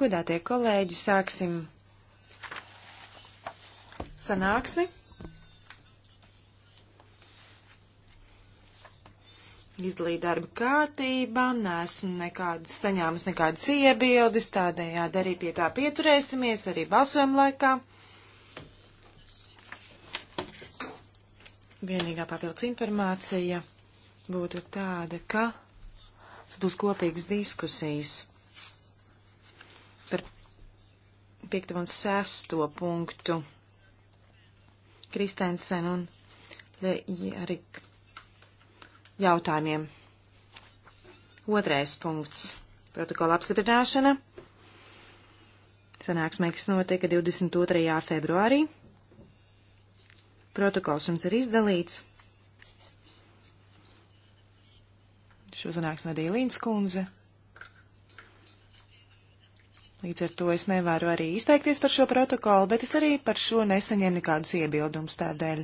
Godātie kolēģi, sāksim sanāksmi. Izdalīja darba kārtībā, nesmu nekādas saņēmas, nekādas iebildes, tādējādi arī pie tā pieturēsimies, arī balsojuma laikā. Vienīgā papildus informācija būtu tāda, ka Mums būs kopīgas diskusijas par 5. un 6. punktu. Kristensen un Lejarik jautājumiem. Otrais punkts - protokola apstiprināšana. Sanāksmē, kas notika 22. februārī. Protokols jums ir izdalīts. Šo sanāks vadīja Līns kundze. Līdz ar to es nevaru arī izteikties par šo protokolu, bet es arī par šo nesaņēmu nekādus iebildumus tādēļ.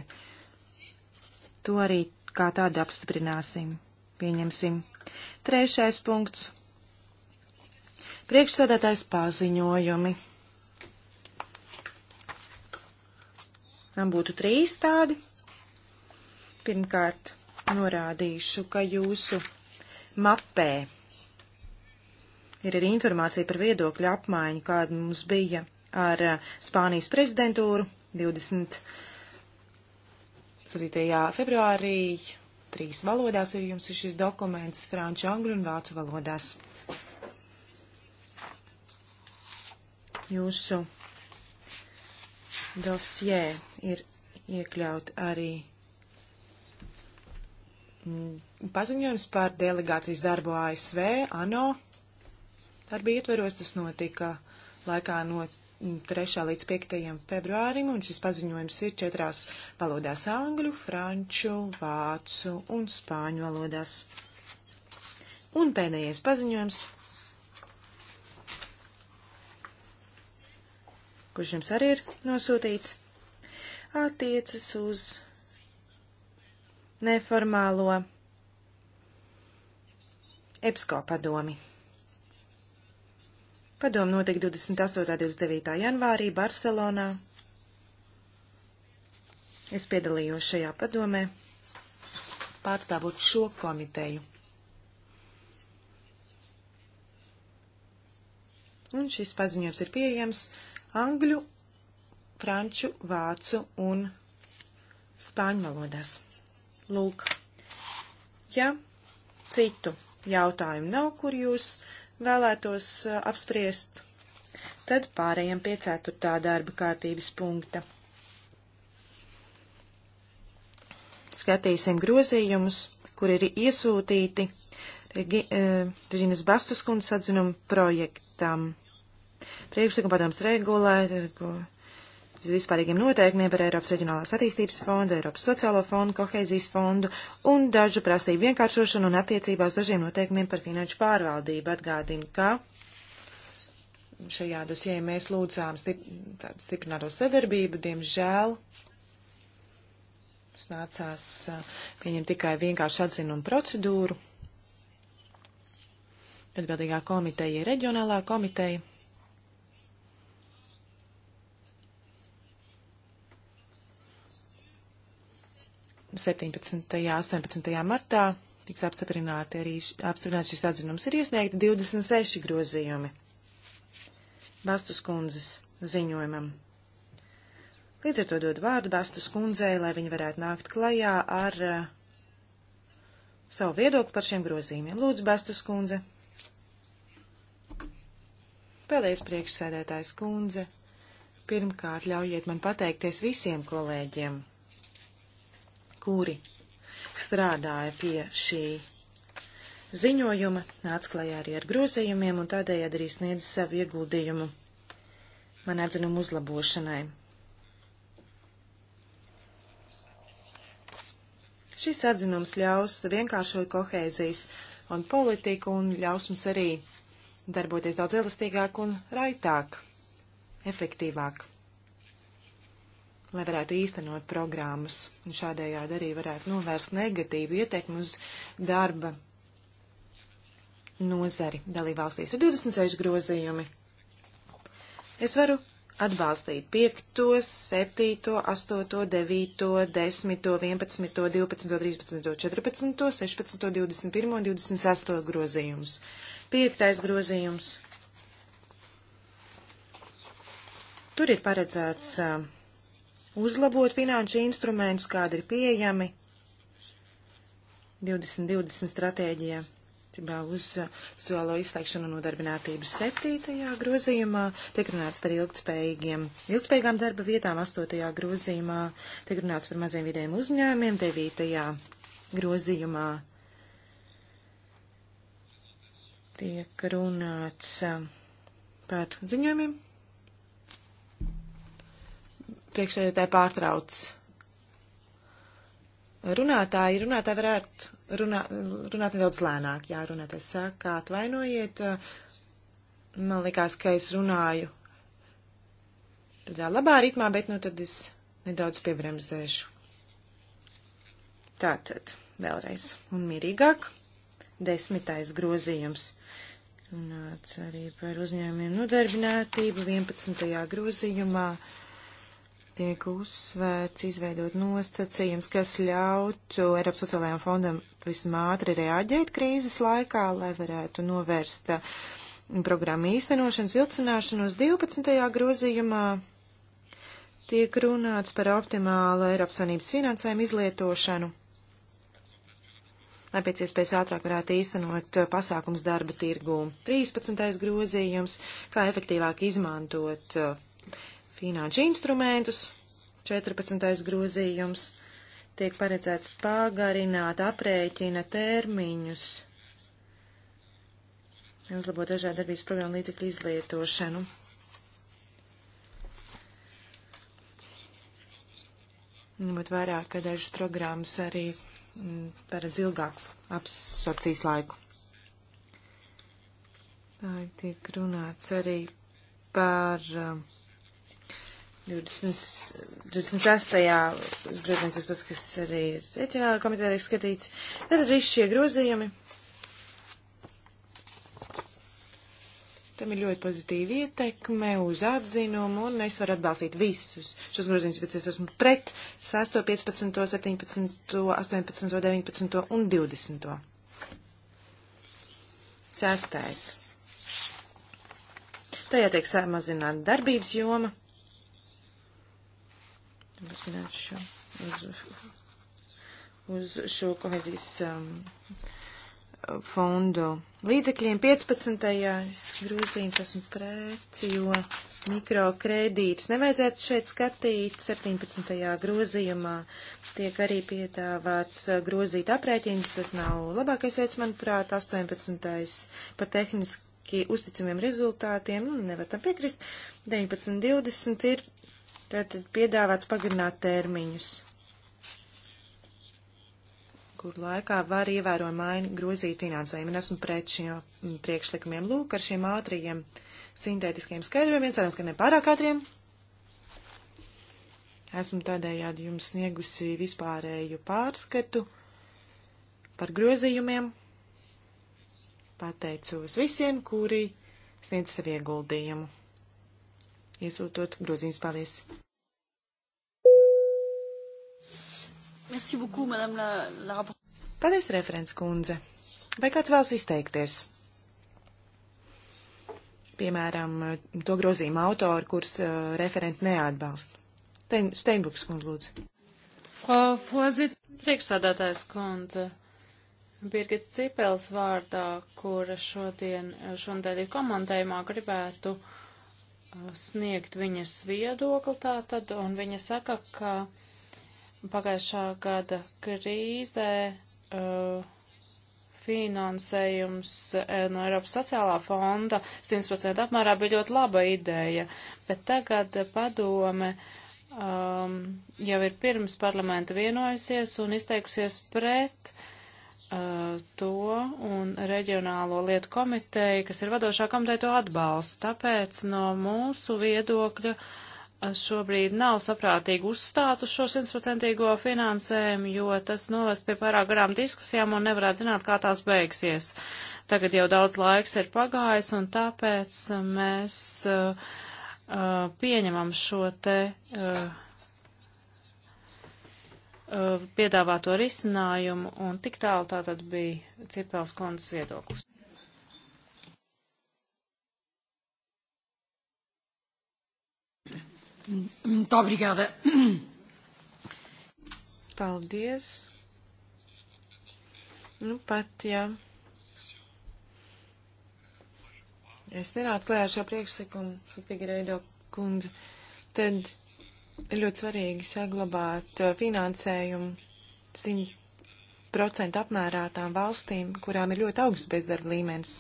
To arī kā tādu apstiprināsim, pieņemsim. Trešais punkts. Priekšsēdētājs paziņojumi. Man būtu trīs tādi. Pirmkārt, norādīšu, ka jūsu mapē. Ir arī informācija par viedokļu apmaiņu, kāda mums bija ar eh, Spānijas prezidentūru 20. 7. februārī. Trīs valodās ir jums šis dokuments - franču, angļu un vācu valodās. Jūsu dosjē ir iekļaut arī mm, paziņojums par delegācijas darbu ASV, ANO. Darba ietveros tas notika laikā no 3. līdz 5. februārim, un šis paziņojums ir četrās valodās - angļu, franču, vācu un spāņu valodās. Un pēdējais paziņojums, kurš jums arī ir nosūtīts, attiecas uz neformālo EPSCO padomi. Padomu notika 28. un 29. janvārī Barcelonā. Es piedalījos šajā padomē, pārstāvot šo komiteju. Un šis paziņojums ir pieejams angļu, franču, vācu un spāņu valodās. Lūk, ja citu jautājumu nav, kur jūs vēlētos apspriest, tad pārējiem pie ceturtā darba kārtības punkta. Skatīsim grozījumus, kur ir iesūtīti Reģinas Bastuskundas atzinuma projektam. Priekšlikuma padoms regulē, vispārīgiem noteikumiem par Eiropas reģionālās attīstības fondu, Eiropas sociālo fondu, koheizijas fondu un dažu prasību vienkāršošanu un attiecībā uz dažiem noteikumiem par finanšu pārvaldību. Atgādinu, ka šajā dosijā mēs lūdzām stip, tādu stiprināto sadarbību, diemžēl. Mums nācās uh, pieņemt tikai vienkāršu atzinumu procedūru. Atbildīgā komiteja ir reģionālā komiteja. 17. un 18. martā tiks apstiprināti arī apstiprināts šis atzinums. Ir iesniegti 26 grozījumi Bastus kundzes ziņojumam. Līdz ar to dod vārdu Bastus kundzei, lai viņa varētu nākt klajā ar uh, savu viedokli par šiem grozījumiem. Lūdzu, Bastus kundze. Pēdējais priekšsēdētājs kundze. Pirmkārt, ļaujiet man pateikties visiem kolēģiem kuri strādāja pie šī ziņojuma, nāca klajā arī ar grozījumiem un tādējādi arī sniedz savu ieguldījumu man atzinumu uzlabošanai. Šis atzinums ļaus vienkāršot kohēzijas un politiku un ļaus mums arī darboties daudz elastīgāk un raitāk, efektīvāk lai varētu īstenot programmas. Un šādējādi arī varētu novērst negatīvu ietekmi uz darba nozari. Dalībvalstīs ir 26 grozījumi. Es varu atbalstīt 5, 7, 8, 9, 10, 11, 12, 13, 14, 16, 21, 28 grozījumus. Piektais grozījums. Tur ir paredzēts uh, uzlabot finanšu instrumentus, kādi ir pieejami 2020 stratēģijā. Cībā uz uh, sociālo izslēgšanu un nodarbinātību 7. grozījumā tiek runāts par ilgtspējīgiem, ilgtspējīgām darba vietām 8. grozījumā, tiek runāts par maziem vidējiem uzņēmumiem 9. grozījumā. Tiek runāts uh, par ziņojumiem Priekšsēdētāji pārtrauc. Runātāji, runātāji varētu runā, runāt nedaudz lēnāk. Jā, runātājs saka, atvainojiet. Man likās, ka es runāju tādā labā ritmā, bet nu tad es nedaudz piebremzēšu. Tātad, vēlreiz un mierīgāk. Desmitais grozījums. Runāts arī par uzņēmumiem nodarbinātību 11. grozījumā. Uh, tiek uzsvērts izveidot nosacījums, kas ļautu Eiropas sociālajām fondam vismātri reaģēt krīzes laikā, lai varētu novērst uh, programmu īstenošanas vilcināšanos 12. grozījumā. Tiek runāts par optimālu Eiropas Savienības finansējumu izlietošanu, lai pēc iespējas ātrāk varētu īstenot uh, pasākums darba tirgū. 13. grozījums, kā efektīvāk izmantot uh, finanšu instrumentus. 14. grozījums tiek paredzēts pagarināt aprēķina termiņus un uzlabot dažādu darbības programmu līdzekļu izlietošanu. Ņemot vērā, ka dažas programmas arī mm, paredz ilgāku absorpcijas laiku. Tā tiek runāts arī par uh, 28. grozījums, tas pats, kas arī ir reģionāla komitē tiek skatīts. Tātad visi šie grozījumi. Tam ir ļoti pozitīva ietekme uz atzinumu, un es varu atbalstīt visus šos grozījumus, bet es esmu pret 6, 15, 17, 18, 19 un 20. Sestais. Tajā tiek samazināta darbības joma uzzināšu uz, uz šo kohezijas um, fondu līdzekļiem 15. grozījums esmu pret, jo mikrokredītus nevajadzētu šeit skatīt. 17. grozījumā tiek arī piedāvāts uh, grozīt aprēķinus, tas nav labākais veids, manuprāt, 18. par tehniski uzticamiem rezultātiem, nu, nevar tam piekrist. 19. 20 ir Tātad piedāvāts pagarināt termiņus, kur laikā var ievērojami maini grozīt finansējumu. Un esmu pret šiem priekšlikumiem. Lūk, ar šiem ātriem sintētiskiem skaidrojumiem, cerams, ka ne pārāk ātriem. Esmu tādējādi jums sniegusi vispārēju pārskatu par grozījumiem. Pateicos visiem, kuri sniedz savu ieguldījumu iesūtot grozījums. Paldies! Merci beaucoup, madame la, la... Paldies, referents kundze. Vai kāds vēlas izteikties? Piemēram, to grozījuma autori, kurus uh, referenti neatbalsta. Steinbuks kundze, lūdzu. Frau Vorsitz, priekšsādātājs kundze. Birgits Cipels vārdā, kura šodien, šodien ir komandējumā, gribētu uh, sniegt viņas viedokli tātad, un viņa saka, ka pagājušā gada krīzē uh, finansējums eh, no Eiropas sociālā fonda 100% apmērā bija ļoti laba ideja, bet tagad padome um, jau ir pirms parlamenta vienojusies un izteikusies pret uh, uh, to un reģionālo lietu komiteja, kas ir vadošā komiteja, to atbalsta. Tāpēc no mūsu viedokļa uh, šobrīd nav saprātīgi uzstāt uz šo simtprocentīgo finansējumu, jo tas novest pie pārāk garām diskusijām un nevarētu zināt, kā tās beigsies. Tagad jau daudz laiks ir pagājis un tāpēc mēs uh, uh, pieņemam šo te. Uh, Uh, piedāvāto risinājumu, un tik tālu tā tad bija Cipels kundzes viedoklis. Muito obrigada. Paldies. Nu, pat, jā. Es nenācu klējā ar šo priekšlikumu, Figreido kundze. Tad Ir ļoti svarīgi saglabāt uh, finansējumu 100% apmērā tām valstīm, kurām ir ļoti augsts bezdarba līmenis.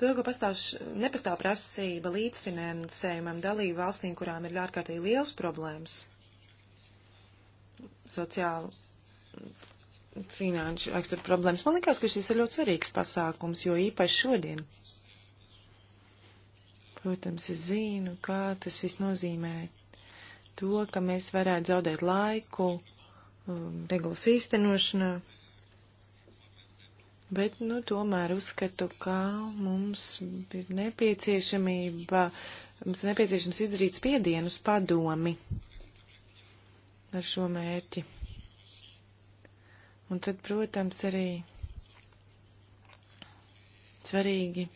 To, ka pastāv, nepastāv prasība līdzfinansējumam dalību valstīm, kurām ir ārkārtīgi liels problēmas sociāli finanšu rakstura problēmas. Man liekas, ka šis ir ļoti svarīgs pasākums, jo īpaši šodien. Protams, es zinu, kā tas viss nozīmē to, ka mēs varētu zaudēt laiku um, regulas īstenošanā, bet, nu, tomēr uzskatu, ka mums ir nepieciešamība, mums ir nepieciešams izdarīt spiedienu uz padomi ar šo mērķi. Un tad, protams, arī svarīgi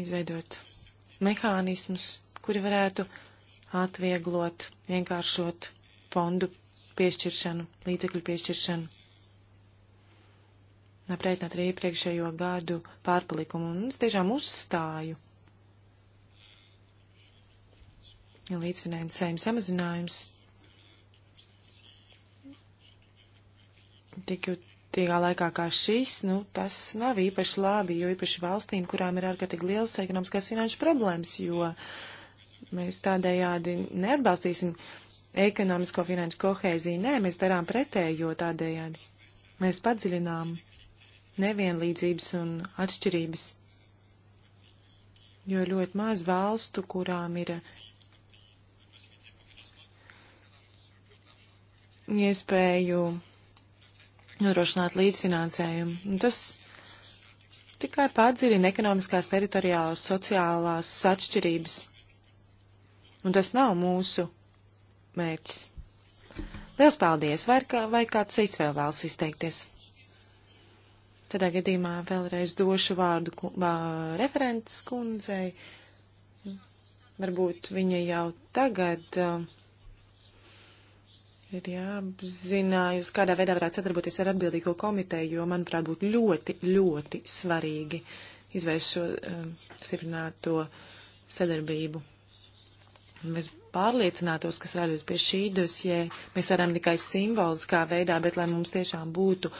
izveidot mehānismus, kuri varētu atvieglot, vienkāršot fondu piešķiršanu, līdzekļu piešķiršanu. Aprēķināt arī iepriekšējo gadu pārpalikumu un es tiešām uzstāju. Ja līdzfinansējuma samazinājums tiku Tīgā laikā kā šis, nu, tas nav īpaši labi, jo īpaši valstīm, kurām ir ārkārtīgi liels ekonomiskās finanšu problēmas, jo mēs tādējādi neatbalstīsim ekonomisko finanšu kohēziju. Nē, mēs darām pretējo tādējādi. Mēs padziļinām nevienlīdzības un atšķirības jo ļoti maz valstu, kurām ir iespēju nodrošināt līdzfinansējumu. Un tas tikai padziļina ekonomiskās, teritoriālās, sociālās atšķirības. Un tas nav mūsu mērķis. Liels paldies! Vai, kā, vai kāds cits vēl vēlas izteikties? Tādā gadījumā vēlreiz došu vārdu ku, bā, referents kundzei. Varbūt viņa jau tagad. Uh, ir jāapzinājus, kādā veidā varētu sadarboties ar atbildīgo komiteju, jo, manuprāt, būtu ļoti, ļoti svarīgi izvērst šo um, stiprināto sadarbību. Mēs pārliecinātos, ka strādājot pie šī dosie, mēs varam tikai simboliskā veidā, bet lai mums tiešām būtu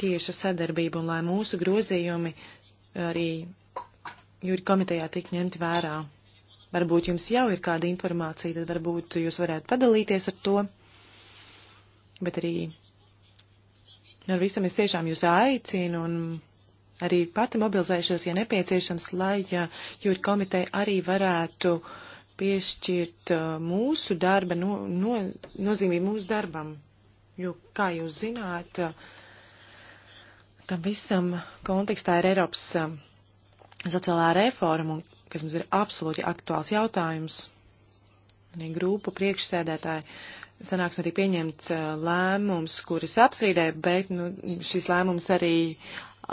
tieša sadarbība un lai mūsu grozījumi arī jūri komitejā tik ņemti vērā. Varbūt jums jau ir kāda informācija, tad varbūt jūs varētu padalīties ar to. Bet arī ar visam es tiešām jūs aicinu un arī pati mobilizēšos, ja nepieciešams, lai jūra komiteja arī varētu piešķirt uh, mūsu darba, no, no, nozīmību mūsu darbam. Jo, kā jūs zināt, uh, tam visam kontekstā ir Eiropas uh, sociālā reforma, un kas mums ir absolūti aktuāls jautājums. Arī grupu priekšsēdētāji sanāks arī pieņemts uh, lēmums, kuris apstrīdē, bet nu, šis lēmums arī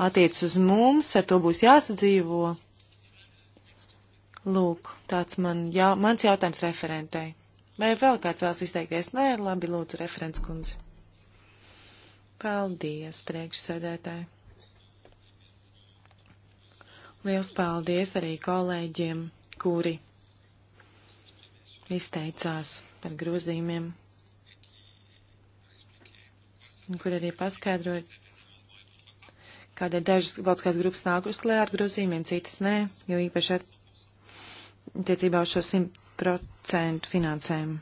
attiec uz mums, ar to būs jāsadzīvo. Lūk, tāds man, jā, mans jautājums referentei. Vai vēl kāds vēlas izteikties? Nē, labi, lūdzu, referents kundze. Paldies, priekšsēdētāji. Liels paldies arī kolēģiem, kuri izteicās par grozījumiem, kur arī paskaidroja, kādēļ dažas valsts kādas grupas nāk uz klē ar grozījumiem, citas nē, jo īpaši attiecībā uz šo 100% finansējumu.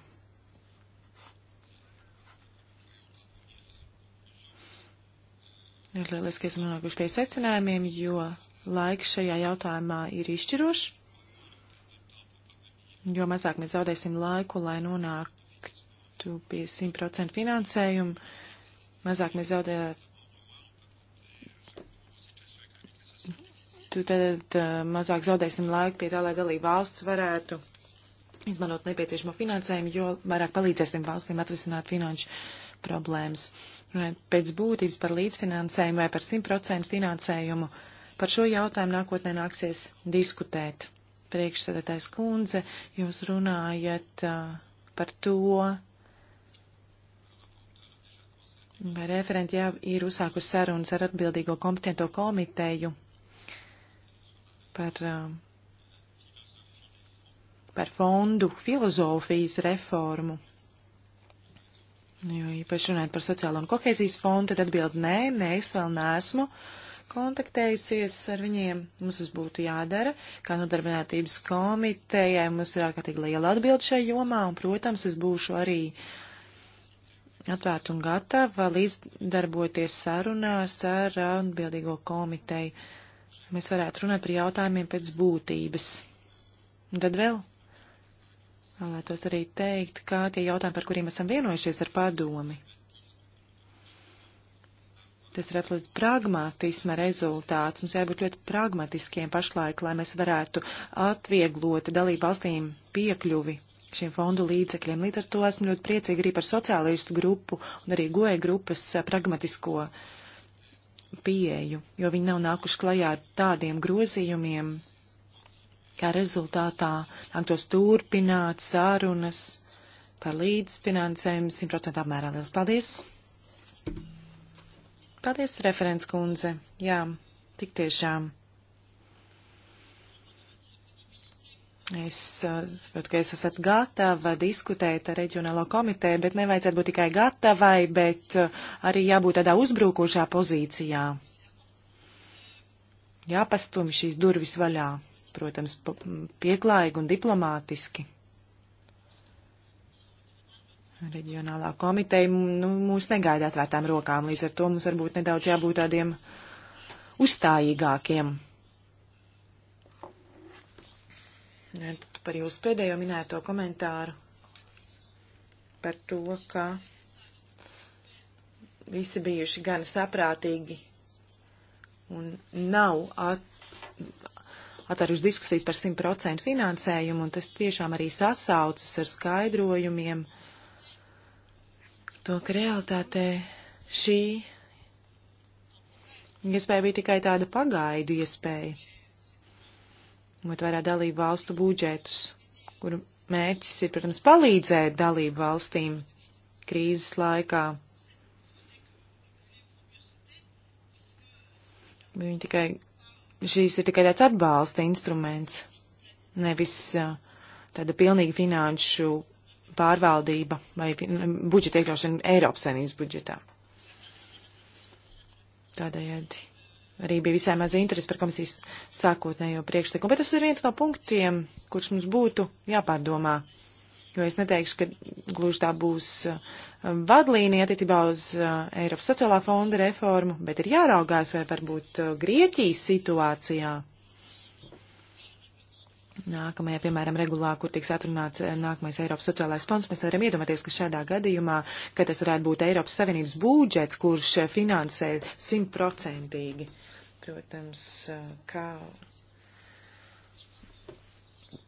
Ir lieliski, ka esam nonākuši pie secinājumiem, jo laiks šajā jautājumā ir izšķirošs, jo mazāk mēs zaudēsim laiku, lai nonāktu pie 100% finansējumu, mazāk mēs zaudējam. Tad eh, mazāk zaudēsim laiku pie tā, lai dalība valsts varētu izmantot nepieciešamo finansējumu, jo vairāk palīdzēsim valstīm atrisināt finanšu problēmas. Pēc būtības par līdzfinansējumu vai par 100% finansējumu uh, Par šo jautājumu nākotnē nāksies diskutēt. Priekšsēdētājs kundze, jūs runājat uh, par to, vai referenti jau ir uzsākusi sarunas ar atbildīgo kompetento komiteju par, uh, par fondu filozofijas reformu. Jo īpaši runājot par sociālo un kohēzijas fondu, tad atbild nē, nē, es vēl neesmu. Uh, kontaktējusies ar viņiem. Mums tas būtu jādara, kā nodarbinātības komitejai. Mums ir ārkārtīgi liela atbilde šai jomā, un, protams, es būšu arī atvērta un gatava līdzdarboties sarunās ar atbildīgo komiteju. Mēs varētu runāt par jautājumiem pēc būtības. Un tad vēl vēlētos arī teikt, kā tie jautājumi, par kuriem esam vienojušies ar padomi Tas ir absolūts pragmatisma rezultāts. Mums jābūt ļoti pragmatiskiem pašlaik, lai mēs varētu atvieglot dalību valstīm piekļuvi šiem fondu līdzekļiem. Līdz ar to esmu ļoti priecīgi arī par sociālistu grupu un arī goja grupas pragmatisko pieeju, jo viņi nav nākuši klajā ar tādiem grozījumiem, kā rezultātā nāktos turpināt sārunas par līdzfinansējumu 100% apmērā. Liels paldies! Paldies, referents kundze. Jā, tik tiešām. Es saprotu, ka es esat gatava diskutēt ar reģionālo komiteju, bet nevajadzētu būt tikai gatavai, bet eh, arī jābūt tādā uzbrukošā pozīcijā. Jāpastum šīs durvis vaļā, protams, pieklājīgi un diplomātiski reģionālā komiteja nu, mūs negaida atvērtām rokām, līdz ar to mums varbūt nedaudz jābūt tādiem uzstājīgākiem. Par jūsu pēdējo minēto komentāru par to, ka visi bijuši gan saprātīgi un nav at, atveruši diskusijas par 100% finansējumu, un tas tiešām arī sasaucas ar skaidrojumiem to, ka realitātē šī iespēja bija tikai tāda pagaidu iespēja, ņemot vērā dalību valstu budžetus, kuru mērķis ir, protams, palīdzēt dalību valstīm krīzes laikā. Viņi tikai, šīs ir tikai tāds atbalsta instruments, nevis uh, tāda pilnīga finanšu pārvaldība vai budžeta iekļaušana Eiropas saimnības budžetā. Tādējādi arī bija visai maz interesi par komisijas sākotnējo priekšlikumu, bet tas ir viens no punktiem, kurš mums būtu jāpārdomā. Jo es neteikšu, ka gluži tā būs uh, vadlīnija attiecībā uz uh, Eiropas sociālā fonda reformu, bet ir jāraugās, vai varbūt uh, Grieķijas situācijā nākamajā, piemēram, regulā, kur tiks atrunāts eh, nākamais Eiropas sociālais fonds, mēs nevaram iedomāties, ka šādā gadījumā, ka tas varētu būt Eiropas Savienības būdžets, kurš eh, finansē simtprocentīgi. Protams, eh, kā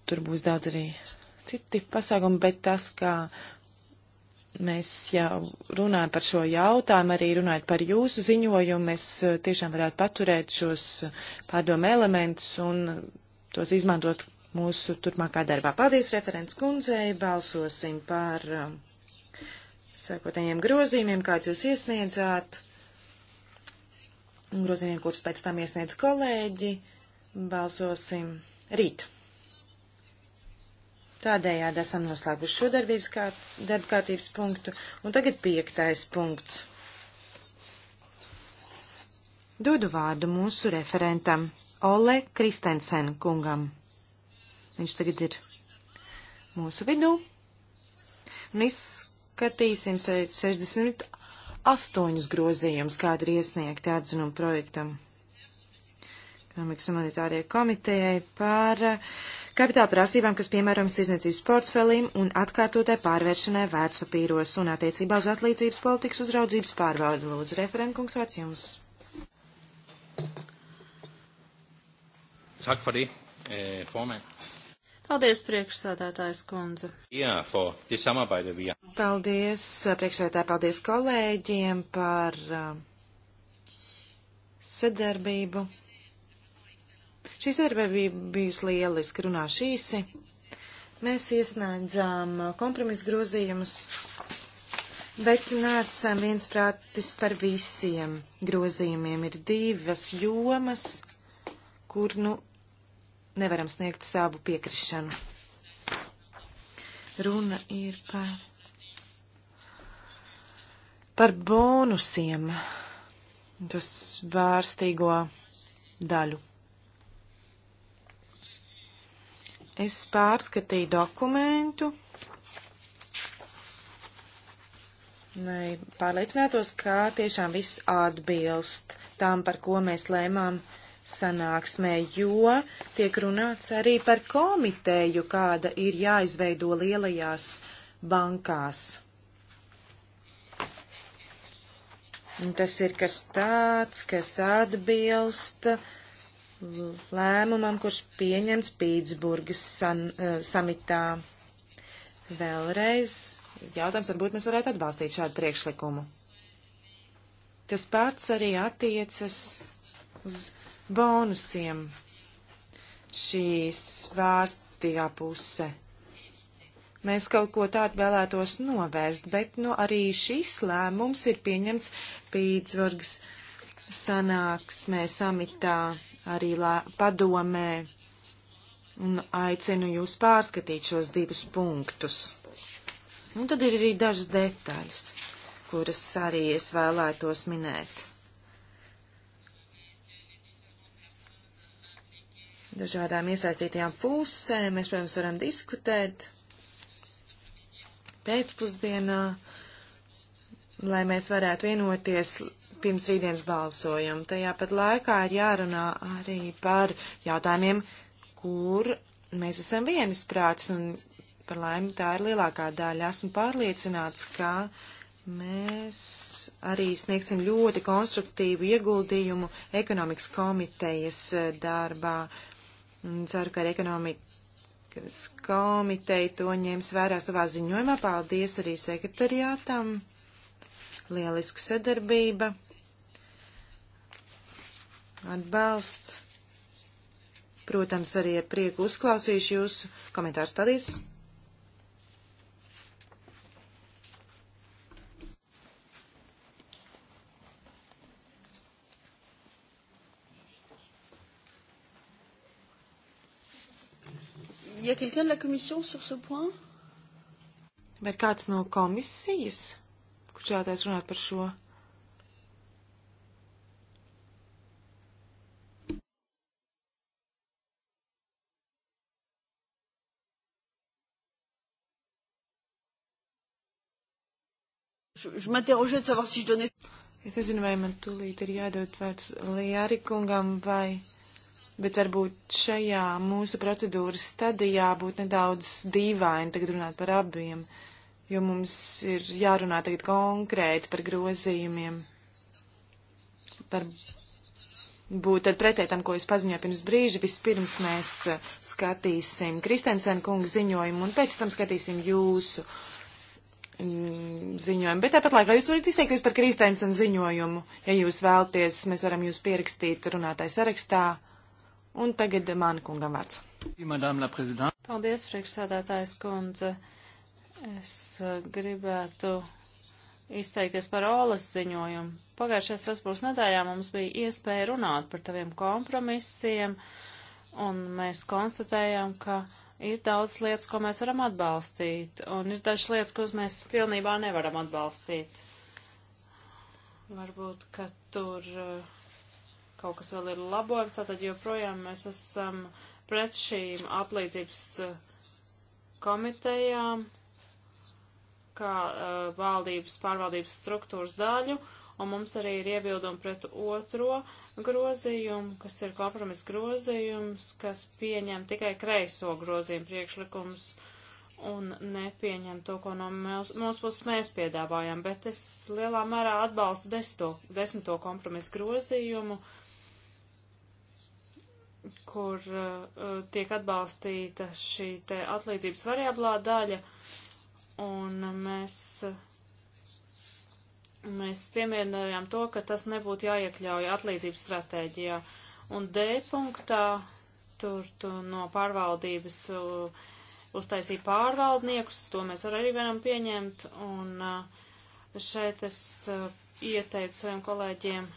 tur būs daudz arī citi pasākumi, bet tas, kā mēs jau runājam par šo jautājumu, arī runājot par jūsu ziņojumu, mēs tiešām varētu paturēt šos pārdomu elementus un tos izmantot mūsu turpmākā darbā. Paldies referents kundzei, balsosim par um, sākotējiem grozījumiem, kāds jūs iesniedzāt, grozījumiem, kurus pēc tam iesniedz kolēģi, balsosim rīt. Tādējādi esam noslēguši šo darbības kā, darba kārtības punktu, un tagad piektais punkts. Dodu vārdu mūsu referentam Ole Kristensen kungam. Viņš tagad ir mūsu vidū. Un izskatīsim 68 grozījumus, kāda ir iesniegta atzinuma projektam. Ekonomikas un monetārie komitejai par eh, kapitāla prasībām, kas piemērojams tirzniecības portfelīm un atkārtotai pārvēršanai vērtspapīros un attiecībā uz atlīdzības politikas uzraudzības pārvaldi. Lūdzu, referentkungs, vārds jums. Tak for det, eh, formand. Paldies, priekšsādātājs kundze. Jā, for this samabaida bija. Paldies, priekšsādātāji, paldies kolēģiem par uh, sadarbību. Šī sadarbība bijusi lieliski, runāšu īsi. Mēs iesniedzām uh, kompromisu grozījumus, bet nesam viensprātis par visiem grozījumiem. Ir divas jomas, kur nu nevaram sniegt savu piekrišanu. Runa ir par, par bonusiem, tas vārstīgo daļu. Es pārskatīju dokumentu, lai pārliecinātos, ka tiešām viss atbilst tam, par ko mēs lēmām uh, sanāksmē, jo tiek runāts arī par komiteju, kāda ir jāizveido lielajās bankās. Un tas ir kas tāds, kas atbilst lēmumam, kurš pieņems Pītsburgas san, uh, samitā. Vēlreiz jautājums, varbūt mēs varētu atbalstīt šādu priekšlikumu. Tas pats arī attiecas uz bonusiem šīs vārstīgā puse. Mēs kaut ko tādu vēlētos novērst, bet nu, arī šis lēmums ir pieņemts Pītsburgas sanāksmē samitā arī lā, padomē. Un aicinu jūs pārskatīt šos divus punktus. Un tad ir arī dažas detaļas, kuras arī es vēlētos minēt. dažādām iesaistītajām pusēm. Mēs, protams, varam diskutēt pēcpusdienā, lai mēs varētu vienoties pirms rītdienas balsojumu. Tajā pat laikā ir jārunā arī par jautājumiem, kur mēs esam vienisprāts, un par laimi tā ir lielākā daļa. Esmu pārliecināts, ka mēs arī sniegsim ļoti konstruktīvu ieguldījumu ekonomikas komitejas eh, darbā. Ceru, ka arī ekonomikas komiteja to ņems vērā savā ziņojumā. Paldies arī sekretariātam. Lieliska sadarbība. Atbalsts. Protams, arī ar prieku uzklausīšu jūsu komentārus. Paldies! y a quelqu'un de la commission sur ce point? Vai kāds no komisijas, kurš vēlētos runāt par šo? Es nezinu, vai man tūlīt ir jādod vārds Lijāri kungam vai bet varbūt šajā mūsu procedūras stadijā būtu nedaudz dīvaini tagad runāt par abiem, jo mums ir jārunā tagad konkrēti par grozījumiem, par būt tad pretēji tam, ko es paziņoju pirms brīža. Vispirms mēs eh, skatīsim Kristensen kungu ziņojumu un pēc tam skatīsim jūsu mm, ziņojumu. Bet tāpat laikā jūs varat izteikties par Kristensen ziņojumu. Ja jūs vēlties, mēs varam jūs pierakstīt runātāju sarakstā. Un tagad man kungam vārds. Paldies, priekšsādātājs kundze. Es eh, gribētu izteikties par Olas ziņojumu. Pagājušajā Strasbūras nedēļā mums bija iespēja runāt par taviem kompromisiem, un mēs konstatējām, ka ir daudz lietas, ko mēs varam atbalstīt, un ir dažas lietas, kuras mēs pilnībā nevaram atbalstīt. Varbūt, ka tur uh, kaut kas vēl ir labojums, tātad joprojām mēs esam pret šīm atlīdzības eh, komitejām, kā uh, valdības pārvaldības struktūras daļu, un mums arī ir iebildumi pret otro grozījumu, kas ir kompromis grozījums, kas pieņem tikai kreiso grozījumu priekšlikums un nepieņem to, ko no mūsu puses mēs piedāvājam, bet es lielā mērā atbalstu desmito, desmito kompromisu grozījumu, uh, kur uh, tiek atbalstīta šī te atlīdzības variablā daļa, un mēs, mēs piemērinājām to, ka tas nebūtu jāiekļauj atlīdzības stratēģijā. Un D punktā tur tu no pārvaldības uh, uztaisīja pārvaldniekus, to mēs arī varam pieņemt, un uh, šeit es uh, ieteicu saviem kolēģiem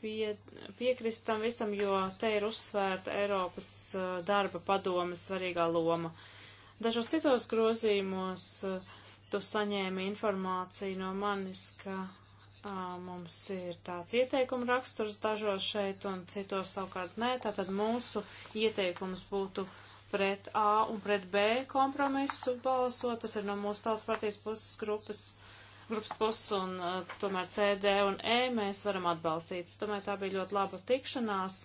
pie, piekrist tam visam, jo te ir uzsvērta Eiropas darba padomas svarīgā loma. Dažos citos grozījumos tu saņēmi informāciju no manis, ka a, mums ir tāds ieteikuma raksturs dažos šeit un citos savukārt nē, tātad mūsu ieteikums būtu pret A un pret B kompromisu balsot, tas ir no mūsu tautas partijas puses grupas. Uh, grupas puses, un uh, tomēr CD un E mēs varam atbalstīt. Es domāju, tā bija ļoti laba tikšanās.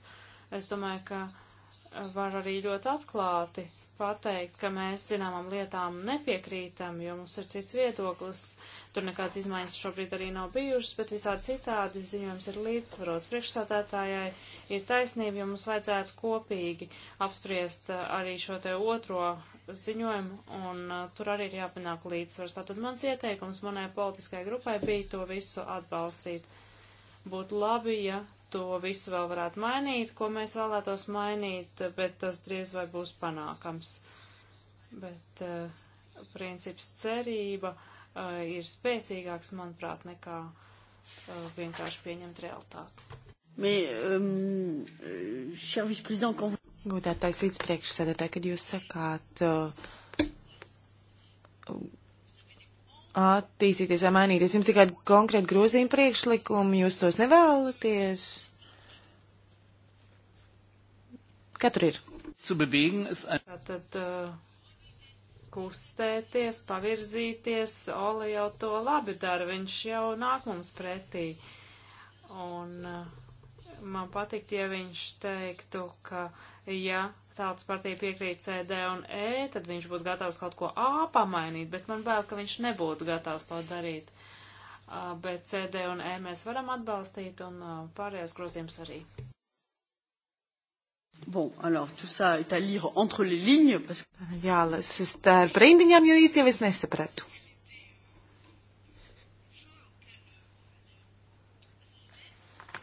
Es domāju, ka eh, var arī ļoti atklāti pateikt, ka mēs zināmām lietām nepiekrītam, jo mums ir cits viedoklis. Tur nekāds izmaiņas šobrīd arī nav bijušas, bet visādi citādi ziņojums ir līdzsvarots. Priekšsādātājai ir taisnība, jo mums vajadzētu kopīgi apspriest eh, arī šo te otro ziņojumu, un uh, tur arī ir jāpanāk līdzsvars. Tātad mans ieteikums manai politiskajai grupai bija to visu atbalstīt. Būtu labi, ja to visu vēl varētu mainīt, ko mēs vēlētos mainīt, bet tas drīz vai būs panākams. Bet uh, princips cerība uh, ir spēcīgāks, manuprāt, nekā uh, vienkārši pieņemt realitāti. Mais, euh, cher vice-président, quand vous... Godātais vicepriekšsēdētāj, kad jūs sakāt uh, attīstīties vai mainīties, jums ir kādi konkrēti grozījumi priekšlikumi, jūs tos nevēlaties? Katru ir. Tātad uh, kustēties, pavirzīties, Oli jau to labi dara, viņš jau nāk mums pretī. Un uh, man patikt, ja viņš teiktu, ka uh, ja tautas partija piekrīt CD un E, tad viņš būtu gatavs kaut ko A pamainīt, bet man vēl, ka viņš nebūtu gatavs to darīt. Uh, bet CD un E mēs varam atbalstīt un uh, pārējās grozījums arī. Bon, alors, tout ça est à lire entre les lignes, parce que... Jā, es starp rindiņām jau īsti jau es nesapratu.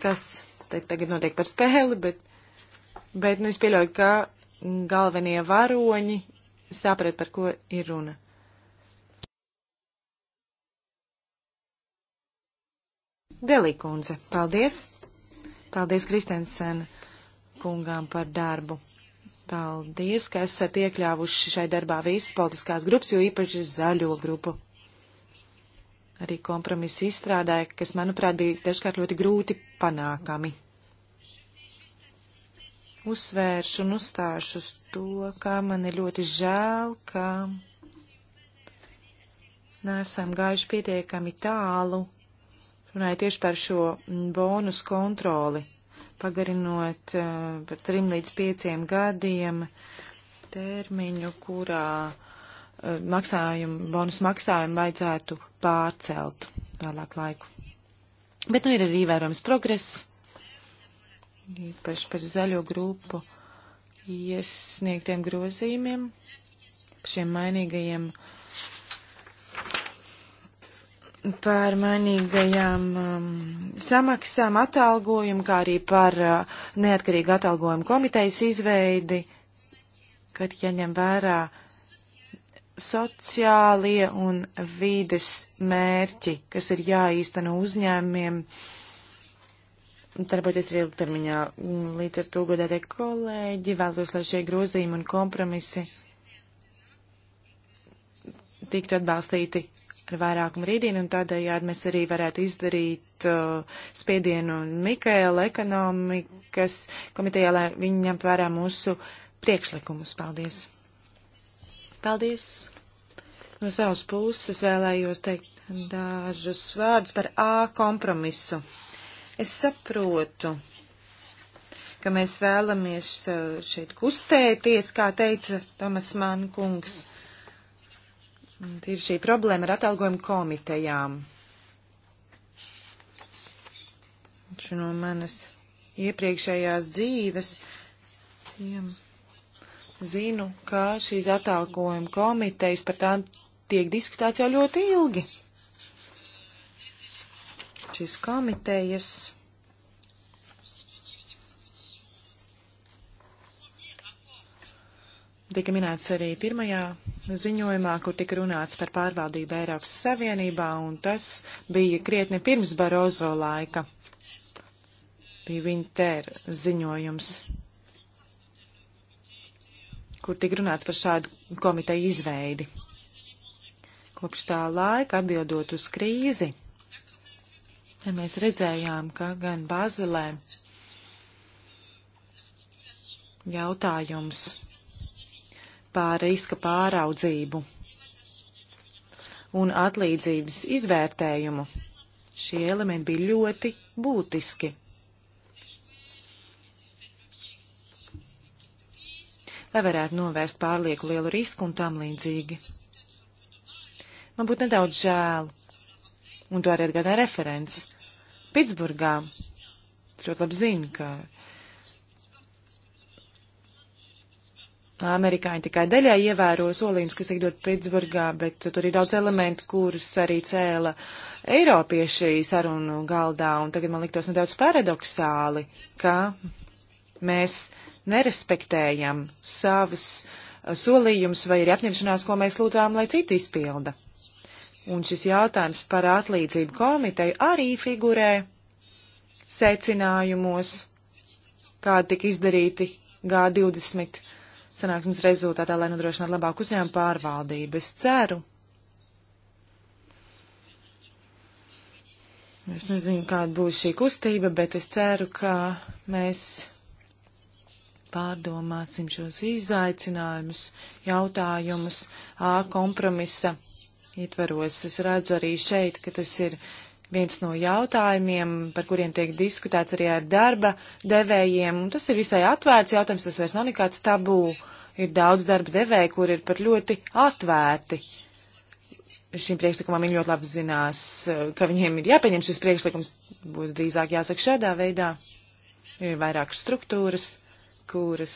Kas te tagad notiek par spēli, bet Bet nu, es pieļauju, ka galvenie varoņi saprat, par ko ir runa. Delīkundze, paldies! Paldies Kristensen kungām par darbu. Paldies, ka esat iekļāvuši šai darbā visas politiskās grupas, jo īpaši zaļo grupu. Arī kompromisi izstrādāja, kas, manuprāt, bija dažkārt ļoti grūti panākami. Mm uzsvēršu un uzstāšu uz to, kā man ir ļoti žēl, ka nesam gājuši pietiekami tālu, runāju tieši par šo bonus kontroli, pagarinot uh, par trim līdz pieciem gadiem termiņu, kurā uh, maksājumu, bonus maksājumu vajadzētu pārcelt vēlāk laiku. Bet nu ir arī vērojams progress īpaši par zaļo grupu iesniegtiem grozījumiem, šiem mainīgajiem, par mainīgajām um, samaksām, atalgojumu, kā arī par uh, neatkarīgu atalgojumu komitejas izveidi, kad jaņem vērā sociālie un vides mērķi, kas ir jāīsteno uzņēmumiem. Uh, darboties arī ilgtermiņā. Līdz ar to, godētie kolēģi, vēlos, lai šie grozījumi un kompromisi tiktu atbalstīti ar vairākumu rītdienu, un tādējādi mēs arī varētu izdarīt uh, spiedienu Mikēla ekonomikas komitejā, lai viņi ņemt vērā mūsu priekšlikumus. Paldies! Paldies! No savas puses vēlējos teikt dažus vārdus par A kompromisu. Es saprotu, ka mēs vēlamies uh, šeit kustēties, kā teica Tomas Mankungs. Ir šī problēma ar atalgojumu komitejām. Taču no manas iepriekšējās dzīves tiem zinu, ka šīs atalgojuma komitejas par tām tiek diskutēts jau ļoti ilgi šīs komitejas. Tika minēts arī pirmajā ziņojumā, kur tika runāts par pārvaldību Eiropas Savienībā, un tas bija krietni pirms Barozo laika. Bija Winter ziņojums, kur tika runāts par šādu komiteju izveidi. Kopš tā laika atbildot uz krīzi Ja mēs redzējām, ka gan Bāzelē jautājums pār riska pāraudzību un atlīdzības izvērtējumu. Šie elementi bija ļoti būtiski. Lai varētu novērst pārlieku lielu risku un tam līdzīgi. Man būtu nedaudz žēl, un to arī atgādāja referents, Pitsburgā. Ļoti labi zinu, ka amerikāņi tikai daļai ievēro solījumus, kas tiek dot Pitsburgā, bet tur ir daudz elementu, kurus arī cēla Eiropieši sarunu galdā, un tagad man liktos nedaudz paradoksāli, ka mēs nerespektējam savas solījumus vai ir apņemšanās, ko mēs lūdzām, lai citi izpilda un šis jautājums par atlīdzību komiteju arī figurē secinājumos, kādi tika izdarīti G20 sanāksmes rezultātā, lai nodrošinātu labāku uzņēmumu pārvaldību. Es ceru. Es nezinu, kāda būs šī kustība, bet es ceru, ka mēs pārdomāsim šos izaicinājumus, jautājumus A kompromisa ietvaros. Es redzu arī šeit, ka tas ir viens no jautājumiem, par kuriem tiek diskutēts arī ar darba devējiem. Un tas ir visai atvērts jautājums, tas vairs nav nekāds tabū. Ir daudz darba devēju, kur ir pat ļoti atvērti. Šim priekšlikumam viņi ļoti labi zinās, ka viņiem ir jāpieņem šis priekšlikums, būtu drīzāk jāsaka šādā veidā. Ir vairākas struktūras, kuras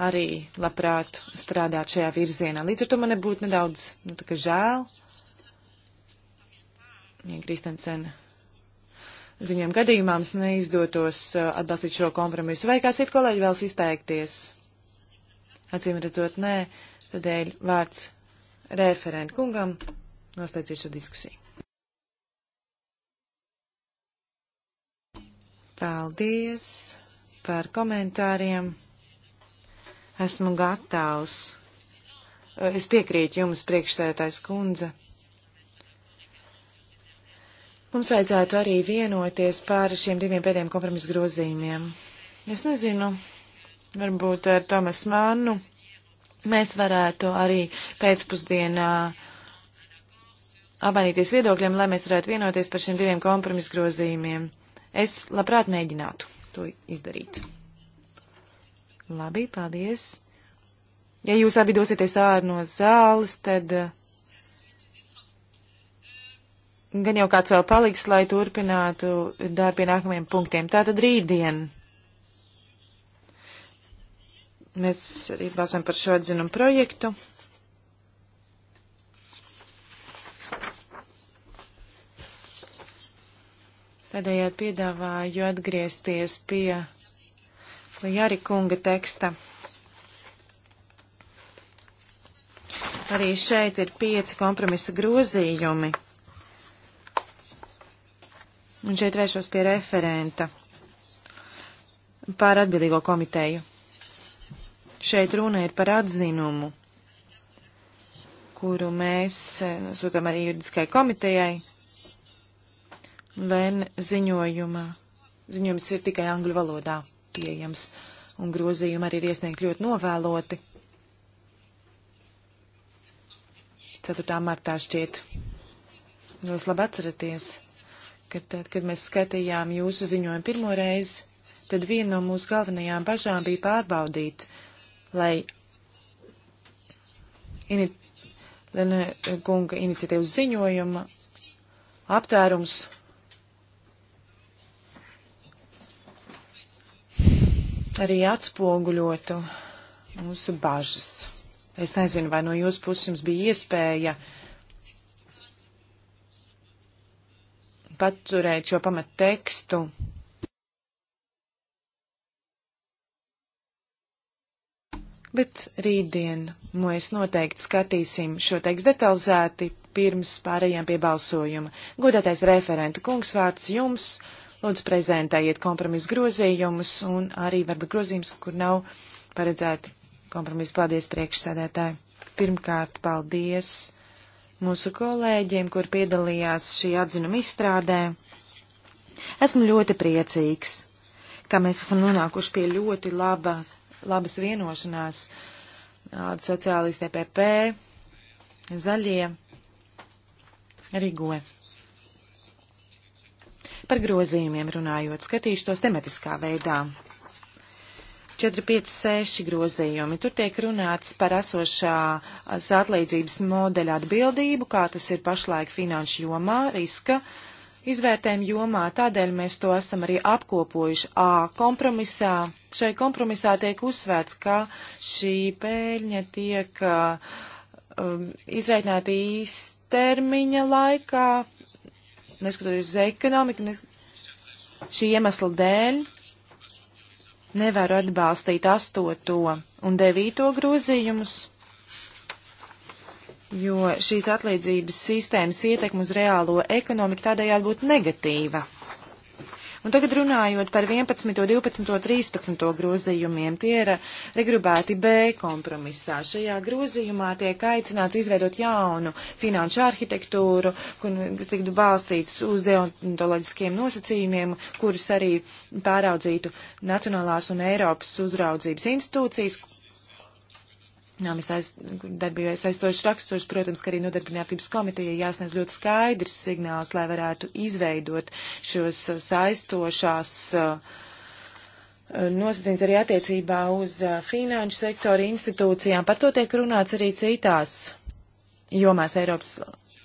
arī labprāt strādāt šajā virzienā. Līdz ar to man nebūtu nedaudz nu, žēl. Ja Kristensen ziņām gadījumā mums neizdotos uh, atbalstīt šo kompromisu, vai kāds cits kolēģi vēlas izteikties? Acīm redzot, nē, tādēļ vārds referent kungam noslēdzīt šo diskusiju. Paldies par komentāriem. Esmu gatavs. Es piekrītu jums, priekšsētājs kundze. Mums vajadzētu arī vienoties pār šiem diviem pēdējiem kompromisu grozījumiem. Es nezinu, varbūt ar Tomas Mannu mēs varētu arī pēcpusdienā apmainīties viedokļiem, lai mēs varētu vienoties par šiem diviem kompromisu grozījumiem. Es labprāt mēģinātu to izdarīt. Labi, paldies. Ja jūs abi dosieties ārā no zāles, tad eh, gan jau kāds vēl paliks, lai turpinātu darbu pie nākamajiem punktiem. Tātad rītdien. Mēs arī balsojam par šo atzinumu projektu. Tādējādi piedāvāju atgriezties pie vai arī kunga teksta. Arī šeit ir pieci kompromisa grozījumi. Un šeit vēršos pie referenta par atbildīgo komiteju. Šeit runa ir par atzinumu, kuru mēs eh, sūtām arī juridiskai komitejai. Len ziņojumā. Ziņojums ir tikai angļu valodā pieejams, un grozījumi arī ir iesniegti ļoti novēloti. 4. martā šķiet. Jūs labi atceraties, ka tad, kad mēs skatījām jūsu ziņojumu pirmo reizi, tad viena no mūsu galvenajām bažām bija pārbaudīt, lai ini, Lena kunga iniciatīvas ziņojuma aptvērums arī atspoguļotu mūsu bažas. Es nezinu, vai no jūsu puses jums bija iespēja paturēt šo pamattekstu. Bet rītdien mēs noteikti skatīsim šo tekstu detalizēti pirms pārējām pie balsojuma. Godātais referentu kungs vārds jums. Lūdzu, prezentējiet kompromisu grozījumus un arī varbūt grozījumus, kur nav paredzēti kompromisu. Paldies, priekšsēdētāji. Pirmkārt, paldies mūsu kolēģiem, kur piedalījās šī atzinuma izstrādē. Esmu ļoti priecīgs, ka mēs esam nonākuši pie ļoti labas, labas vienošanās sociālisti PP, e zaļie, Rigoja. Par grozījumiem runājot, skatīšu tos tematiskā veidā. 4, 5, 6 grozījumi. Tur tiek runāts par esošās atlīdzības modeļa atbildību, kā tas ir pašlaik finanšu jomā, riska izvērtējumu jomā. Tādēļ mēs to esam arī apkopojuši A kompromisā. Šai kompromisā tiek uzsvērts, ka šī pēļņa tiek um, izreitināta īstermiņa laikā neskatoties uz ekonomiku, nes... šī iemesla dēļ nevaru atbalstīt astoto un devīto grozījumus, jo šīs atlīdzības sistēmas ietekme uz reālo ekonomiku tādējādi būtu negatīva. Un tagad runājot par 11, 12, 13 grozījumiem, tie ir regrubēti B kompromisā. Šajā grozījumā tiek aicināts izveidot jaunu finanšu arhitektūru, kur, kas tiktu balstīts uz deontoloģiskiem nosacījumiem, kurus arī pāraudzītu Nacionālās un Eiropas uzraudzības institūcijas, Nāmi darbībai saistošs raksturs, protams, ka arī nodarbinātības komitejai jāsniedz ļoti skaidrs signāls, lai varētu izveidot šos uh, saistošās uh, uh, nosacījums arī attiecībā uz finanšu sektoru institūcijām. Par to tiek runāts arī citās jomās Eiropas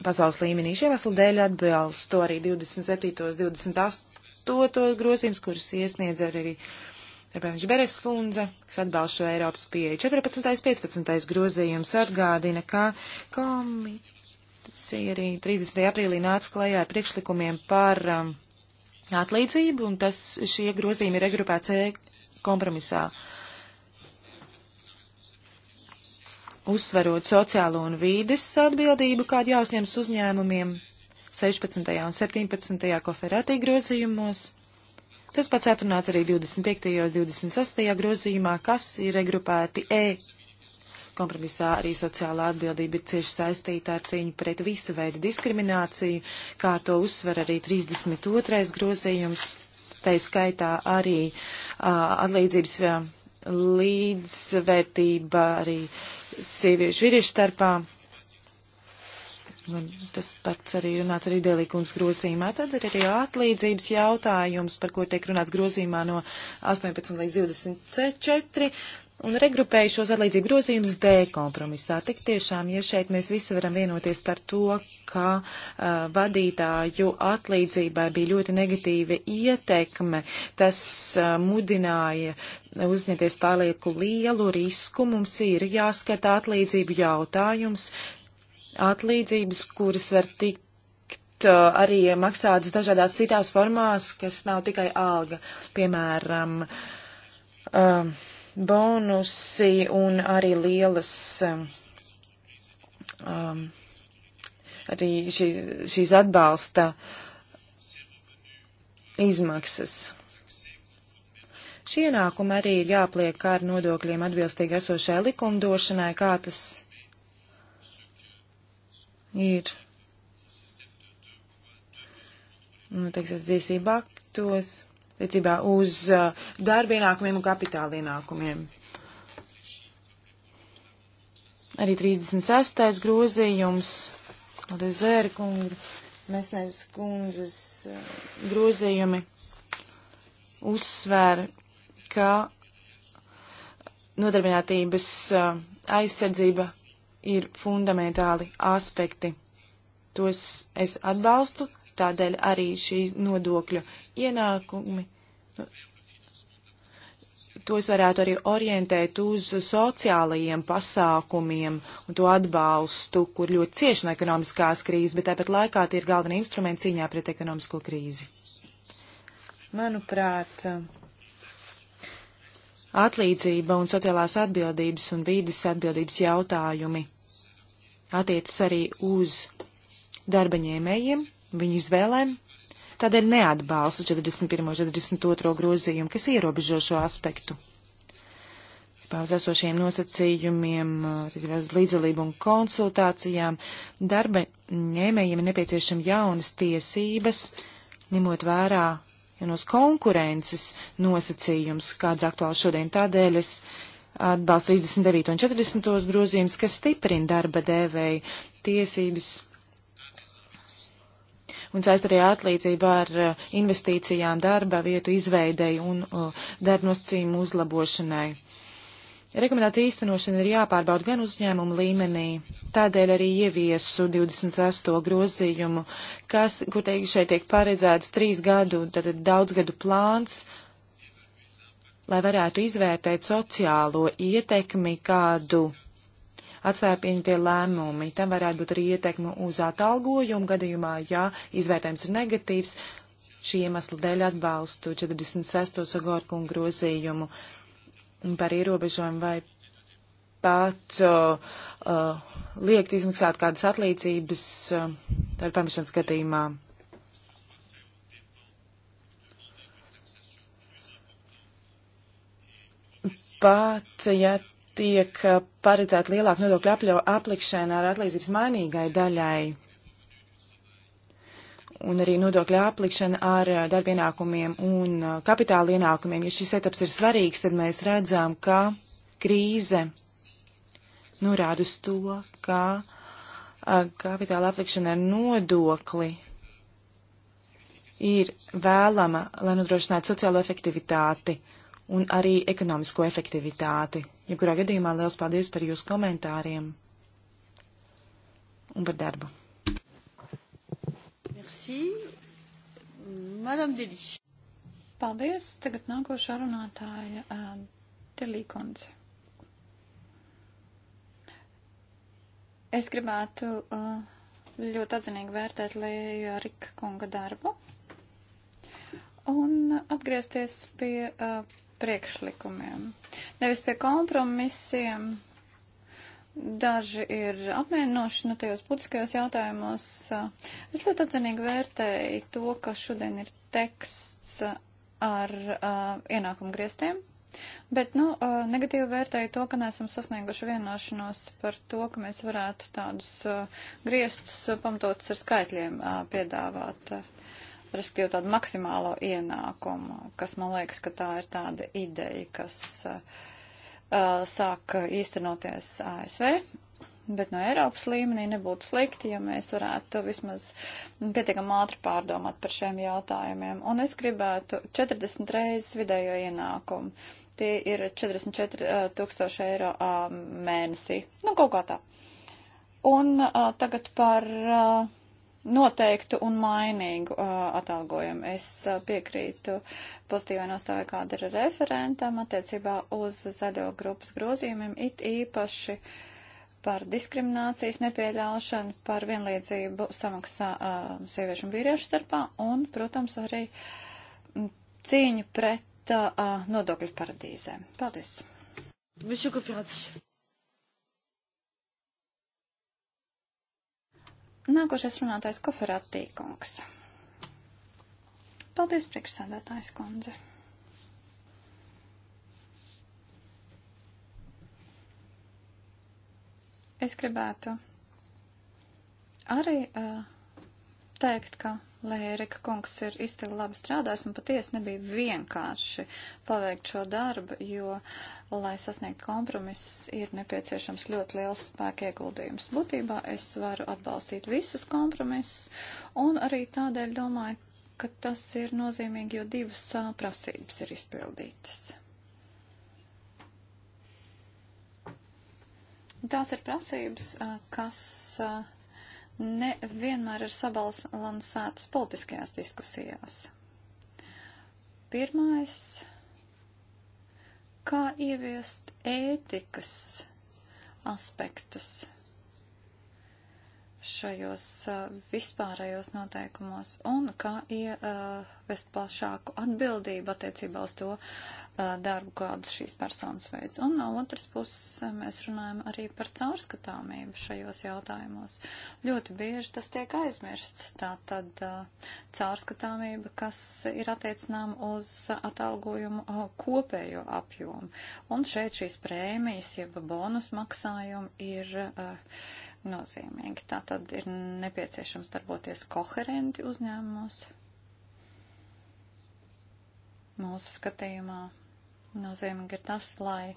pasaules līmenī. Šie veseli dēļ atbalstu arī 27. 28. grozījums, kurus iesniedz arī. arī Reprezentanti Beres kundze, kas atbalsta šo Eiropas pieeju. 14. 15. grozījums atgādina, ka komisija arī 30. aprīlī nāca klajā ar priekšlikumiem par um, atlīdzību, un tas šie grozījumi ir regrupēts e kompromisā. Uzsverot sociālo un vīdes atbildību, kādu jāuzņems uzņēmumiem 16. un 17. koferātī grozījumos Tas pats atrunāts arī 25. un 26. grozījumā, kas ir regrupēti E. Kompromisā arī sociālā atbildība ir cieši saistīta ar cīņu pret visa veida diskrimināciju, kā to uzsver arī 32. grozījums, tai skaitā arī uh, atlīdzības līdzvērtība arī sieviešu vīriešu starpā Un tas pats arī runāts arī Dēlīkunas grozījumā. Tad ir arī atlīdzības jautājums, par ko tiek runāts grozījumā no 18 līdz 24. Un regrupēju šos atlīdzību grozījumus D kompromisā. Tik tiešām, ja šeit mēs visi varam vienoties par to, ka uh, vadītāju atlīdzībai bija ļoti negatīva ietekme, tas uh, mudināja uzņemties pārlieku lielu risku, mums ir jāskata atlīdzību jautājums, atlīdzības, kuras var tikt uh, arī maksātas dažādās citās formās, kas nav tikai alga, piemēram, um, bonusi un arī lielas. Um, um arī šī, šīs atbalsta izmaksas. Šie ienākumi arī ir jāpliek kā ar nodokļiem atbilstīgi esošai likumdošanai, kā tas ir noteikts nu, tiesību aktos, tiecībā uz uh, darba ienākumiem un kapitāla ienākumiem. Arī 36. grozījums, Aldezēra kunga, Mesnēvas kundzes uh, grozījumi uzsver, ka nodarbinātības uh, aizsardzība ir fundamentāli aspekti. Tos es atbalstu, tādēļ arī šī nodokļa ienākumi. Nu, tos varētu arī orientēt uz sociālajiem pasākumiem un to atbalstu, kur ļoti cieši no ekonomiskās krīzes, bet tāpat laikā tie ir galveni instrumenti cīņā pret ekonomisko krīzi. Manuprāt, atlīdzība un sociālās atbildības un vīdes atbildības jautājumi attiecas arī uz darbaņēmējiem, viņu izvēlēm. Tādēļ neatbalstu 41. un 42. grozījumu, kas ierobežo šo aspektu. Uz esošiem nosacījumiem, uz līdzdalību un konsultācijām darba ņēmējiem ir nepieciešama jaunas tiesības, ņemot vērā jaunos konkurences nosacījums, kāda ir aktuāli šodien. Tādēļ es atbalsta 39 un 40 grozījums, kas stiprina darba devēja tiesības un saist arī atlīdzību ar uh, investīcijām darba vietu izveidei un uh, darba nosacījumu uzlabošanai. Rekomendācija īstenošana ir jāpārbauda gan uzņēmumu līmenī, tādēļ arī ieviesu 28. grozījumu, kas, kur teikt, šeit tiek paredzēts trīs gadu, tad daudzgadu plāns, uh, lai varētu izvērtēt sociālo ietekmi kādu atstāja pieņemtie lēmumi. Tam varētu būt arī ietekme uz atalgojumu gadījumā, ja izvērtējums ir negatīvs. Šī iemesla dēļ atbalstu 46. Sagorkungu grozījumu par ierobežojumu vai pat uh, uh, liekt izmaksāt kādas atlīdzības uh, ar pamiešanas gadījumā. pat, ja tiek uh, paredzēta lielāka nodokļa aplikšana ar atlīdzības mainīgai daļai un arī nodokļa aplikšana ar uh, darbienākumiem un uh, kapitāla ienākumiem. Ja šis etaps ir svarīgs, tad mēs redzam, ka krīze norāda uz to, ka kapitāla aplikšana ar nodokli ir vēlama, lai nodrošinātu sociālo efektivitāti. Uh, un arī ekonomisko efektivitāti. Jebkurā gadījumā liels paldies par jūsu komentāriem un par darbu. Merci. Madame Deli. Paldies. Tagad nākošā runātāja uh, Delīkundze. Es gribētu uh, ļoti atzinīgi vērtēt Lēja Rika kunga darbu un atgriezties pie uh, priekšlikumiem. Nevis pie kompromisiem. Daži ir apmierinoši, nu tajos būtiskajos jautājumos. Es ļoti atzinīgi vērtēju to, ka šodien ir teksts ar uh, ienākumu griestiem, Bet, nu, negatīvi vērtēju to, ka neesam sasnieguši vienošanos par to, ka mēs varētu tādus griestus pamatotus ar skaitļiem piedāvāt respektīvi tādu maksimālo ienākumu, kas man liekas, ka tā ir tāda ideja, kas uh, sāk īstenoties ASV. Bet no Eiropas līmenī nebūtu slikti, ja mēs varētu vismaz pietiekam ātri pārdomāt par šiem jautājumiem. Un es gribētu 40 reizes vidējo ienākumu. Tie ir 44 uh, tūkstoši eiro uh, mēnesī. Nu, kaut kā tā. Un uh, tagad par. Uh, noteiktu un mainīgu uh, atalgojumu. Es uh, piekrītu pozitīvai nostāju, kāda ir referentam attiecībā uz zaļo grupas grozījumiem, it īpaši par diskriminācijas nepieļaušanu, par vienlīdzību samaksā uh, sieviešu un vīriešu starpā un, protams, arī cīņu pret uh, nodokļu paradīzēm. Paldies! Monsieur Coopératif. Nākošais runātājs Koferatī kungs. Paldies, priekšsādātājs kundze. Es gribētu arī uh, teikt, ka Lērika kungs ir izcili labi strādājis un patiesi nebija vienkārši paveikt šo darbu, jo, lai sasniegt kompromiss, ir nepieciešams ļoti liels spēka ieguldījums. Būtībā es varu atbalstīt visus kompromisus un arī tādēļ domāju, ka tas ir nozīmīgi, jo divas prasības ir izpildītas. Tās ir prasības, kas nevienmēr ir sabalansētas politiskajās diskusijās. Pirmais kā ieviest ētikas aspektus šajos eh, vispārējos noteikumos un kā ievest plašāku atbildību attiecībā uz to eh, darbu, kādas šīs personas veids. Un no otras puses eh, mēs runājam arī par caurskatāmību šajos jautājumos. Ļoti bieži tas tiek aizmirsts. Tā tad caurskatāmība, kas ir attiecinām uz atalgojumu kopējo apjomu. Un šeit šīs prēmijas, jeb bonus maksājumi ir nozīmīgi. Tā tad ir nepieciešams darboties koherenti uzņēmumos. Mūsu skatījumā nozīmīgi ir tas, lai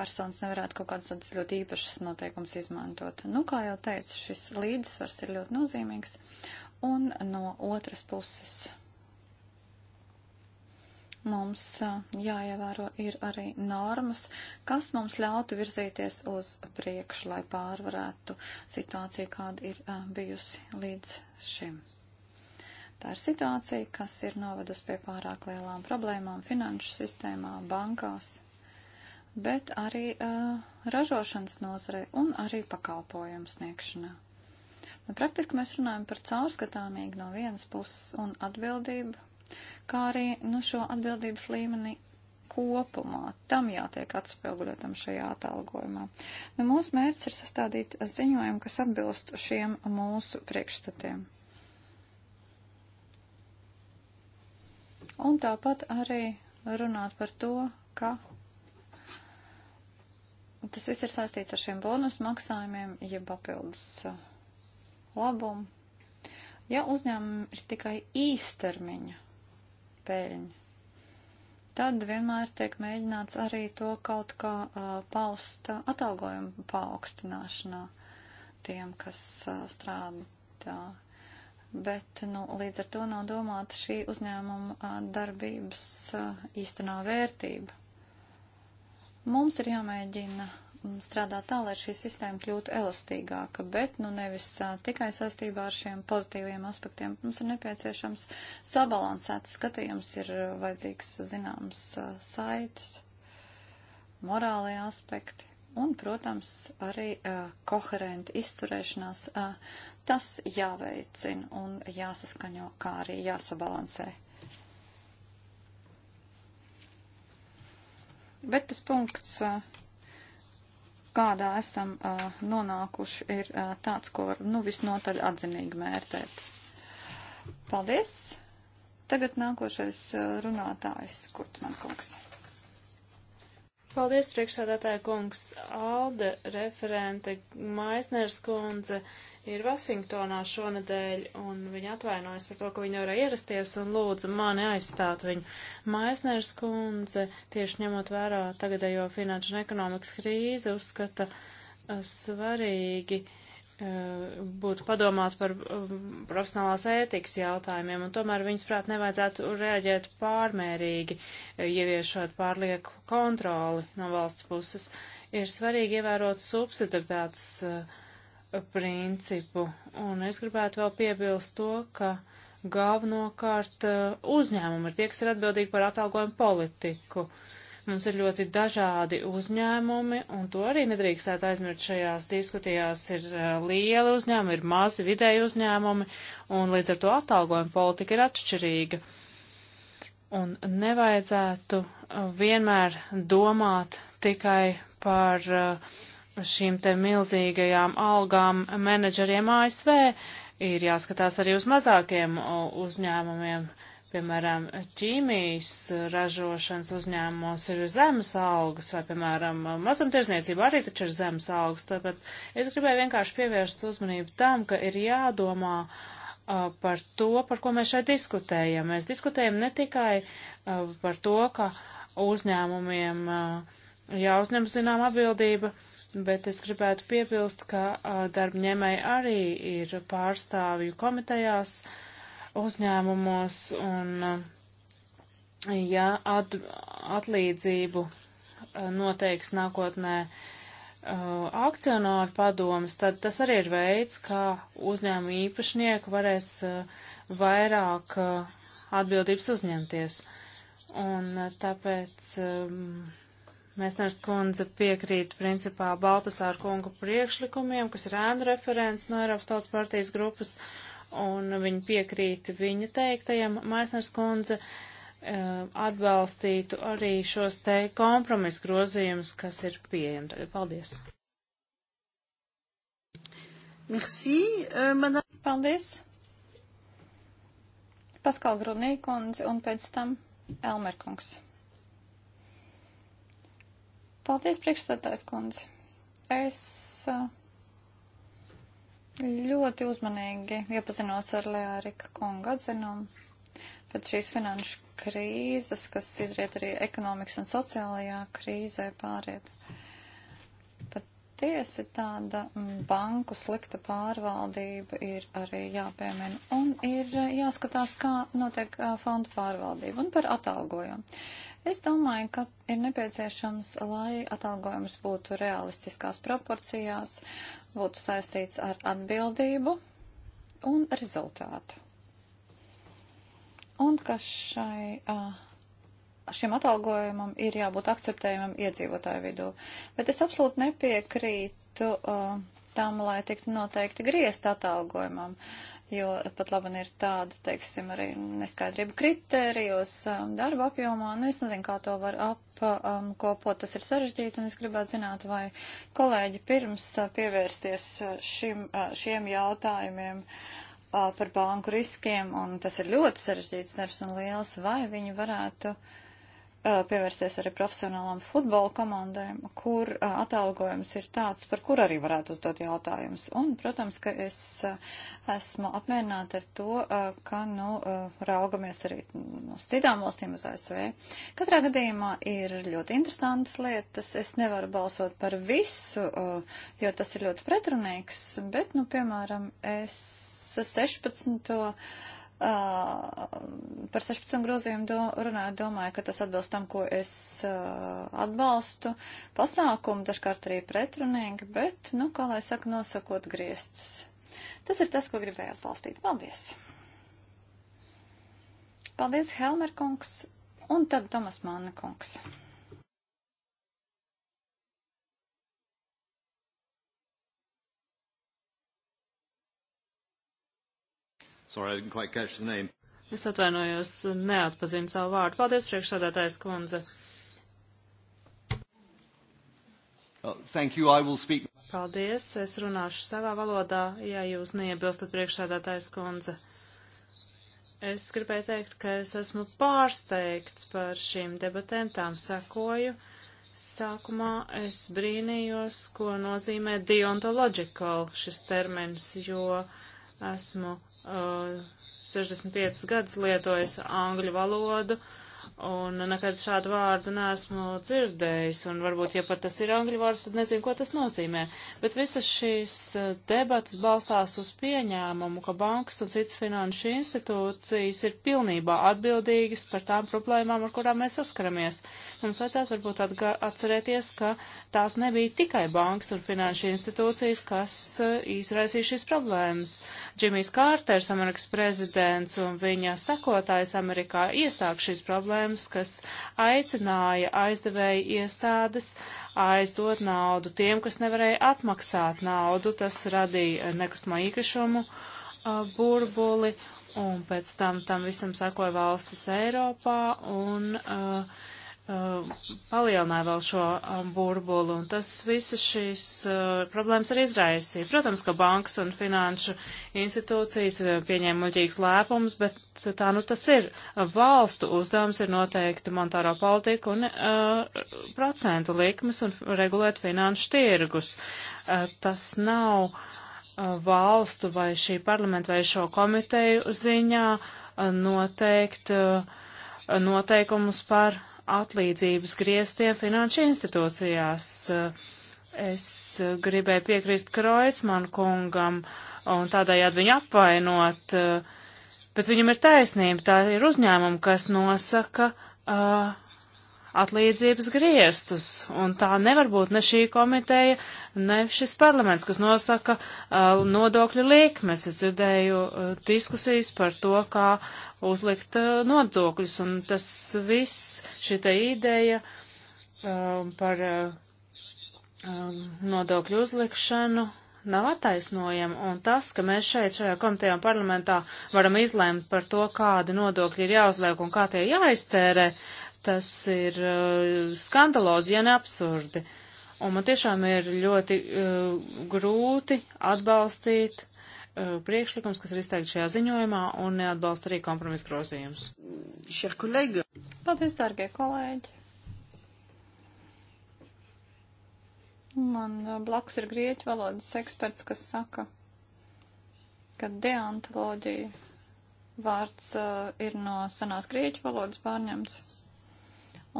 personas nevarētu kaut kādas tādas ļoti īpašas noteikums izmantot. Nu, kā jau teicu, šis līdzsvars ir ļoti nozīmīgs. Un no otras puses Mums jāievēro ir arī normas, kas mums ļautu virzīties uz priekšu, lai pārvarētu situāciju, kāda ir bijusi līdz šim. Tā ir situācija, kas ir novedusi pie pārāk lielām problēmām finanšu sistēmā, bankās, bet arī uh, ražošanas nozarei un arī pakalpojumu sniegšanā. Nu, praktiski mēs runājam par caurskatāmību no vienas puses un atbildību kā arī nu, šo atbildības līmeni kopumā. Tam jātiek atspoguļotam šajā atalgojumā. Nu, mūsu mērķis ir sastādīt ziņojumu, kas atbilst šiem mūsu priekšstatiem. Un tāpat arī runāt par to, ka tas viss ir saistīts ar šiem bonus maksājumiem, jeb papildus uh, labumu. Ja uzņēmumi ir tikai īstermiņa peļņu. Tad vienmēr tiek mēģināts arī to kaut kā uh, paust uh, atalgojumu paaugstināšanā tiem, kas uh, strādā. Bet nu, līdz ar to nav domāta šī uzņēmuma uh, darbības uh, īstenā vērtība. Mums ir jāmēģina strādā tā, lai šī sistēma kļūtu elastīgāka, bet nu nevis uh, tikai saistībā ar šiem pozitīviem aspektiem. Mums ir nepieciešams sabalansēts skatījums, ir vajadzīgs zināms uh, saites, morālie aspekti un, protams, arī uh, koherenti izturēšanās. Uh, tas jāveicina un jāsaskaņo, kā arī jāsabalansē. Bet tas punkts. Uh, kādā esam uh, nonākuši, ir uh, tāds, ko var nu, visnotaļ atzinīgi mērtēt. Paldies! Tagad nākošais uh, runātājs Kurtman kungs. Paldies, priekšsādātāja kungs, Alde referente, Maisners kundze. Uh, ir Vašingtonā šonadēļ, un viņa atvainojas par to, ka viņa nevarēja ierasties un lūdza mani aizstāt viņu. Maisners kundze, tieši ņemot vērā tagadējo finanšu un ekonomikas krīzi, uzskata uh, svarīgi uh, būtu padomāt par um, profesionālās ētikas jautājumiem, un tomēr viņas prāt nevajadzētu reaģēt pārmērīgi, uh, ieviešot pārlieku kontroli no valsts puses. Ir svarīgi ievērot subsidaritātes uh, principu. Un es gribētu vēl piebilst to, ka galvenokārt uh, uzņēmumi ir tie, kas ir atbildīgi par atalgojumu politiku. Mums ir ļoti dažādi uzņēmumi, un to arī nedrīkstētu aizmirst šajās diskutijās. Ir uh, lieli uzņēmumi, ir mazi vidēji uzņēmumi, un līdz ar to atalgojuma politika ir atšķirīga. Un nevajadzētu uh, vienmēr domāt tikai par uh, šīm te milzīgajām algām menedžeriem ASV, ir jāskatās arī uz mazākiem uzņēmumiem. Piemēram, ķīmijas ražošanas uzņēmumos ir zemes algas, vai, piemēram, mazumtirdzniecība arī taču ir zemes algas. Tāpēc es gribēju vienkārši pievērst uzmanību tam, ka ir jādomā uh, par to, par ko mēs šeit diskutējam. Mēs diskutējam ne tikai uh, par to, ka uzņēmumiem uh, jāuzņem zinām atbildība, uh, bet es gribētu piebilst, ka darbņēmēji arī ir pārstāvju komitejās, uzņēmumos un, ja at, atlīdzību noteiks nākotnē akcionāru padomas, tad tas arī ir veids, kā uzņēmumu īpašnieku varēs vairāk atbildības uzņemties. Un tāpēc um, Mēsners kundze piekrīt principā Baltasāra kungu priekšlikumiem, kas ir ēnu referents no Eiropas tautas partijas grupas, un viņa piekrīt viņa teiktajiem. Mēsners kundze eh, atbalstītu arī šos te kompromisu grozījumus, kas ir pieejami. Tagad paldies. Merci, euh, madame. Paldies. Paskal Grunī kundze un pēc tam Elmer kungs. Paldies, priekšstādājs kundze. Es uh, ļoti uzmanīgi iepazinos ar Leārika kunga atzinumu pēc šīs finanšu krīzes, kas izriet arī ekonomikas un sociālajā krīzē pāriet. Patiesi tāda mm, banku slikta pārvaldība ir arī jāpiemina un ir uh, jāskatās, kā notiek uh, fondu pārvaldība un par atalgojumu. Es domāju, ka ir nepieciešams, lai atalgojums būtu realistiskās proporcijās, būtu saistīts ar atbildību un rezultātu. Un ka šai, šim atalgojumam ir jābūt akceptējumam iedzīvotāju vidū. Bet es absolūti nepiekrītu tam, lai tiktu noteikti griezt atalgojumam jo pat labi ir tāda, teiksim, arī neskaidrība kritērijos um, darba apjomā, un es nezinu, kā to var apkopot, tas ir sarežģīti, un es gribētu zināt, vai kolēģi pirms uh, pievērsties uh, šim, uh, šiem jautājumiem par banku riskiem, un tas ir ļoti sarežģīts darbs un liels, vai viņi varētu uh, Uh, pievērsties arī profesionālām futbola komandām, kur uh, atalgojums ir tāds, par kur arī varētu uzdot jautājumus. Un, protams, ka es uh, esmu apmierināta ar to, ka, nu, raugamies arī uz citām valstīm, uz ASV. Katrā gadījumā ir ļoti interesantas lietas. Es nevaru balsot par visu, jo tas ir ļoti pretrunīgs, bet, nu, piemēram, es 16 par 16 grozījumu do, runāju, domāju, ka tas atbilst tam, ko es uh, atbalstu. Pasākumu dažkārt arī pretrunīgi, bet, nu, kā lai saka, nosakot griestus. Tas ir tas, ko gribēju atbalstīt. Paldies! Paldies, Helmer kungs, un tad Tomas Manna kungs. Sorry, I didn't quite catch the name. Es atvainojos, neatpazinu savu vārdu. Paldies, priekšsādātājs kundze. Well, thank you, I will speak. Paldies, es runāšu savā valodā, ja jūs neiebilstat priekšsādātājs kundze. Es gribēju teikt, ka es esmu pārsteigts par šīm debatēm, tām sakoju. Sākumā es brīnījos, ko nozīmē deontological šis termins, jo uh, Esmu uh, 65 gadus lietojis angļu valodu, Un nekad šādu vārdu neesmu dzirdējis, un varbūt, ja pat tas ir angļu vārds, tad nezinu, ko tas nozīmē. Bet visas šīs eh, debatas balstās uz pieņēmumu, ka bankas un citas finanšu institūcijas ir pilnībā atbildīgas par tām problēmām, ar kurām mēs saskaramies. Mums vajadzētu varbūt atcerēties, ka tās nebija tikai bankas un finanšu institūcijas, kas eh, izraisīja šīs problēmas. Džimijs Kārters, Amerikas prezidents un viņa sekotājs Amerikā iesāk šīs problēmas regulējums, kas aicināja aizdevēju iestādes aizdot naudu tiem, kas nevarēja atmaksāt naudu. Tas radīja nekustamo īpašumu uh, burbuli, un pēc tam tam visam sakoja valstis Eiropā. Un, uh, Uh, palielināja vēl šo um, burbulu, un tas visas šīs uh, problēmas arī izraisīja. Protams, ka bankas un finanšu institūcijas uh, pieņēma muļķīgas lēpumus, bet tā nu tas ir. Valstu uzdevums ir noteikti monetāro politiku un uh, procentu likmes un regulēt finanšu tirgus. Uh, tas nav uh, valstu vai šī parlamenta vai šo komiteju ziņā uh, noteikt. Uh, noteikumus par atlīdzības griestiem finanšu institūcijās. Es gribēju piekrist Kroicman kungam un tādējādi viņu apvainot, bet viņam ir taisnība, tā ir uzņēmuma, kas nosaka uh, atlīdzības griestus, un tā nevar būt ne šī komiteja, ne šis parlaments, kas nosaka uh, nodokļu likmes. Es dzirdēju uh, diskusijas par to, kā uh, uzlikt uh, nodokļus, un tas viss, šī te ideja um, uh, par um, nodokļu uzlikšanu nav attaisnojama, un tas, ka mēs šeit šajā komitejā un parlamentā varam izlēmt par to, kādi nodokļi ir jāuzliek un kā tie jāiztērē, tas ir uh, skandalozi, ja ne absurdi. Un man tiešām ir ļoti uh, grūti atbalstīt Uh, priekšlikums, kas ir izteikts šajā ziņojumā, un neatbalsta arī kompromisa grozījumus. Paldies, dārgie kolēģi! Man uh, blakus ir grieķu valodas eksperts, kas saka, ka deantoloģija vārds uh, ir no senās grieķu valodas pārņemts.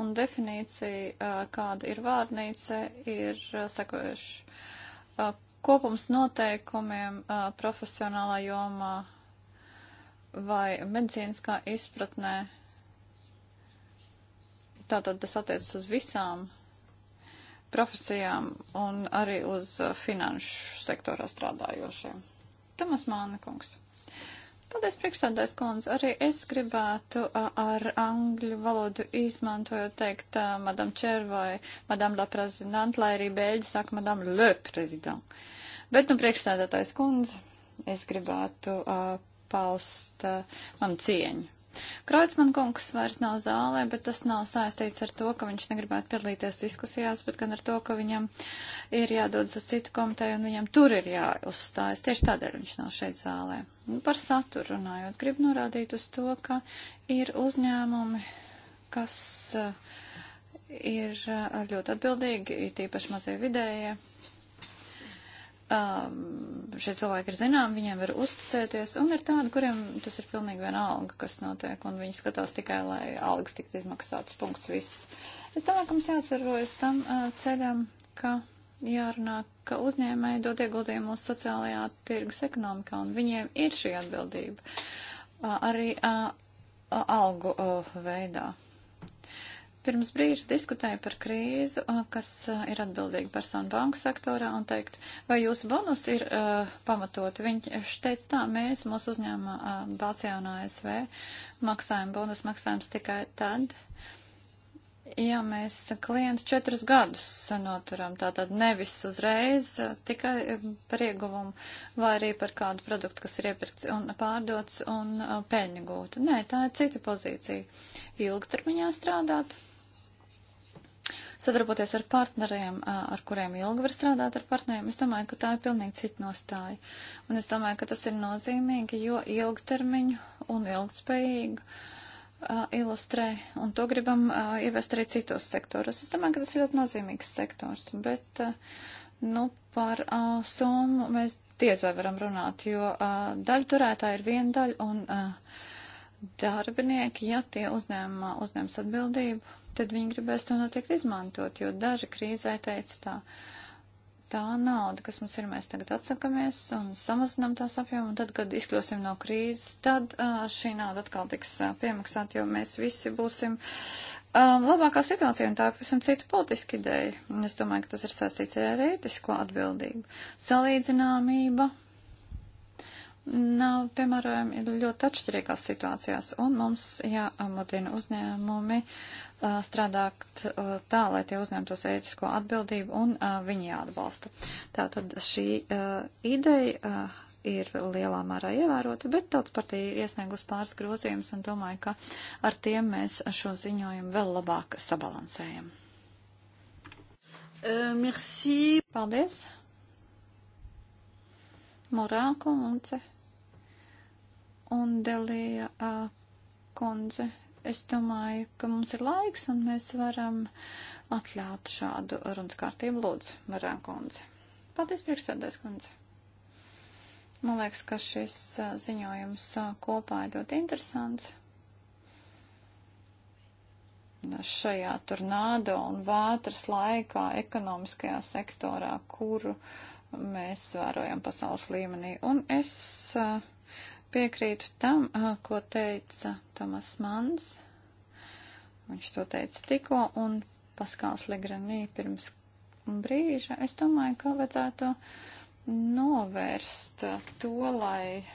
Un definīcija, uh, kāda ir vārnīca, ir uh, sekojuši. Uh, kopums noteikumiem uh, profesionālā jomā vai medicīniskā izpratnē. Tātad tas attiecas uz visām profesijām un arī uz finanšu sektorā strādājošiem. Tamas Mānekungs. Paldies, priekšsādājs kundze. Arī es gribētu ar angļu valodu izmantojot teikt madam Čer vai madam la prezident, lai arī bēļi saka madam le prezident. Bet, nu, priekšsādātājs kundze, es gribētu paust manu cieņu Kreutzmann kungs vairs nav zālē, bet tas nav saistīts ar to, ka viņš negribētu piedalīties diskusijās, bet gan ar to, ka viņam ir jādodas uz citu komiteju un viņam tur ir jāuzstājas. Tieši tādēļ viņš nav šeit zālē. Nu, par saturu runājot, gribu norādīt uz to, ka ir uzņēmumi, kas eh, ir eh, ļoti atbildīgi, tīpaši mazie vidējie Um, šie cilvēki ir zinām, viņiem var uzticēties, un ir tādi, kuriem tas ir pilnīgi vienalga, kas notiek, un viņi skatās tikai, lai algas tiktu izmaksātas, punkts viss. Es domāju, ka mums jāatcerojas tam uh, ceļam, ka jārunā, ka uzņēmēji dod ieguldījumu mūsu sociālajā tirgus ekonomikā, un viņiem ir šī atbildība uh, arī a, uh, a, algu a, veidā. Pirms brīža diskutēju par krīzu, kas ir atbildīga personu banku sektorā, un teikt, vai jūsu bonus ir uh, pamatoti. Viņš teica tā, mēs mūsu uzņēmumā uh, Vācijā un ASV maksājam bonus maksājums tikai tad, ja mēs klientu četrus gadus noturam, tātad nevis uzreiz, uh, tikai par ieguvumu vai arī par kādu produktu, kas ir iepirkts un pārdots un uh, peļņa gūta. Nē, tā ir cita pozīcija. Ilgtermiņā strādāt sadarboties ar partneriem, ar kuriem ilgi var strādāt ar partneriem, es domāju, ka tā ir pilnīgi cita nostāja. Un es domāju, ka tas ir nozīmīgi, jo ilgtermiņu un ilgtspējīgu uh, ilustrē, un to gribam uh, ievest arī citos sektoros. Es domāju, ka tas ir ļoti nozīmīgs sektors, bet, uh, nu, par uh, summu mēs diez vai varam runāt, jo uh, daļturētāji ir viena daļa, un uh, darbinieki, ja tie uzņēmumā uzņems atbildību, tad viņi gribēs to noteikti izmantot, jo daži krīzē teica tā, tā nauda, kas mums ir, mēs tagad atsakamies un samazinām tās apjomu, un tad, kad izkļūsim no krīzes, tad uh, šī nauda atkal tiks uh, piemaksāta, jo mēs visi būsim um, labākā situācija, un tā ir pavisam cita politiska ideja. Un es domāju, ka tas ir saistīts arī ar ētisko atbildību. Salīdzināmība nav piemērojami ļoti atšķirīgās situācijās, un mums jāmudina uzņēmumi strādāt tā, lai tie uzņemtos ētisko atbildību, un viņi jāatbalsta. Tātad šī ideja ir lielā mērā ievērota, bet tautas partija ir iesniegus pāris grozījumus un domāju, ka ar tiem mēs šo ziņojumu vēl labāk sabalansējam. Uh, merci. Paldies. Morāku un ceļu un Delija kundze. Es domāju, ka mums ir laiks un mēs varam atļaut šādu runas kārtību. Lūdzu, Marēn kundze. Paldies, priekšsēdēs kundze. Man liekas, ka šis ziņojums kopā ir ļoti interesants šajā tornado un vētras laikā ekonomiskajā sektorā, kuru mēs vērojam pasaules līmenī. Un es uh, Piekrītu tam, ko teica Tomas Mans. Viņš to teica tikko, un Paskāls Legranī pirms brīža. Es domāju, ka vajadzētu novērst to, lai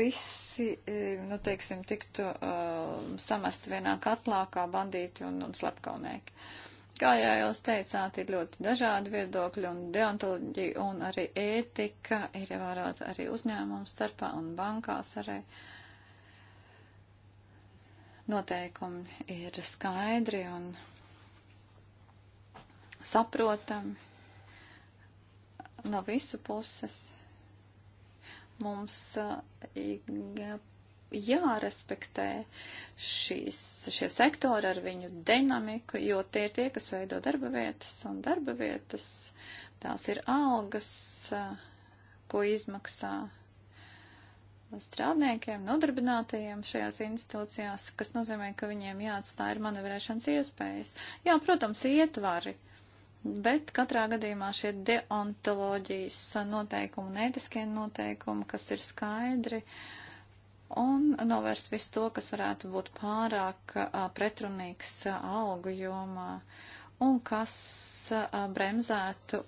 visi, nu, teiksim, tiktu uh, samest vienā katlā kā bandīti un, un slepkaunieki. Uh, Kā jā, jūs teicāt, ir ļoti dažādi viedokļi un deontoloģija un arī ētika ir ievērota arī uzņēmumu starpā un bankās arī. Noteikumi ir skaidri un saprotami no visu puses. Mums uh, jārespektē šīs, šie sektori ar viņu dinamiku, jo tie ir tie, kas veido darba vietas un darba vietas, tās ir algas, ko izmaksā strādniekiem, nodarbinātajiem šajās institūcijās, kas nozīmē, ka viņiem jāatstāja ir manevrēšanas iespējas. Jā, protams, ietvari, bet katrā gadījumā šie deontoloģijas noteikumi un ētiskie noteikumi, kas ir skaidri, uh, un novērst visu to, kas varētu būt pārāk pretrunīgs algu jomā un kas bremzētu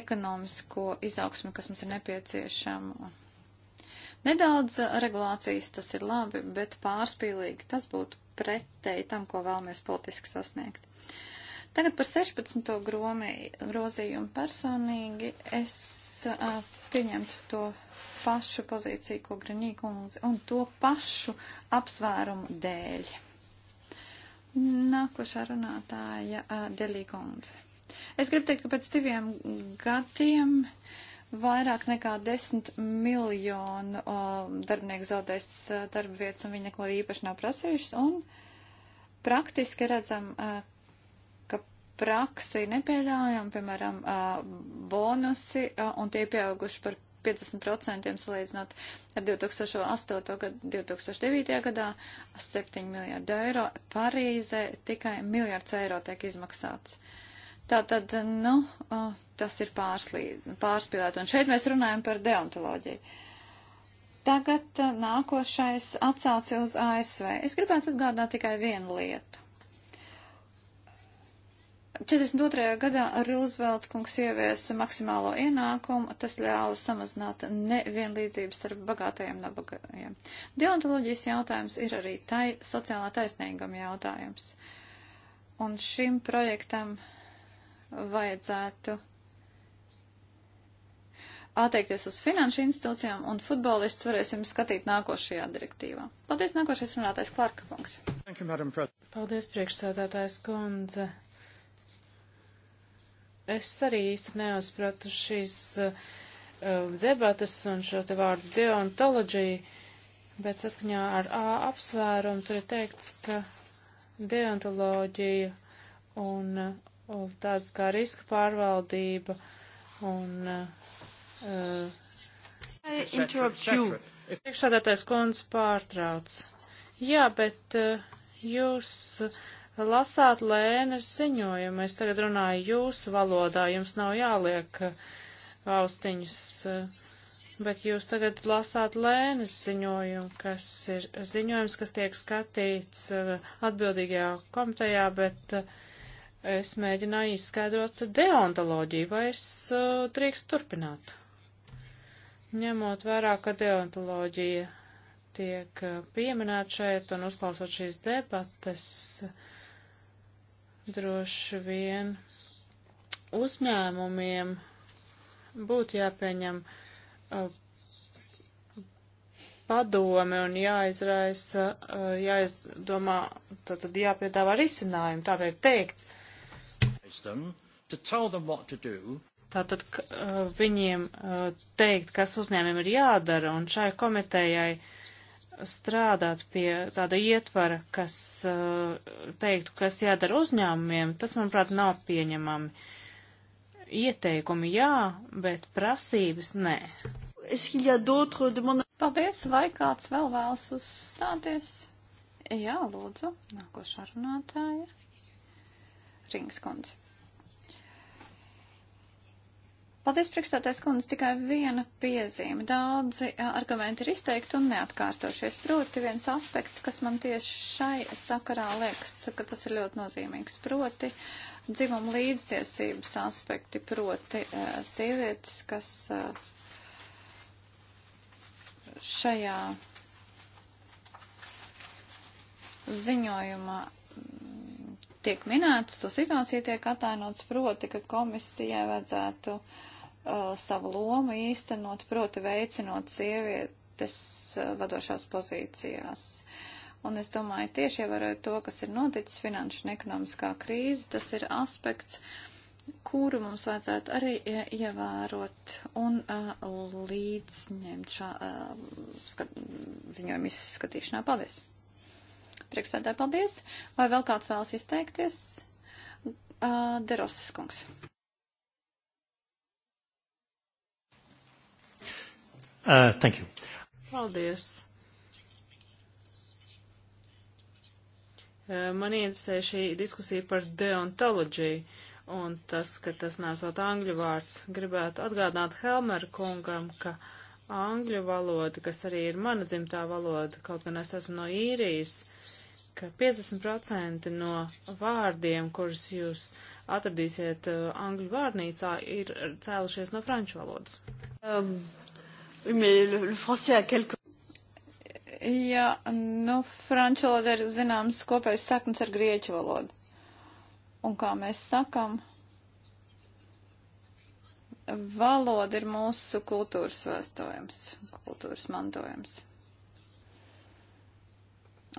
ekonomisko izaugsmu, kas mums ir nepieciešama. Nedaudz regulācijas tas ir labi, bet pārspīlīgi tas būtu pretēji tam, ko vēlamies politiski sasniegt. Tagad par 16. Gromī, grozījumu personīgi es pieņemtu to pašu pozīciju, ko Granīkundze, un to pašu apsvērumu dēļ. Nākošā runātāja uh, Delīkundze. Es gribu teikt, ka pēc diviem gadiem vairāk nekā desmit miljonu uh, darbinieku zaudēs uh, darba vietas, un viņi neko īpaši nav prasījuši, un praktiski redzam, uh, praksa ir nepieļaujama, piemēram, bonusi, un tie pieauguši par 50% salīdzinot ar 2008. gadu, 2009. gadā 7 miljārdu eiro. Parīzē tikai miljārds eiro tiek izmaksāts. Tātad, nu, tas ir pārspīlēt. Un šeit mēs runājam par deontoloģiju. Tagad nākošais atsauci uz ASV. Es gribētu atgādināt tikai vienu lietu. 42. gadā Rūzvelt kungs ieviesa maksimālo ienākumu, tas ļāva samazināt nevienlīdzības starp bagātajiem un nabagajiem. Deontoloģijas jautājums ir arī tai, sociālā taisnīguma jautājums. Un šim projektam vajadzētu atteikties uz finanšu institūcijām, un futbolists varēsim skatīt nākošajā direktīvā. Paldies, nākošais runātais Klārka kungs. Paldies, priekšsēdētājs kundze. Es arī īsti neuzpratu šīs uh, eh, debatas un šo te vārdu deontoloģiju, bet saskaņā ar A apsvērumu tur ir teikts, ka deontoloģija un uh, tāds kā riska pārvaldība un uh, Priekšsādātais kundze pārtrauc. Jā, bet uh, jūs lasāt lēnes ziņojumu. Es tagad runāju jūsu valodā, jums nav jāliek uh, austiņas, uh, bet jūs tagad lasāt lēnes ziņojumu, kas ir ziņojums, kas tiek skatīts uh, atbildīgajā komitejā, bet es mēģināju izskaidrot deontoloģiju, vai es drīkst turpināt. Ņemot vērā, ka deontoloģija tiek pieminēta šeit un uzklausot šīs debates, uh, droši vien uzņēmumiem būtu jāpieņem uh, padome un jāizraisa, uh, jāizdomā, tad, tad jāpiedāvā risinājumi, tā ir teikts. Tātad uh, viņiem teikt, kas uzņēmumiem ir jādara, un šai komitejai uh, strādāt pie tāda ietvara, kas eh, teiktu, kas jādara uzņēmumiem, tas, manuprāt, nav pieņemami. Ieteikumi jā, bet prasības nē. Paldies, vai kāds vēl vēlas uzstāties? Jā, lūdzu, nākošā runātāja. Rings kundze. Paldies, priekšstātais kundze, tikai viena piezīme. Daudzi argumenti ir izteikti un neatkārtošies. Proti viens aspekts, kas man tieši šai sakarā liekas, ka tas ir ļoti nozīmīgs. Proti dzimuma līdztiesības aspekti, proti sievietes, kas šajā ziņojumā tiek minēts, to situācija tiek atainots, proti, ka komisijai vajadzētu uh, uh, savu lomu īstenot, proti veicinot sievietes uh, vadošās pozīcijās. Un es domāju, tieši ievērojot to, kas ir noticis finanšu un ekonomiskā krīze, tas ir aspekts, kuru mums vajadzētu arī ievērot un uh, līdzņemt šā uh, skat, ziņojuma izskatīšanā. Paldies! Priekšstādāji, paldies! Vai vēl kāds vēlas izteikties? Uh, Derosas kungs. Uh, thank you. Paldies. Uh, Man interesē šī diskusija par deontoloģiju un tas, ka tas nesot angļu vārds. Gribētu atgādināt Helmer kungam, ka angļu valoda, kas arī ir mana dzimtā valoda, kaut gan es esmu no īrijas, ka 50% no vārdiem, kurus jūs atradīsiet uh, angļu vārnīcā, ir cēlušies no franču valodas. Um, mais le, le français a quelques. Jā, nu, franču valoda ir zināms kopējs saknes ar grieķu valodu. Un kā mēs sakam, valoda ir mūsu kultūras vēstojums, kultūras mantojums.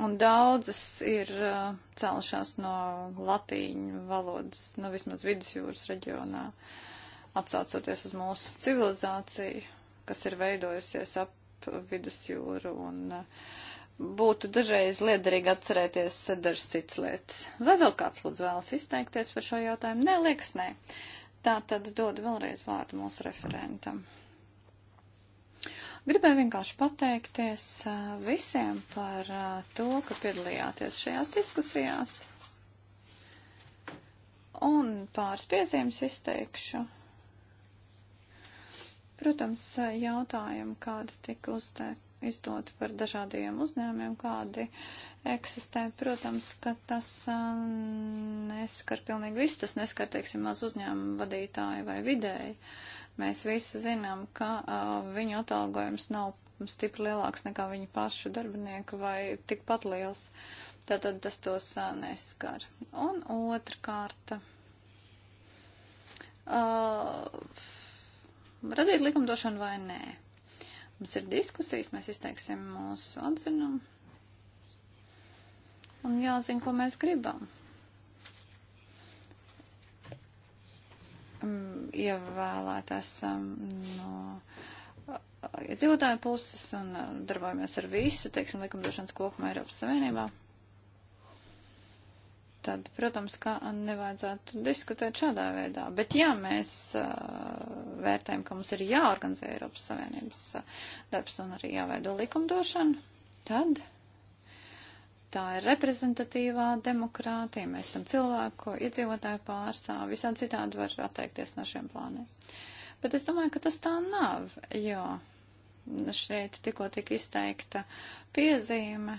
Un daudzas ir uh, celšās no latīņu valodas, nu vismaz vidusjūras reģionā, atsaucoties uz mūsu civilizāciju kas ir veidojusies ap vidusjūru un uh, būtu dažreiz liederīgi atcerēties dažas citas lietas. Vai vēl kāds lūdzu vēlas izteikties par šo jautājumu? Nē, liekas, nē. Tā tad dod vēlreiz vārdu mūsu referentam. Gribēju vienkārši pateikties uh, visiem par uh, to, ka piedalījāties šajās diskusijās. Un pāris piezīmes izteikšu. Protams, jautājumi, kādi tika izdoti par dažādiem uzņēmiem, kādi eksistē, protams, ka tas neskar pilnīgi viss, tas neskar, teiksim, maz uzņēmumu vadītāju vai vidēji. Mēs visi zinām, ka uh, viņu atalgojums nav stipri lielāks nekā viņu pašu darbinieku vai tikpat liels. Tātad tas tos uh, neskar. Un otra kārta. Uh, radīt likumdošanu vai nē. Mums ir diskusijas, mēs izteiksim mūsu atzinumu. Un jāzina, ko mēs gribam. Mm, Ievēlēt esam mm, no iedzīvotāju puses un mm, darbojamies ar visu, teiksim, likumdošanas kopumā Eiropas Savienībā tad, protams, kā nevajadzētu diskutēt šādā veidā. Bet jā, mēs uh, vērtējam, ka mums ir jāorganizē Eiropas Savienības uh, darbs un arī jāveido likumdošana, tad tā ir reprezentatīvā demokrātija, mēs esam cilvēku, iedzīvotāju pārstāvi, visādi citādi var atteikties no šiem plāniem. Bet es domāju, ka tas tā nav, jo šeit tikko tika izteikta piezīme,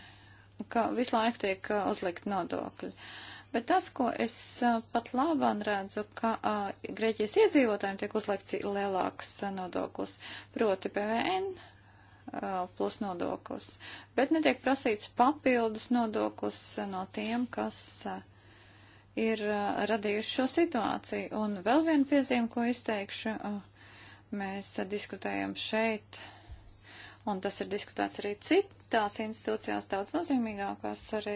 ka visu laiku tiek uzlikt nodokļi. Uh, Bet tas, ko es pat labāk redzu, ka a, Grieķijas iedzīvotājiem tiek uzlikts lielāks nodoklis, proti PVN a, plus nodoklis, bet netiek prasīts papildus nodoklis no tiem, kas a, ir a, radījuši šo situāciju. Un vēl viena piezīme, ko izteikšu, a, mēs a, diskutējam šeit, un tas ir diskutēts arī citu citās institūcijās daudz nozīmīgākās arī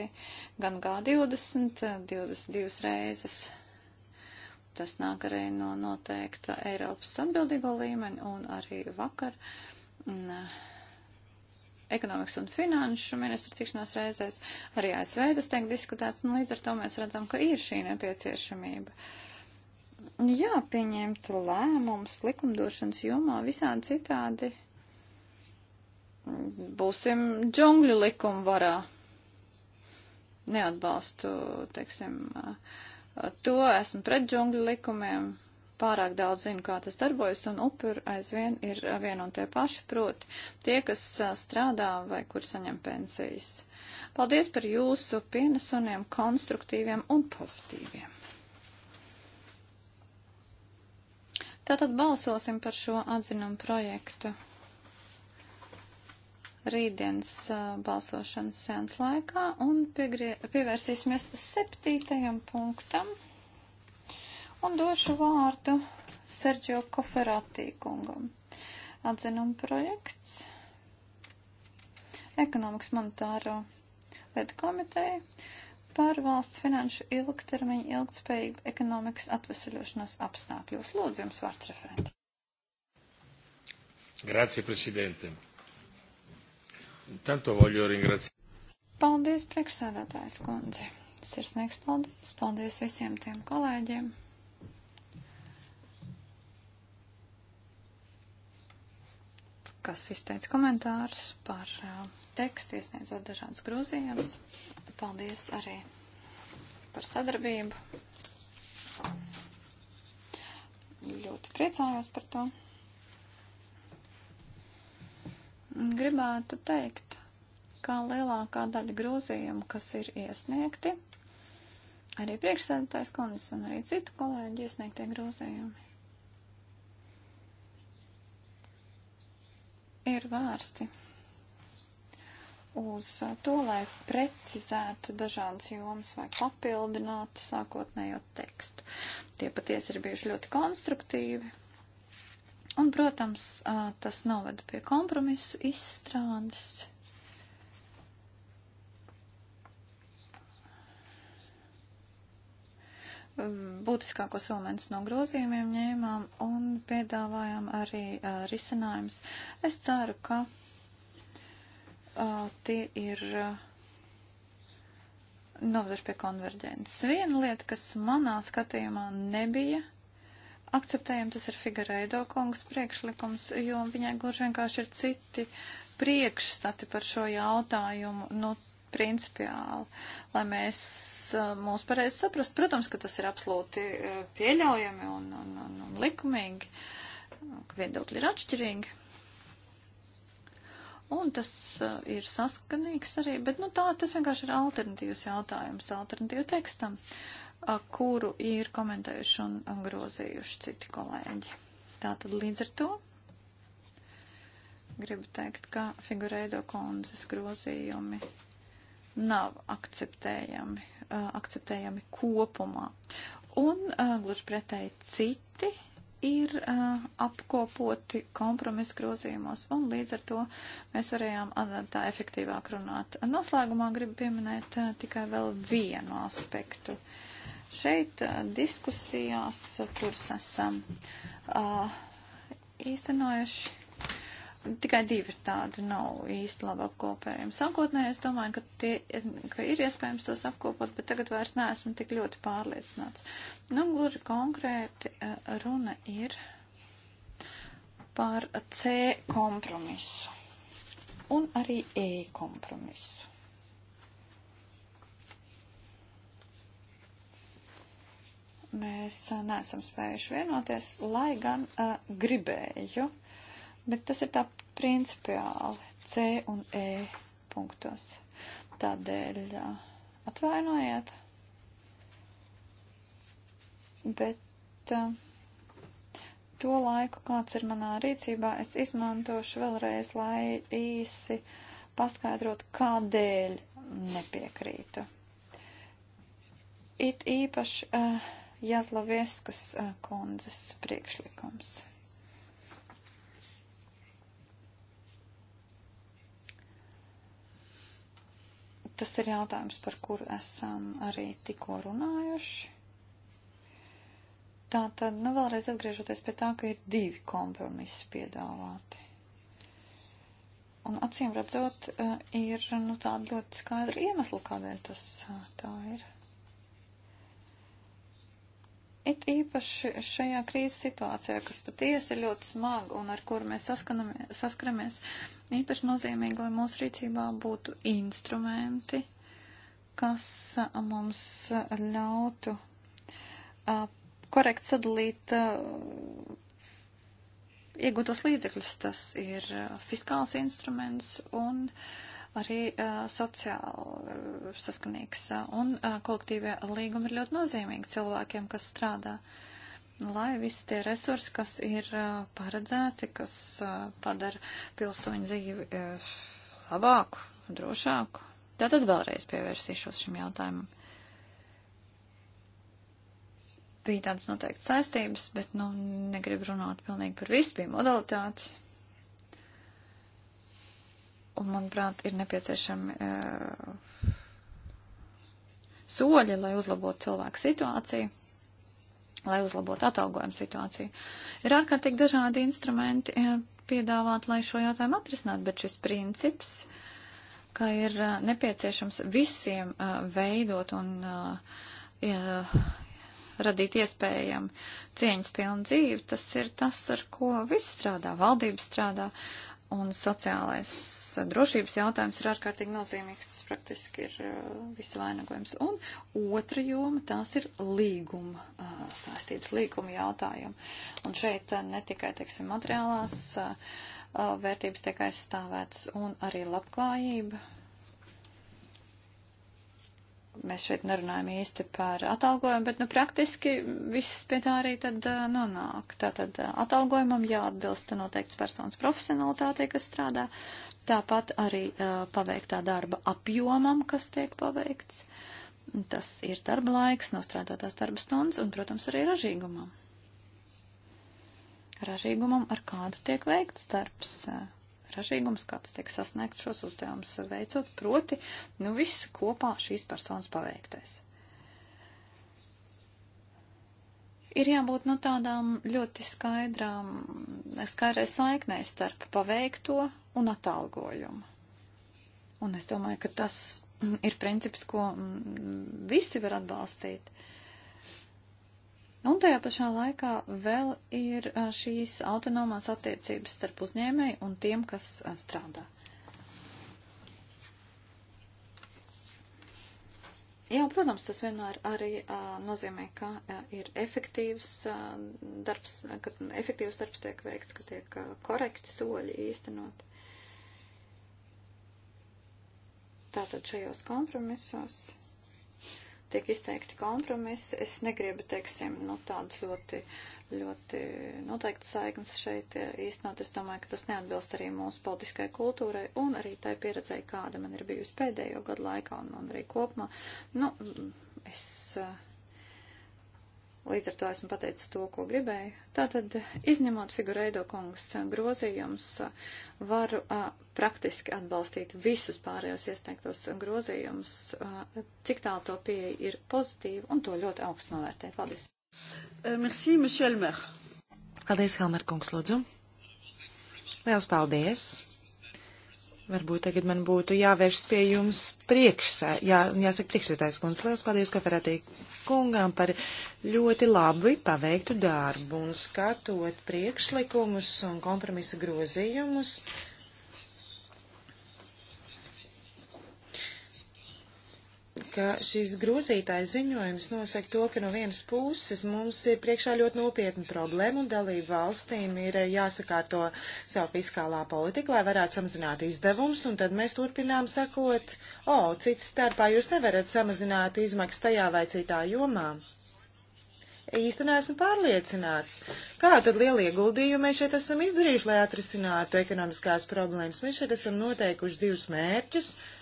gan G20, 22 reizes. Tas nāk arī no noteikta Eiropas atbildīgo līmeni un arī vakar. Un, eh, ekonomikas un finanšu ministra tikšanās reizēs arī ASV tas tiek diskutēts, un līdz ar to mēs redzam, ka ir šī nepieciešamība. Jā, pieņemt lēmumus likumdošanas jomā visādi citādi būsim džungļu likuma varā. Neatbalstu, teiksim, to, esmu pret džungļu likumiem, pārāk daudz zinu, kā tas darbojas, un upuri aizvien ir vien un tie paši, proti tie, kas strādā vai kur saņem pensijas. Paldies par jūsu pienesuniem, konstruktīviem un pozitīviem. Tātad balsosim par šo atzinumu projektu rītdienas balsošanas sēns laikā un piegrie, pievērsīsimies septītajam punktam un došu vārdu Sergio Koferatī kungam. Atzinuma projekts ekonomikas monetāro lietu komiteja par valsts finanšu ilgtermiņu ilgtspējību ekonomikas atvesaļošanos apstākļos. Lūdzu, jums vārds referenti. Grazie, prezidente. Tanto voglio ringraziare. Paldies, priekšsēdētājs kundze. Sirsnīgs paldies. Paldies visiem tiem kolēģiem. kas izteica komentārus par uh, tekstu, iesniedzot dažādas grozījumus. Paldies arī par sadarbību. Ļoti priecājos par to. Gribētu teikt, ka lielākā daļa grozījumu, kas ir iesniegti, arī priekšsēdētājs kundze un arī citu kolēģi iesniegtie grozījumi, ir vērsti uz to, lai precizētu dažādas jomas vai papildinātu sākotnējo tekstu. Tie patiesi ir bijuši ļoti konstruktīvi Un, protams, tas noveda pie kompromisu izstrādes. būtiskākos elementus no grozījumiem ņēmām un piedāvājām arī uh, risinājumus. Es ceru, ka uh, tie ir uh, noveduši pie konverģences. Viena lieta, kas manā skatījumā nebija uh, akceptējam, tas ir Figueiredo kungas priekšlikums, jo viņai gluži vienkārši ir citi priekšstati par šo jautājumu, nu, principiāli, lai mēs mūs pareizi saprast. Protams, ka tas ir absolūti pieļaujami un, un, un, un likumīgi, nu, ka viedokļi ir atšķirīgi. Un tas ir saskanīgs arī, bet, nu, tā tas vienkārši ir alternatīvs jautājums, alternatīvu tekstam. Uh, kuru ir komentējuši un grozījuši citi kolēģi. Tātad līdz ar to gribu teikt, ka figurēdo konzes grozījumi nav akceptējami, akceptējami kopumā. Un gluži pretēji citi ir uh, apkopoti kompromisu grozījumos, un līdz ar to mēs varējām tā efektīvāk runāt. Noslēgumā gribu pieminēt uh, tikai vēl vienu aspektu. Uh, Šeit diskusijās, kuras esam īstenojuši, tikai divi ir tādi, nav īsti labi apkopējami. Sākotnēji es domāju, ka, tie, ka ir iespējams tos apkopot, bet tagad vairs neesmu tik ļoti pārliecināts. Nu, gluži konkrēti runa ir par C kompromisu un arī E kompromisu. mēs a, uh, neesam spējuši vienoties, lai gan a, uh, gribēju, bet tas ir tā principiāli C un E punktos. Tādēļ a, uh, atvainojiet, bet a, to laiku, kāds ir manā rīcībā, es izmantošu vēlreiz, lai īsi paskaidrot, kādēļ nepiekrītu. It īpaši uh, Jazlavieskas eh, kundzes priekšlikums. Tas ir jautājums, par kuru esam arī tikko runājuši. Tā tad, nu vēlreiz atgriežoties pie tā, ka ir divi kompromisi piedāvāti. Un acīm redzot, eh, ir nu, tāda ļoti skaidra iemesla, kādēļ tas eh, tā ir. It īpaši šajā krīzes situācijā, kas patiesi ir ļoti smaga un ar kuru mēs saskaramies, īpaši nozīmīgi, lai mūsu rīcībā būtu instrumenti, kas mums ļautu korekti sadalīt iegūtos līdzekļus. Tas ir fiskāls instruments un uh, arī uh, sociāli uh, saskanīgs. Un uh, kolektīvie līgumi ir ļoti nozīmīgi cilvēkiem, kas strādā, lai visi tie resursi, kas ir uh, paredzēti, kas uh, padara pilsoņu dzīvi uh, labāku, drošāku. Tātad vēlreiz pievērsīšos šim jautājumam. Bija tādas noteikti saistības, bet, nu, negribu runāt pilnīgi par visu, bija modalitātes. Un, manuprāt, ir nepieciešami uh, soļi, lai uzlabotu cilvēku situāciju, lai uzlabotu atalgojumu situāciju. Ir ārkārtīgi dažādi instrumenti uh, piedāvāt, lai šo jautājumu atrisināt, bet šis princips, ka ir uh, nepieciešams visiem veidot un radīt iespējami cieņas pilnu dzīvi, tas ir tas, ar ko viss strādā, valdības strādā, Un sociālais drošības jautājums ir ārkārtīgi nozīmīgs. Tas praktiski ir uh, visu vainagojums. Un otra joma tās ir līguma uh, saistības, līguma jautājumi. Un šeit uh, ne tikai, teiksim, materiālās vērtības tiek aizstāvētas un arī labklājība Mēs šeit nerunājam īsti par atalgojumu, bet nu, praktiski viss pie tā arī tad uh, nonāk. Tātad uh, atalgojumam jāatbilst noteikts personas profesionalitātei, kas strādā, tāpat arī uh, paveiktā darba apjomam, kas tiek paveikts. Tas ir darba laiks, nostrādātās darba stundas un, protams, arī ražīgumam ražīgumam, ar kādu tiek veikts darbs ražīgums, kāds tiek sasniegt šos uzdevumus veicot, proti, nu viss kopā šīs personas paveiktais. Ir jābūt no nu, tādām ļoti skaidrām, skaidrai saiknē starp paveikto un atalgojumu. Un es domāju, ka tas ir princips, ko mm, visi var atbalstīt. Uh, Un tajā pašā laikā vēl ir šīs autonomās attiecības starp uzņēmēju un tiem, kas strādā. Jā, protams, tas vienmēr arī a, nozīmē, ka a, ir efektīvs a, darbs, ka efektīvs darbs tiek veikts, ka tiek a, korekti soļi īstenot. Tātad šajos kompromisos tiek izteikti kompromisi. Es negribu, teiksim, nu, tādas ļoti, ļoti noteikti saiknes šeit īstenot. Es domāju, ka tas neatbilst arī mūsu politiskai kultūrai un arī tai pieredzēji, kāda man ir bijusi pēdējo gadu laikā un, un arī kopumā. Nu, es uh, Līdz ar to esmu pateicis to, ko gribēju. Tātad, izņemot figureido kungas grozījums, varu a, praktiski atbalstīt visus pārējos iesniegtos grozījumus, a, cik tālu to pieeja ir pozitīva un to ļoti augstu novērtē. Paldies. Eh, merci, Michel Mer. Paldies, Helmer kungs, lūdzu. Liels paldies. Varbūt tagad man būtu jāvēršas pie jums priekšsē, jā, jāsaka priekšsētājs kundze. Liels paldies, ka varētu kungām par ļoti labi paveiktu darbu un skatot priekšlikumus un kompromisa grozījumus. Uh, ka šis grūzītājs ziņojums nosaka to, ka no vienas puses mums ir priekšā ļoti nopietna problēma un dalību valstīm ir eh, jāsakārto savu fiskālā politiku, lai varētu samazināt izdevumus, un tad mēs turpinām sakot, o, cits starpā jūs nevarat samazināt izmaksas tajā vai citā jomā. Īstenībā esmu pārliecināts, kā tad lielie ieguldījumi mēs šeit esam izdarījuši, lai atrisinātu ekonomiskās problēmas. Mēs šeit esam noteikuši divus mērķus. Uh,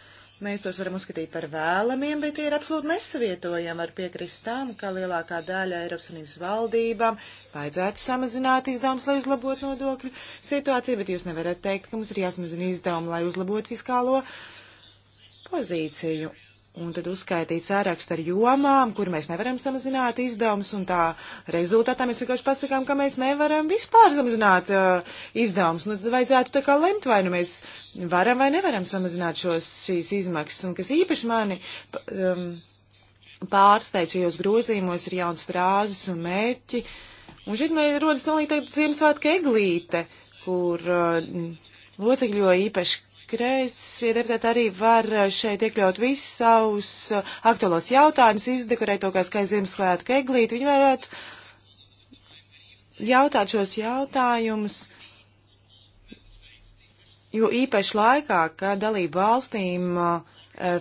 Mēs tos varam uzskatīt par vēlamiem, bet tie ir absolūti nesavietojami ar piekristām, ka lielākā daļa Eiropas Unības valdībām vajadzētu samazināt izdevumus, lai uzlabotu nodokļu situāciju, bet jūs nevarat teikt, ka mums ir jāsamazina izdevumi, lai uzlabotu fiskālo pozīciju un tad uzskaitīt sārakstu ar jomām, kur mēs nevaram samazināt izdevumus, un tā rezultātā mēs vienkārši pasakām, ka mēs nevaram vispār samazināt uh, izdevumus. Nu, tad vajadzētu tā kā lemt, vai nu mēs varam vai nevaram samazināt šos, šīs izmaksas, un kas īpaši mani um, pārsteidz šajos grozījumos ir jauns frāzes un mērķi, un šeit man rodas pilnīgi tāda Ziemassvētku eglīte, kur uh, locekļo īpaši kreisie deputāti arī var eh, šeit iekļaut visus savus eh, aktuālos jautājumus, izdekorēt to kā skaidrs Ziemassvētku eglīti. Viņi varētu jautāt šos jautājumus, jo īpaši laikā, kad dalību valstīm eh,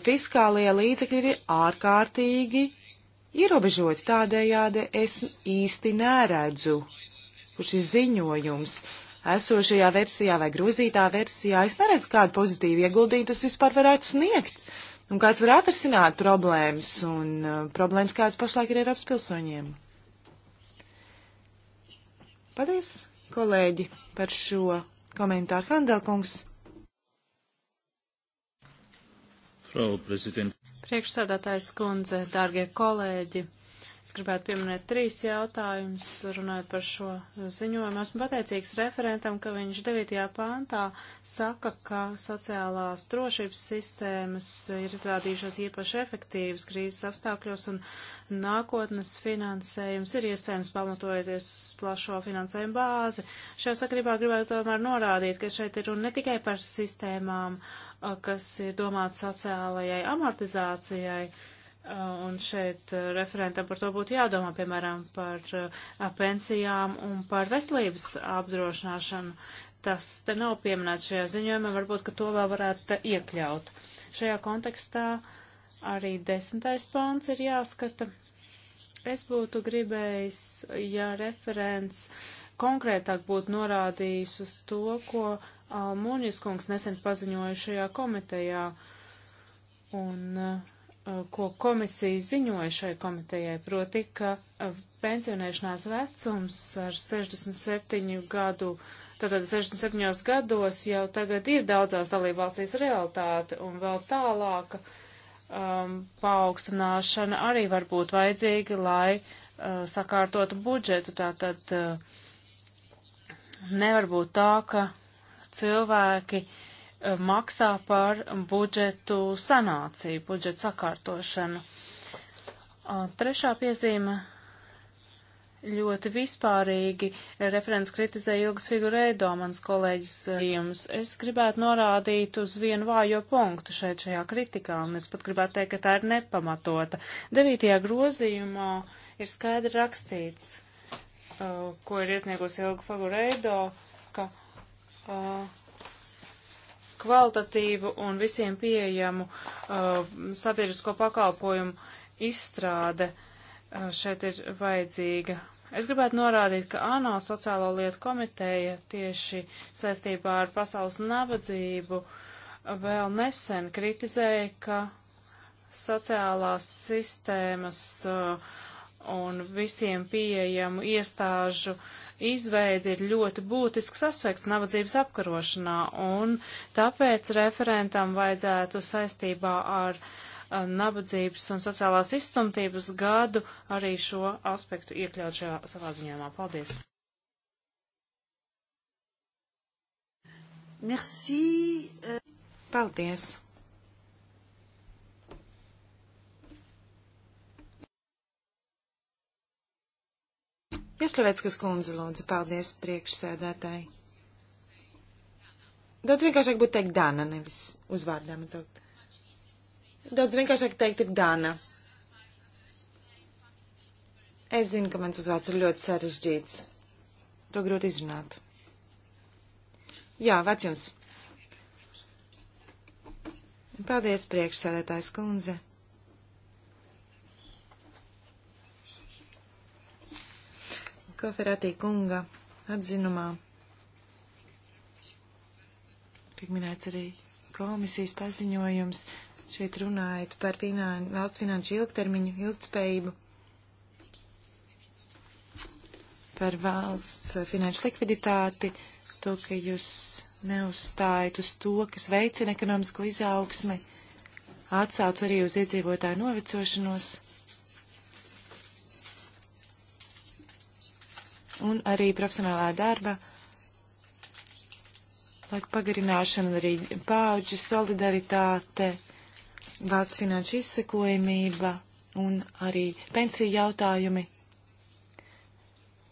fiskālie līdzekļi ir ārkārtīgi ierobežoti, tādējādi es īsti neredzu, kurš ir ziņojums esošajā versijā vai grozītā versijā. Es neredzu, kādu pozitīvu ieguldījumu tas vispār varētu sniegt. Un kāds var atrisināt problēmas un uh, problēmas, kādas pašlaik ir Eiropas pilsoņiem. Paldies, kolēģi, par šo komentāru. Handelkungs. Frau prezident. Priekšsēdētājs kundze, dārgie kolēģi. Es gribētu pieminēt trīs jautājumus, runājot par šo ziņojumu. Esmu pateicīgs referentam, ka viņš 9. pāntā saka, ka sociālās drošības sistēmas ir izrādījušās īpaši efektīvas krīzes apstākļos un nākotnes finansējums ir iespējams pamatojoties uz plašo finansējumu bāzi. Šajā sakarībā gribētu tomēr norādīt, ka šeit ir runa ne tikai par sistēmām, kas ir domāts sociālajai amortizācijai, Uh, un šeit uh, referentam par to būtu jādomā, piemēram, par uh, pensijām un par veselības apdrošināšanu. Tas te nav pieminēts šajā ziņojumā, varbūt, ka to vēl varētu iekļaut. Šajā kontekstā arī desmitais pāns ir jāskata. Es būtu gribējis, ja referents konkrētāk būtu norādījis uz to, ko Almūņas kungs nesen paziņoja šajā komitejā. Un uh, Uh, ko komisija ziņoja šai komitejai, proti, ka uh, pensionēšanās vecums ar 67 gadu, tātad 67 gados jau tagad ir daudzās dalībvalstīs realitāte un vēl tālāka um, paaugstināšana arī var būt vajadzīga, lai uh, sakārtotu budžetu. Tātad uh, nevar būt tā, ka cilvēki uh, maksā par budžetu sanāciju, budžetu sakārtošanu. Trešā piezīme ļoti vispārīgi referents kritizēja Ilgas Figurēdo, mans kolēģis e, jums. Es gribētu norādīt uz vienu vājo punktu šeit šajā kritikā, un es pat gribētu teikt, ka tā ir nepamatota. Devītajā grozījumā ir skaidri rakstīts, uh, ko ir iesniegusi Ilga Figurēdo, ka. Uh, kvalitatīvu un visiem pieejamu uh, sabiedrisko pakalpojumu izstrāde uh, šeit ir vajadzīga. Es gribētu norādīt, ka ANO sociālo lietu komiteja tieši saistībā ar pasaules nabadzību uh, vēl nesen kritizēja, ka sociālās sistēmas uh, un visiem pieejamu iestāžu uh, izveidi ir ļoti būtisks aspekts nabadzības apkarošanā, un tāpēc referentam vajadzētu saistībā ar nabadzības un sociālās izstumtības gadu arī šo aspektu iekļaut šajā savā ziņojumā. Paldies! Merci. Euh. Paldies! Jasloveckas kundze, lūdzu, paldies priekšsēdētāji. Daudz vienkāršāk būtu teikt Dana, nevis uzvārdā man taukt. Daudz vienkāršāk teikt ir Dana. Es zinu, ka mans uzvārds ir ļoti sarežģīts. To grūti izrunāt. Jā, vārds jums. Paldies, priekšsēdētājs kundze. Koferatī kunga atzinumā tiek minēts arī komisijas paziņojums. Šeit runājot par finan valsts finanšu ilgtermiņu, ilgtspējību, par valsts finanšu likviditāti, to, ka jūs neuzstājat uz to, kas veicina ekonomisko izaugsmi, atsauc arī uz iedzīvotāju novecošanos. un arī profesionālā darba laika pagarināšana, arī pauģu solidaritāte, valsts finanšu izsekojamība un arī pensiju jautājumi.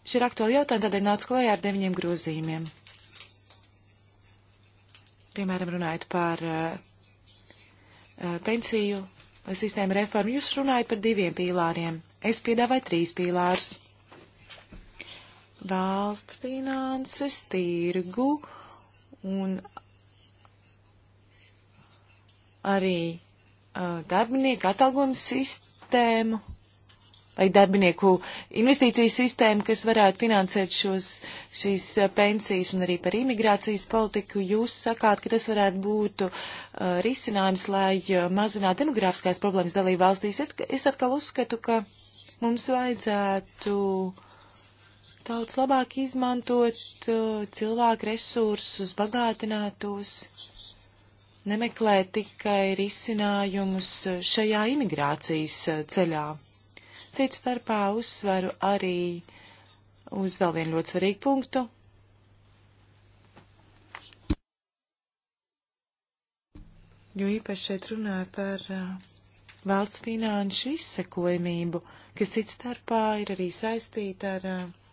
Šie ir aktuāli jautājumi, tādēļ nācu klajā ar deviņiem grozījumiem. Piemēram, runājot par uh, pensiju sistēmu reformu, jūs runājat par diviem pīlāriem. Es piedāvāju trīs pīlārus valsts finanses, tirgu un arī uh, darbinieku atalgojumu sistēmu vai darbinieku investīciju sistēmu, kas varētu finansēt šos, šīs pensijas un arī par imigrācijas politiku. Jūs sakāt, ka tas varētu būt uh, risinājums, lai mazinātu demogrāfiskās problēmas dalību valstīs. Es atkal uzskatu, ka mums vajadzētu daudz labāk izmantot uh, cilvēku resursus, bagātinātos, nemeklēt tikai risinājumus uh, šajā imigrācijas uh, ceļā. Cits starpā uzsveru arī uz vēl vienu ļoti svarīgu punktu. Jo īpaši šeit runāja par uh, valsts finanšu izsekojamību, kas cits starpā ir arī saistīta ar uh,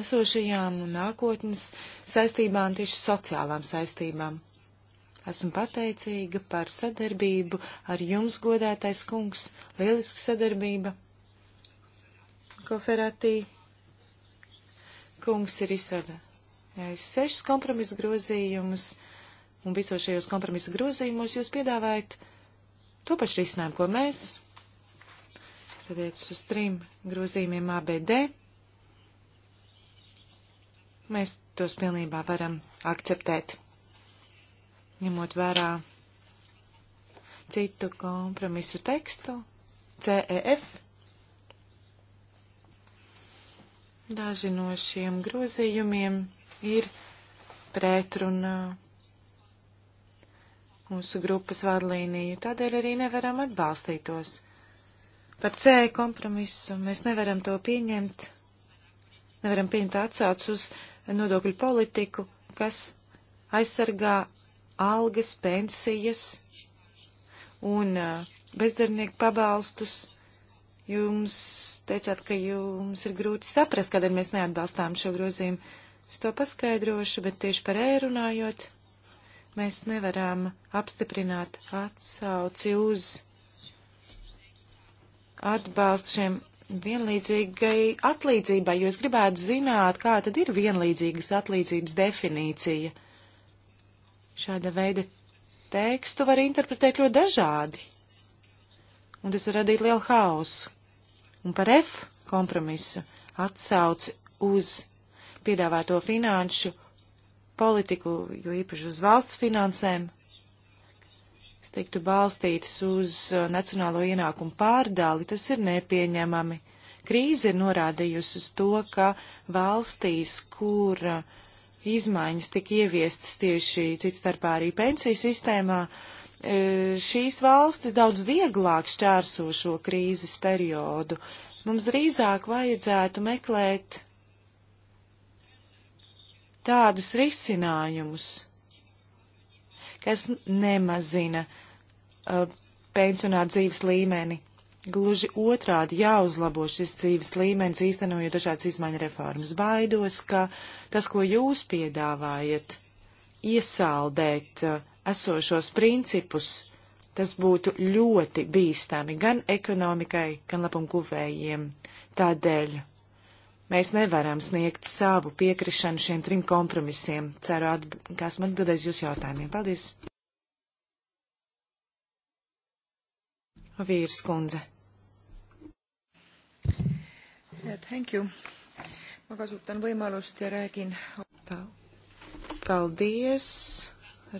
esošajām un nākotnes saistībām, tieši sociālām saistībām. Esmu pateicīga par sadarbību ar jums, godētais kungs. Lieliska sadarbība. Koferatī kungs ir izstrādājis sešas kompromisa grozījumus, un visos šajos kompromisa grozījumos jūs piedāvājat to pašu risinājumu, ko mēs. Sadiet uz trim grozījumiem ABD Mēs tos pilnībā varam akceptēt, ņemot vērā citu kompromisu tekstu, CEF. Daži no šiem grozījumiem ir pretrunā mūsu grupas vadlīniju, tādēļ arī nevaram atbalstīt tos. Par C kompromisu mēs nevaram to pieņemt, nevaram pieņemt atsauc uz nodokļu politiku, kas aizsargā algas, pensijas un bezdarbnieku pabalstus. Jums teicāt, ka jums ir grūti saprast, kādēļ mēs neatbalstām šo grozījumu. Es to paskaidrošu, bet tieši par ērunājot, e mēs nevaram apstiprināt atsauci uz atbalstu šiem vienlīdzīgai atlīdzībai, jo es gribētu zināt, kā tad ir vienlīdzīgas atlīdzības definīcija. Šāda veida tekstu var interpretēt ļoti dažādi, un tas var radīt lielu hausu. Un par F kompromisu atsauc uz piedāvāto finanšu politiku, jo īpaši uz valsts finansēm kas tiktu balstītas uz uh, nacionālo ienākumu pārdāli, tas ir nepieņemami. Krīze ir norādījusi uz to, ka valstīs, kur uh, izmaiņas tika ieviestas tieši cits starpā arī pensiju sistēmā, uh, šīs valstis daudz vieglāk šķērso šo krīzes periodu. Mums drīzāk vajadzētu meklēt tādus risinājumus, kas nemazina uh, pensionāru dzīves līmeni. Gluži otrādi jāuzlabo šis dzīves līmenis, īstenojot dažādas izmaiņu reformas. Baidos, ka tas, ko jūs piedāvājat, iesaldēt uh, esošos principus, tas būtu ļoti bīstami gan ekonomikai, gan labumkuvējiem. Tādēļ Mēs nevaram sniegt savu piekrišanu šiem trim kompromisiem. Ceru, atb ka esmu atbildējis jūs jautājumiem. Paldies! Vīrs kundze. Thank you. Ma kasutan võimalust ja räägin. Paldies.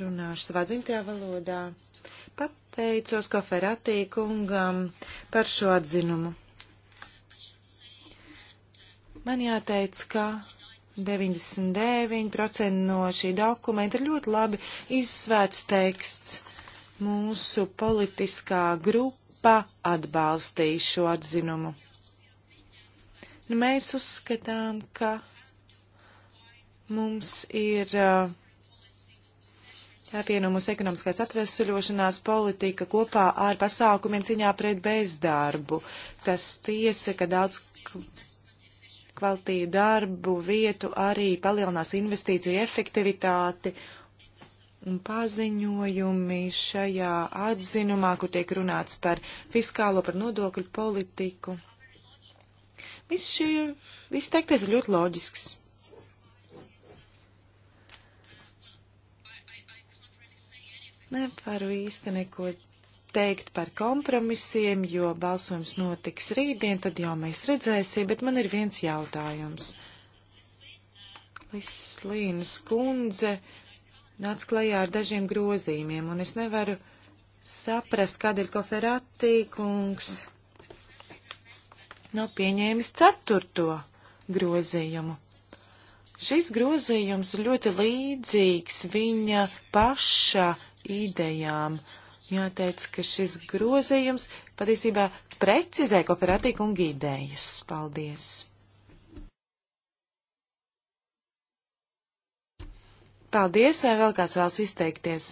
Runāšu savā dzimtajā valodā. Pateicos Koferatī kungam par šo atzinumu. Man jāteic, ka 99% no šī dokumenta ir ļoti labi izsvērts teksts. Mūsu politiskā grupa atbalstīja šo atzinumu. Nu, mēs uzskatām, ka mums ir uh, jāpieno mūsu ekonomiskās atvesuļošanās politika kopā ar pasākumiem ciņā pret bezdarbu. Tas tiesa, ka daudz kvalitīvu darbu vietu, arī palielinās investīciju efektivitāti un paziņojumi šajā atzinumā, kur tiek runāts par fiskālo, par nodokļu politiku. Viss šī, viss teiktais ir ļoti loģisks. Nevaru īsti neko teikt par kompromisiem, jo balsojums notiks rītdien, tad jau mēs redzēsim, bet man ir viens jautājums. Lislīnas kundze nāca klajā ar dažiem grozījumiem, un es nevaru saprast, kādēļ koferatī kungs nav pieņēmis ceturto grozījumu. Šis grozījums ir ļoti līdzīgs viņa paša idejām. Uh, Jāteic, ka šis grozījums patiesībā precizē kooperatīku un gīdējus. Paldies! Paldies, vai vēl kāds vēlas izteikties?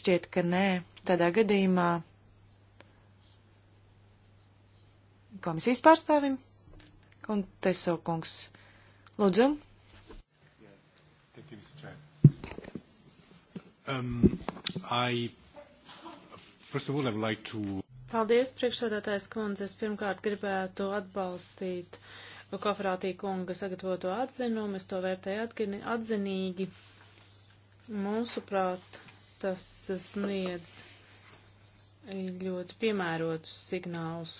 Šķiet, ka nē. Tādā gadījumā komisijas pārstāvim, un te savu kungs, lūdzu. Um, I, first of all, I would like to... Paldies, priekšsēdētājs kundze. Es pirmkārt gribētu atbalstīt Kofrātī kunga sagatavoto atzinumu. Es to vērtēju atzinīgi. Mūsuprāt, tas sniedz ļoti piemērotus signālus.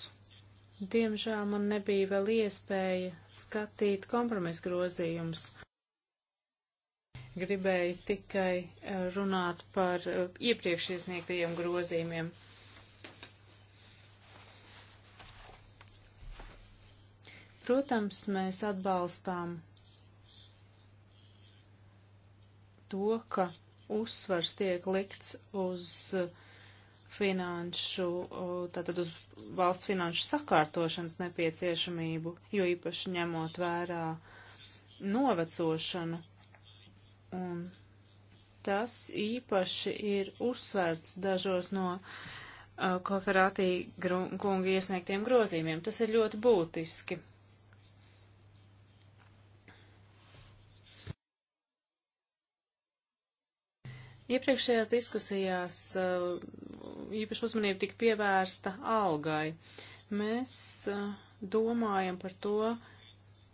Diemžēl man nebija vēl iespēja skatīt kompromisu grozījumus. Gribēju tikai eh, runāt par eh, iepriekš iesniegtajiem grozījumiem. Protams, mēs atbalstām to, ka uzsvars tiek likts uz eh, finanšu, tātad uz valsts finanšu sakārtošanas nepieciešamību, jo īpaši ņemot vērā novecošanu un tas īpaši ir uzsvērts dažos no uh, koferātī kunga iesniegtiem grozījumiem. Tas ir ļoti būtiski. Iepriekšējās diskusijās uh, īpaši uzmanība tika pievērsta algai. Mēs uh, domājam par to,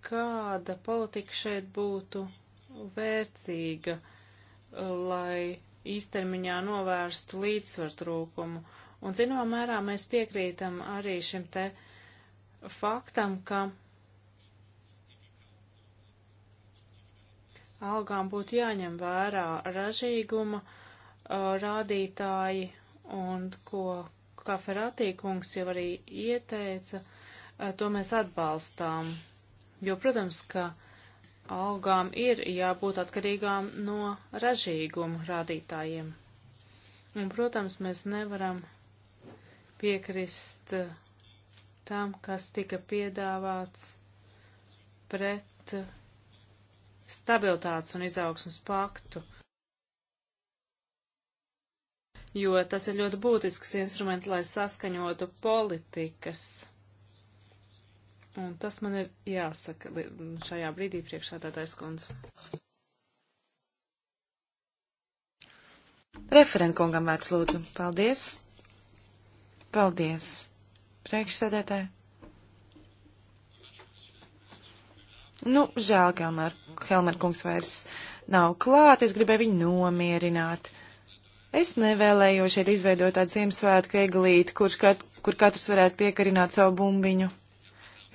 kāda politika šeit būtu vērtīga, lai īstermiņā novērstu līdzsvaru trūkumu. Un zināmā mērā mēs piekrītam arī šim te faktam, ka algām būtu jāņem vērā ražīguma uh, rādītāji un ko Kaferatī kungs jau arī ieteica, uh, to mēs atbalstām. Jo, protams, ka uh, algām ir jābūt atkarīgām no ražīguma rādītājiem. Un, protams, mēs nevaram piekrist eh, tam, kas tika piedāvāts pret eh, stabilitātes un izaugsmas paktu, jo tas ir ļoti būtisks instruments, lai saskaņotu politikas Un tas man ir jāsaka šajā brīdī priekšādātais kundze. Referentkungam vērts lūdzu. Paldies. Paldies. Priekšsēdētāji. Nu, žēl, Helmer, Helmer kungs vairs nav klāt, es gribēju viņu nomierināt. Es nevēlējos šeit izveidot tādu Ziemassvētku eglīti, kurš kat, kur katrs varētu piekarināt savu bumbiņu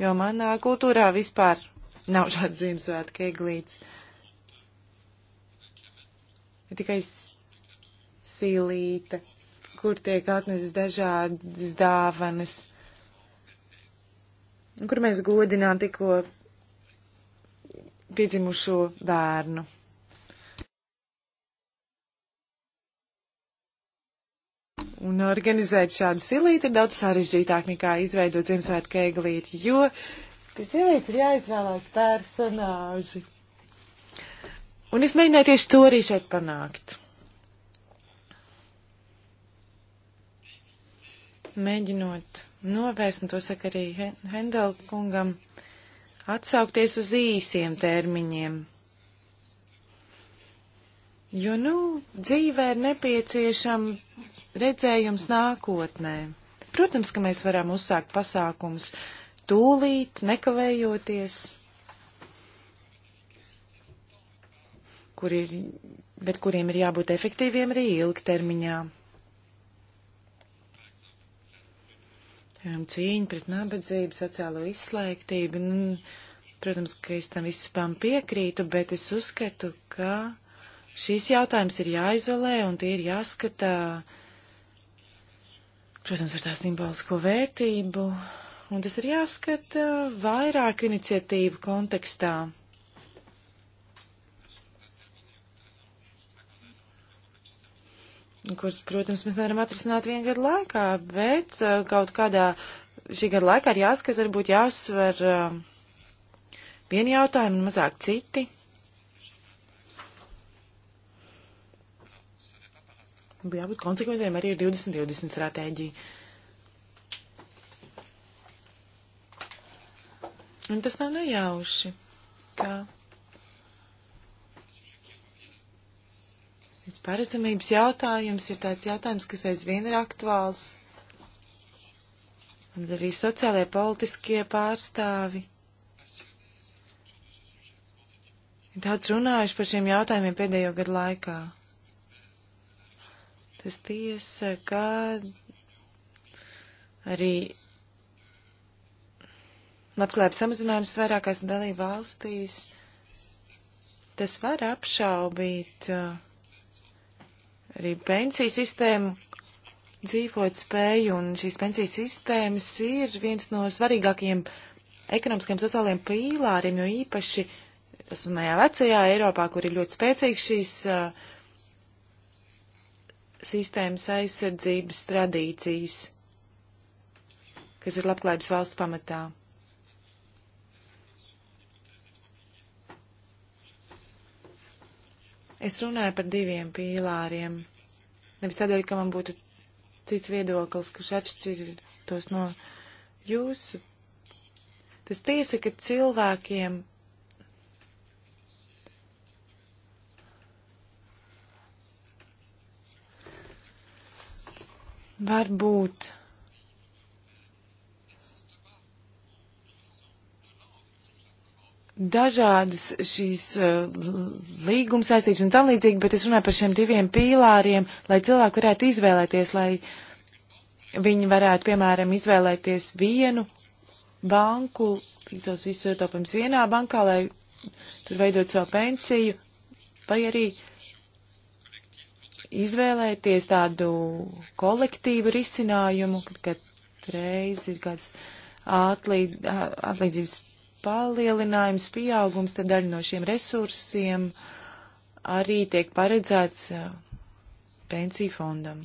jo manā kultūrā vispār nav šāds Ziemassvētku eglītes. Ir tikai silīte, kur tiek atnesis dažādas dāvanas, kur mēs godinām tikko piedzimušo bērnu. Un organizēt šādu silīti ir daudz sarežģītāk nekā izveidot Ziemassvētku eglīti, jo pie silītes ir jāizvēlās personāži. Un es mēģināju tieši to arī šeit panākt. Mēģinot novērst, un to saka arī Hendel kungam, atsaukties uz īsiem termiņiem. Jo, nu, dzīvē ir nepieciešama redzējums nākotnē. Protams, ka mēs varam uzsākt pasākums tūlīt, nekavējoties, kur ir, bet kuriem ir jābūt efektīviem arī ilgtermiņā. Cīņa pret nabadzību, sociālo izslēgtību. Nu, protams, ka es tam visam piekrītu, bet es uzskatu, ka šīs jautājums ir jāizolē un tie ir jāskatā uh, protams, ar tā simbolisko vērtību, un tas ir jāskata vairāk iniciatīvu kontekstā. kuras, protams, mēs nevaram atrisināt vienu gadu laikā, bet uh, kaut kādā šī gada laikā ir jāskatās, varbūt jāsver uh, vieni jautājumi un mazāk citi. bija jābūt konsekventiem arī ar 2020 stratēģiju. Un tas nav nejauši, ka paredzamības jautājums ir tāds jautājums, kas aizvien ir aktuāls. Un arī sociālajie politiskie pārstāvi. Daudz runājuši par šiem jautājumiem pēdējo gadu laikā. Tas tiesa, ka arī labklājības samazinājums vairākās dalību valstīs, tas var apšaubīt uh, arī pensiju sistēmu dzīvot spēju, un šīs pensijas sistēmas ir viens no svarīgākajiem ekonomiskiem sociāliem pīlāriem, jo īpaši tas un tajā vecajā Eiropā, kur ir ļoti spēcīgs šīs uh, sistēmas aizsardzības tradīcijas, kas ir labklājības valsts pamatā. Es runāju par diviem pīlāriem. Nevis tādēļ, ka man būtu cits viedoklis, kurš atšķirtos no jūsu. Tas tiesa, ka cilvēkiem Varbūt dažādas šīs uh, līguma saistības un tam līdzīgi, bet es runāju par šiem diviem pīlāriem, lai cilvēki varētu izvēlēties, lai viņi varētu, piemēram, izvēlēties vienu banku, līdzos visu ietaupījums vienā bankā, lai tur veidot savu pensiju, vai arī uh, izvēlēties tādu kolektīvu risinājumu, kad reiz ir kāds atlīd, atlīdzības palielinājums, pieaugums, tad daļa no šiem resursiem arī tiek paredzēts pensiju fondam.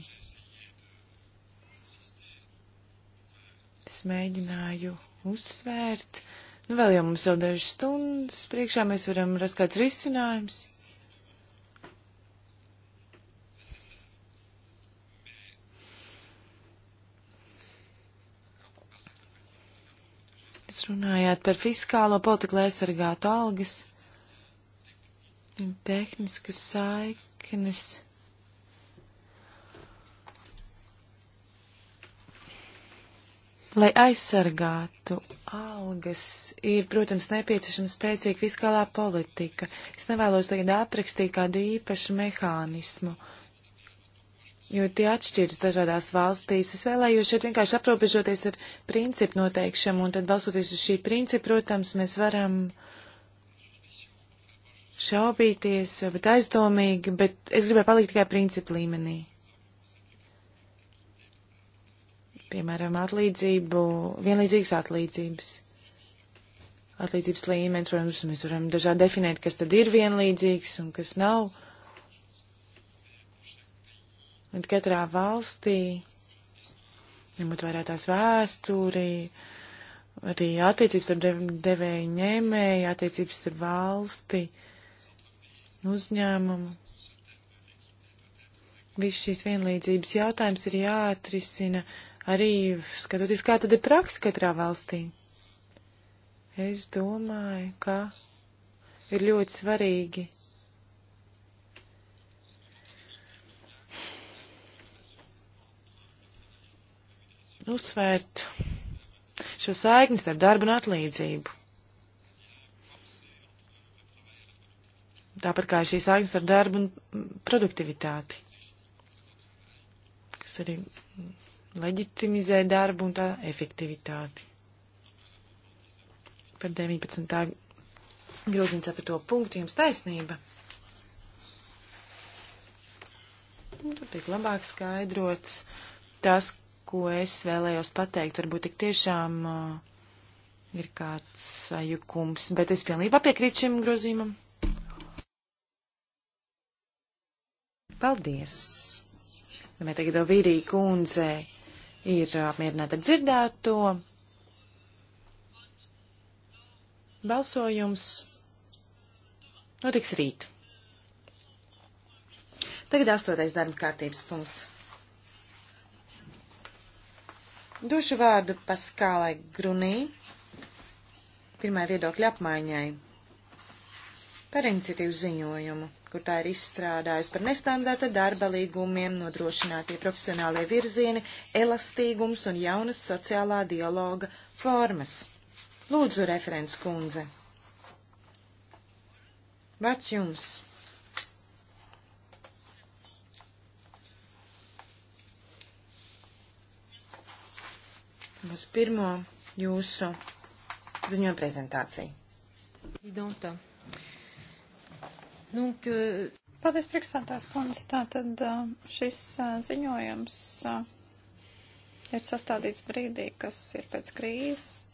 Es mēģināju uzsvērt. Nu, vēl jau mums jau dažas stundas priekšā mēs varam rast kāds risinājums. Jūs runājāt par fiskālo politiku, lai aizsargātu algas, tehniskas saiknes. Lai aizsargātu algas, ir, protams, nepieciešama spēcīga fiskālā politika. Es nevēlos tagad aprakstīt kādu īpašu mehānismu. Uh, jo tie atšķiras dažādās valstīs. Es vēlējos šeit vienkārši aprobežoties ar principu noteikšanu, un tad balsoties uz šī principu, protams, mēs varam šaubīties, bet aizdomīgi, bet es gribēju palikt tikai principu līmenī. Piemēram, atlīdzību, vienlīdzīgas atlīdzības. Atlīdzības līmenis, protams, mēs varam dažādi definēt, kas tad ir vienlīdzīgs un kas nav. Uh, Un katrā valstī, ņemot vērā tās vēsturī, arī attiecības ar devēju ņēmēju, attiecības ar valsti, uzņēmumu. Viss šīs vienlīdzības jautājums ir jāatrisina arī skatoties, kā tad ir praksa katrā valstī. Es domāju, ka ir ļoti svarīgi uzsvērt šo saikni starp darbu un atlīdzību. Tāpat kā šī saikne starp darbu un produktivitāti, kas arī leģitimizē darbu un tā efektivitāti. Par 19. groziņu 4. punktu jums taisnība. Nu, tur tiek labāk skaidrots tas, ko es vēlējos pateikt. Varbūt tik tiešām uh, ir kāds sajukums, bet es pilnībā piekrītu šim grozījumam. Paldies! Domāju, tagad to vīrī kundze ir apmierināta dzirdēto. Balsojums notiks rīt. Tagad astotais darba kārtības punkts. Došu vārdu Paskālai Grunī, pirmai viedokļa apmaiņai par iniciatīvu ziņojumu, kur tā ir izstrādājusi par nestandarta darba līgumiem, nodrošinātie profesionālie virzieni, elastīgums un jaunas sociālā dialoga formas. Lūdzu, referents kundze. Vārds jums. uz pirmo jūsu ziņojumu prezentāciju. Zidonta. Donc, euh... Paldies, priekšstādās kundze. Tātad eh, šis eh, ziņojums eh, ir sastādīts brīdī, kas ir pēc krīzes.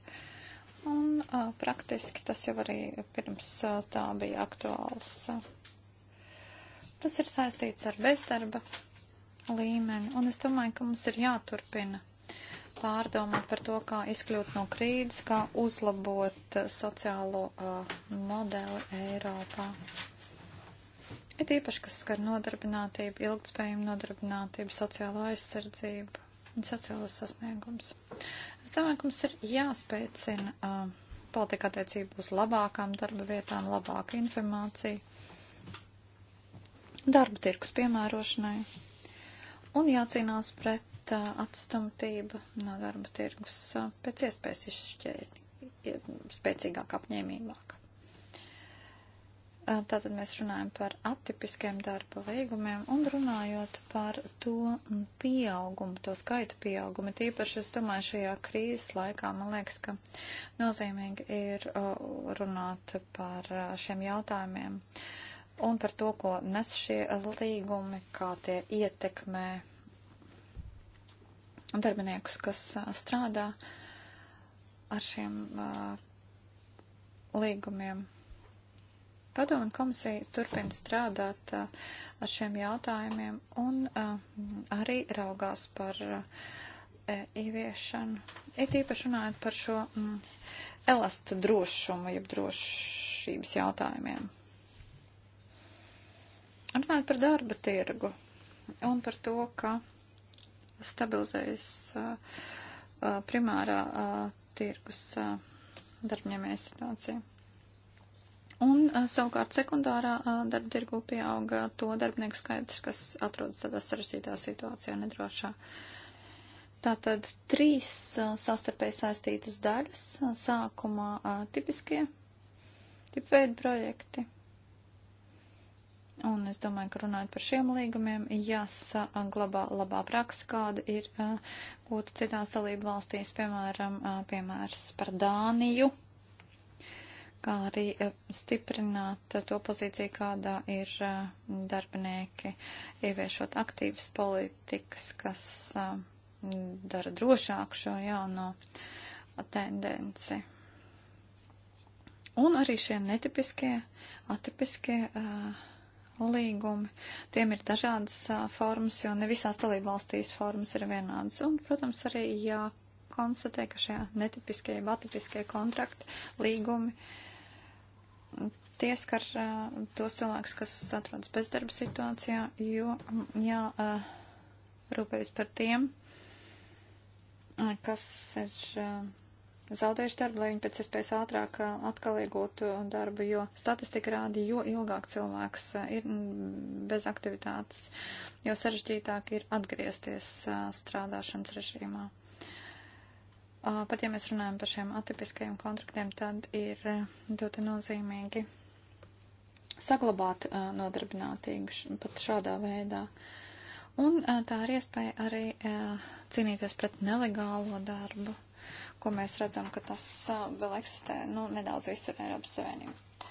Un praktiski tas jau arī pirms tā bija aktuāls. Tas ir saistīts ar bezdarba līmeni, un es domāju, ka mums ir jāturpina pārdomāt par to, kā izkļūt no krīdes, kā uzlabot sociālo uh, modeli Eiropā. Ir īpaši, kas skar nodarbinātību, ilgtspējumu nodarbinātību, sociālo aizsardzību un sociālos sasniegums. Es domāju, ka mums ir jāspēcina uh, politika attiecību uz labākām darba vietām, labāku informāciju, darba tirkus piemērošanai un jācīnās pret tā atstumtība no darba tirgus pēc iespējas izšķēri spēcīgāk, apņēmīgāk. Tātad mēs runājam par atipiskiem darba līgumiem un runājot par to pieaugumu, to skaitu pieaugumu. Tīpaši, es domāju, šajā krīzes laikā man liekas, ka nozīmīgi ir runāt par šiem jautājumiem un par to, ko nes šie līgumi, kā tie ietekmē darbiniekus, kas strādā ar šiem līgumiem. Padomu komisija turpina strādāt a, ar šiem jautājumiem un a, arī raugās par a, e, ieviešanu. It īpaši runājot par šo m, elastu drošumu, jeb drošības jautājumiem. Runājot par darba tirgu un par to, ka stabilizējas primārā tirgus darbņēmēja situācija. Un savukārt sekundārā darba tirgu pieauga to darbinieku skaits, kas atrodas tādā sarežģītā situācijā nedrošā. Tātad trīs savstarpēji saistītas daļas. Sākumā tipiskie tipveidu projekti, Un es domāju, ka runājot par šiem līgumiem, jāsaglabā labā praksa, kāda ir gūta citās dalību valstīs, piemēram, piemērs par Dāniju, kā arī stiprināt to pozīciju, kādā ir darbinieki, ieviešot aktīvas politikas, kas dara drošāk šo jauno tendenci. Un arī šie netipiskie, atipiskie uh, līgumi. Tiem ir dažādas uh, formas, jo ne visās dalībvalstīs formas ir vienādas. Un, protams, arī jākonstatē, ka šie netipiskie, atipiskie kontrakti, līgumi tie skar uh, tos cilvēkus, kas atrodas bezdarba situācijā, jo jā, uh, rūpējas par tiem, uh, kas ir. Uh, zaudējuši darbu, lai viņi pēc iespējas ātrāk uh, atkal iegūtu uh, darbu, jo statistika rāda, jo ilgāk cilvēks uh, ir mm, bez aktivitātes, jo sarežģītāk ir atgriezties strādāšanas režīmā. Pat ja mēs runājam par šiem atipiskajiem kontraktiem, tad ir ļoti nozīmīgi saglabāt nodarbinātīgu pat šādā veidā. Un tā ir iespēja arī cīnīties pret nelegālo darbu, ko mēs redzam, ka tas vēl eksistē nu, nedaudz visur Eiropas Savienībā.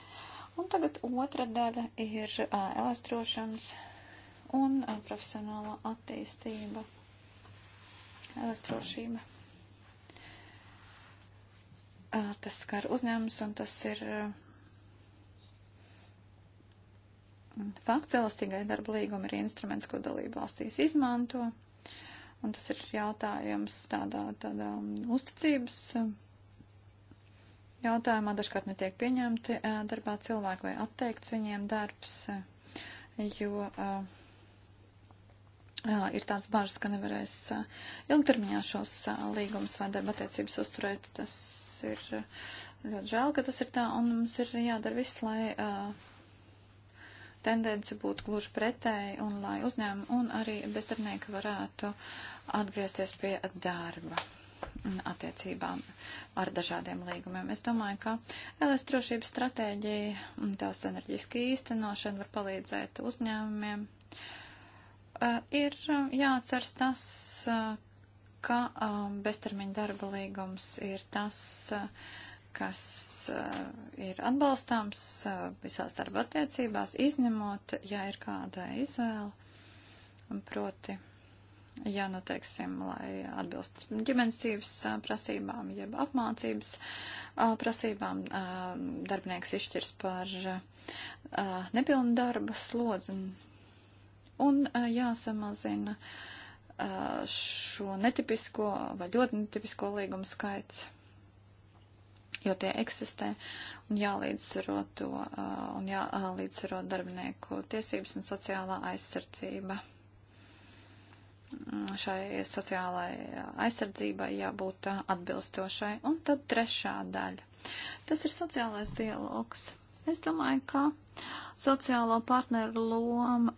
Un tagad otra daļa ir elektrošanas un profesionālā attīstība, elektrošība. Tas skar uzņēmums un tas ir fakts elastīgai darba līguma ir instruments, ko dalība valstīs izmanto. Un tas ir jautājums tādā, tādā um, uzticības um, jautājumā. Dažkārt netiek pieņemti uh, darbā cilvēki vai atteikts viņiem darbs, uh, jo uh, ir tāds bažas, ka nevarēs ilgtermiņā šos līgumus vai darba attiecības uzturēt. Tas ir ļoti žēl, ka tas ir tā, un mums ir jādara viss, lai uh, tendence būtu gluži pretēji un lai uzņēmumi un arī bezdarbnieki varētu atgriezties pie darba attiecībām ar dažādiem līgumiem. Es domāju, ka LS drošības stratēģija un tās enerģiski īstenošana var palīdzēt uzņēmumiem. Ir jāatceras tas, ka beztermiņa darba līgums ir tas, uh, kas eh, ir atbalstāms eh, visās darba attiecībās, izņemot, ja ir kāda izvēle, proti, ja, nu, teiksim, lai atbilst ģimenes dzīves eh, prasībām, jeb apmācības prasībām, darbinieks izšķirs par nepilnu darba slodzi un, un jāsamazina šo netipisko vai ļoti netipisko līgumu skaits jo tie eksistē, un jālīdzsvaro to, un jālīdzsvaro darbinieku tiesības un sociālā aizsardzība. Šai sociālai aizsardzībai jābūt atbilstošai. Un tad trešā daļa. Tas ir sociālais dialogs. Es domāju, ka sociālo partneru loma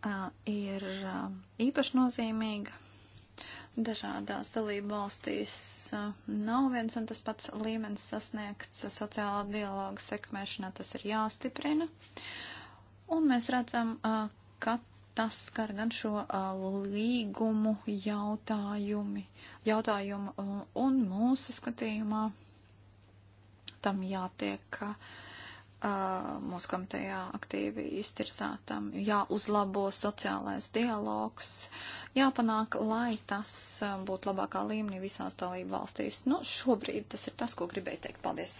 ir īpaši nozīmīga dažādās dalību valstīs uh, nav viens un tas pats līmenis sasniegts sociālā dialoga sekmēšanā, tas ir jāstiprina. Un mēs redzam, uh, ka tas skar gan šo uh, līgumu jautājumi, jautājumu un mūsu skatījumā tam jātiek uh, mūsu komitejā aktīvi iztirzātam, jāuzlabo sociālais dialogs, jāpanāk, lai tas būtu labākā līmenī visās dalību valstīs. Nu, šobrīd tas ir tas, ko gribēju teikt. Paldies!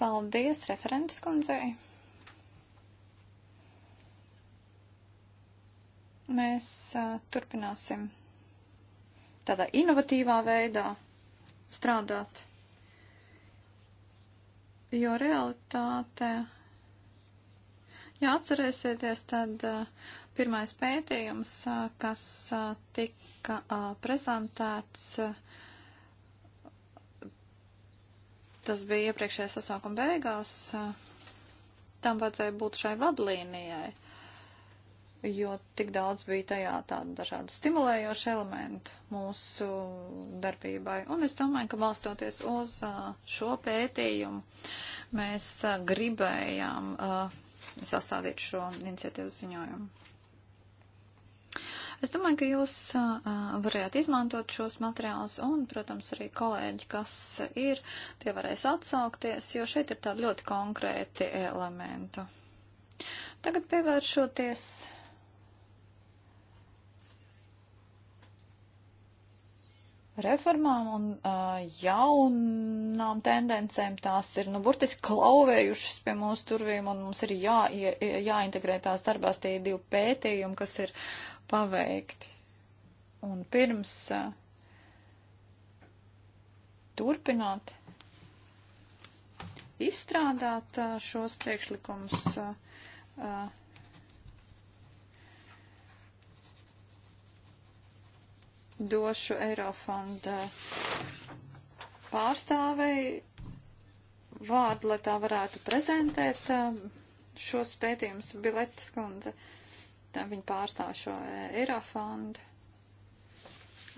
Paldies referentes kundzei! Mēs uh, turpināsim tādā inovatīvā veidā strādāt Jo realitāte, ja atcerēsieties, tad eh, pirmais pētījums, eh, kas eh, tika prezentēts, tas bija iepriekšējā sasākuma beigās, tam vajadzēja būt šai vadlīnijai jo tik daudz bija tajā tādu dažādu stimulējošu elementu mūsu darbībai. Un es domāju, ka balstoties uz šo pētījumu, mēs gribējām sastādīt šo iniciatīvu ziņojumu. Es domāju, ka jūs varējāt izmantot šos materiālus un, protams, arī kolēģi, kas ir, tie varēs atsaukties, jo šeit ir tādi ļoti konkrēti elementi. Tagad pievēršoties reformām un uh, jaunām tendencēm tās ir, nu, burtiski klauvējušas pie mūsu turvīm un mums ir jā, jā, jāintegrē tās darbās tie divi pētījumi, kas ir paveikti. Un pirms uh, turpināt izstrādāt uh, šos priekšlikumus, uh, uh, došu Eirofonda pārstāvei vārdu, lai tā varētu prezentēt uh, šos pētījumus biletes kundze. Tā viņa pārstāv šo Eirofondu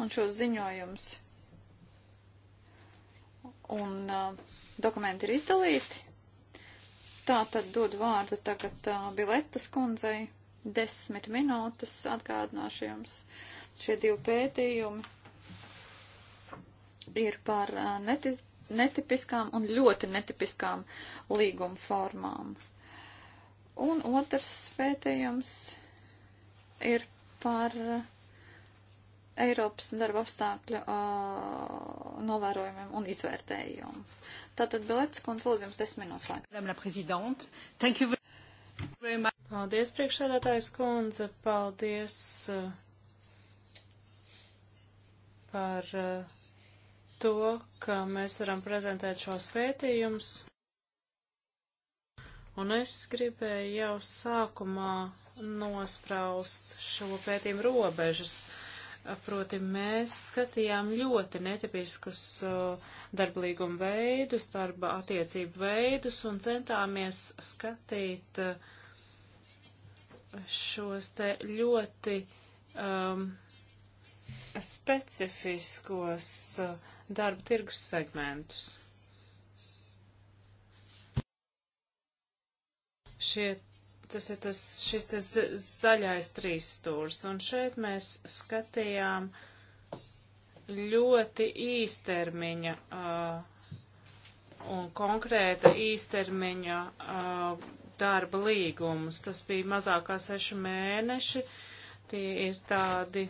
un šos ziņojumus. Un uh, dokumenti ir izdalīti. Tā tad dod vārdu tagad uh, biletes kundzei. Desmit minūtes atgādināšu jums. Uh, Šie divi pētījumi ir par netis, netipiskām un ļoti netipiskām līguma formām. Un otrs pētījums ir par Eiropas darba apstākļu uh, novērojumiem un izvērtējumu. Tātad Belets kontroli jums desmit minūtes laika. Paldies, priekšsēdētājs kundze, paldies par eh, to, ka mēs varam prezentēt šos pētījumus. Un es gribēju jau sākumā nospraust šo pētījumu robežas. Proti, mēs skatījām ļoti netipiskus eh, darba līguma veidus, darba attiecību veidus un centāmies skatīt eh, šos te ļoti um, specifiskos eh, darba tirgus segmentus. Šie, tas ir tas, šis tas zaļais trīs stūrs, un šeit mēs skatījām ļoti īstermiņa uh, un konkrēta īstermiņa uh, darba līgumus. Tas bija mazākā seši mēneši. Tie ir tādi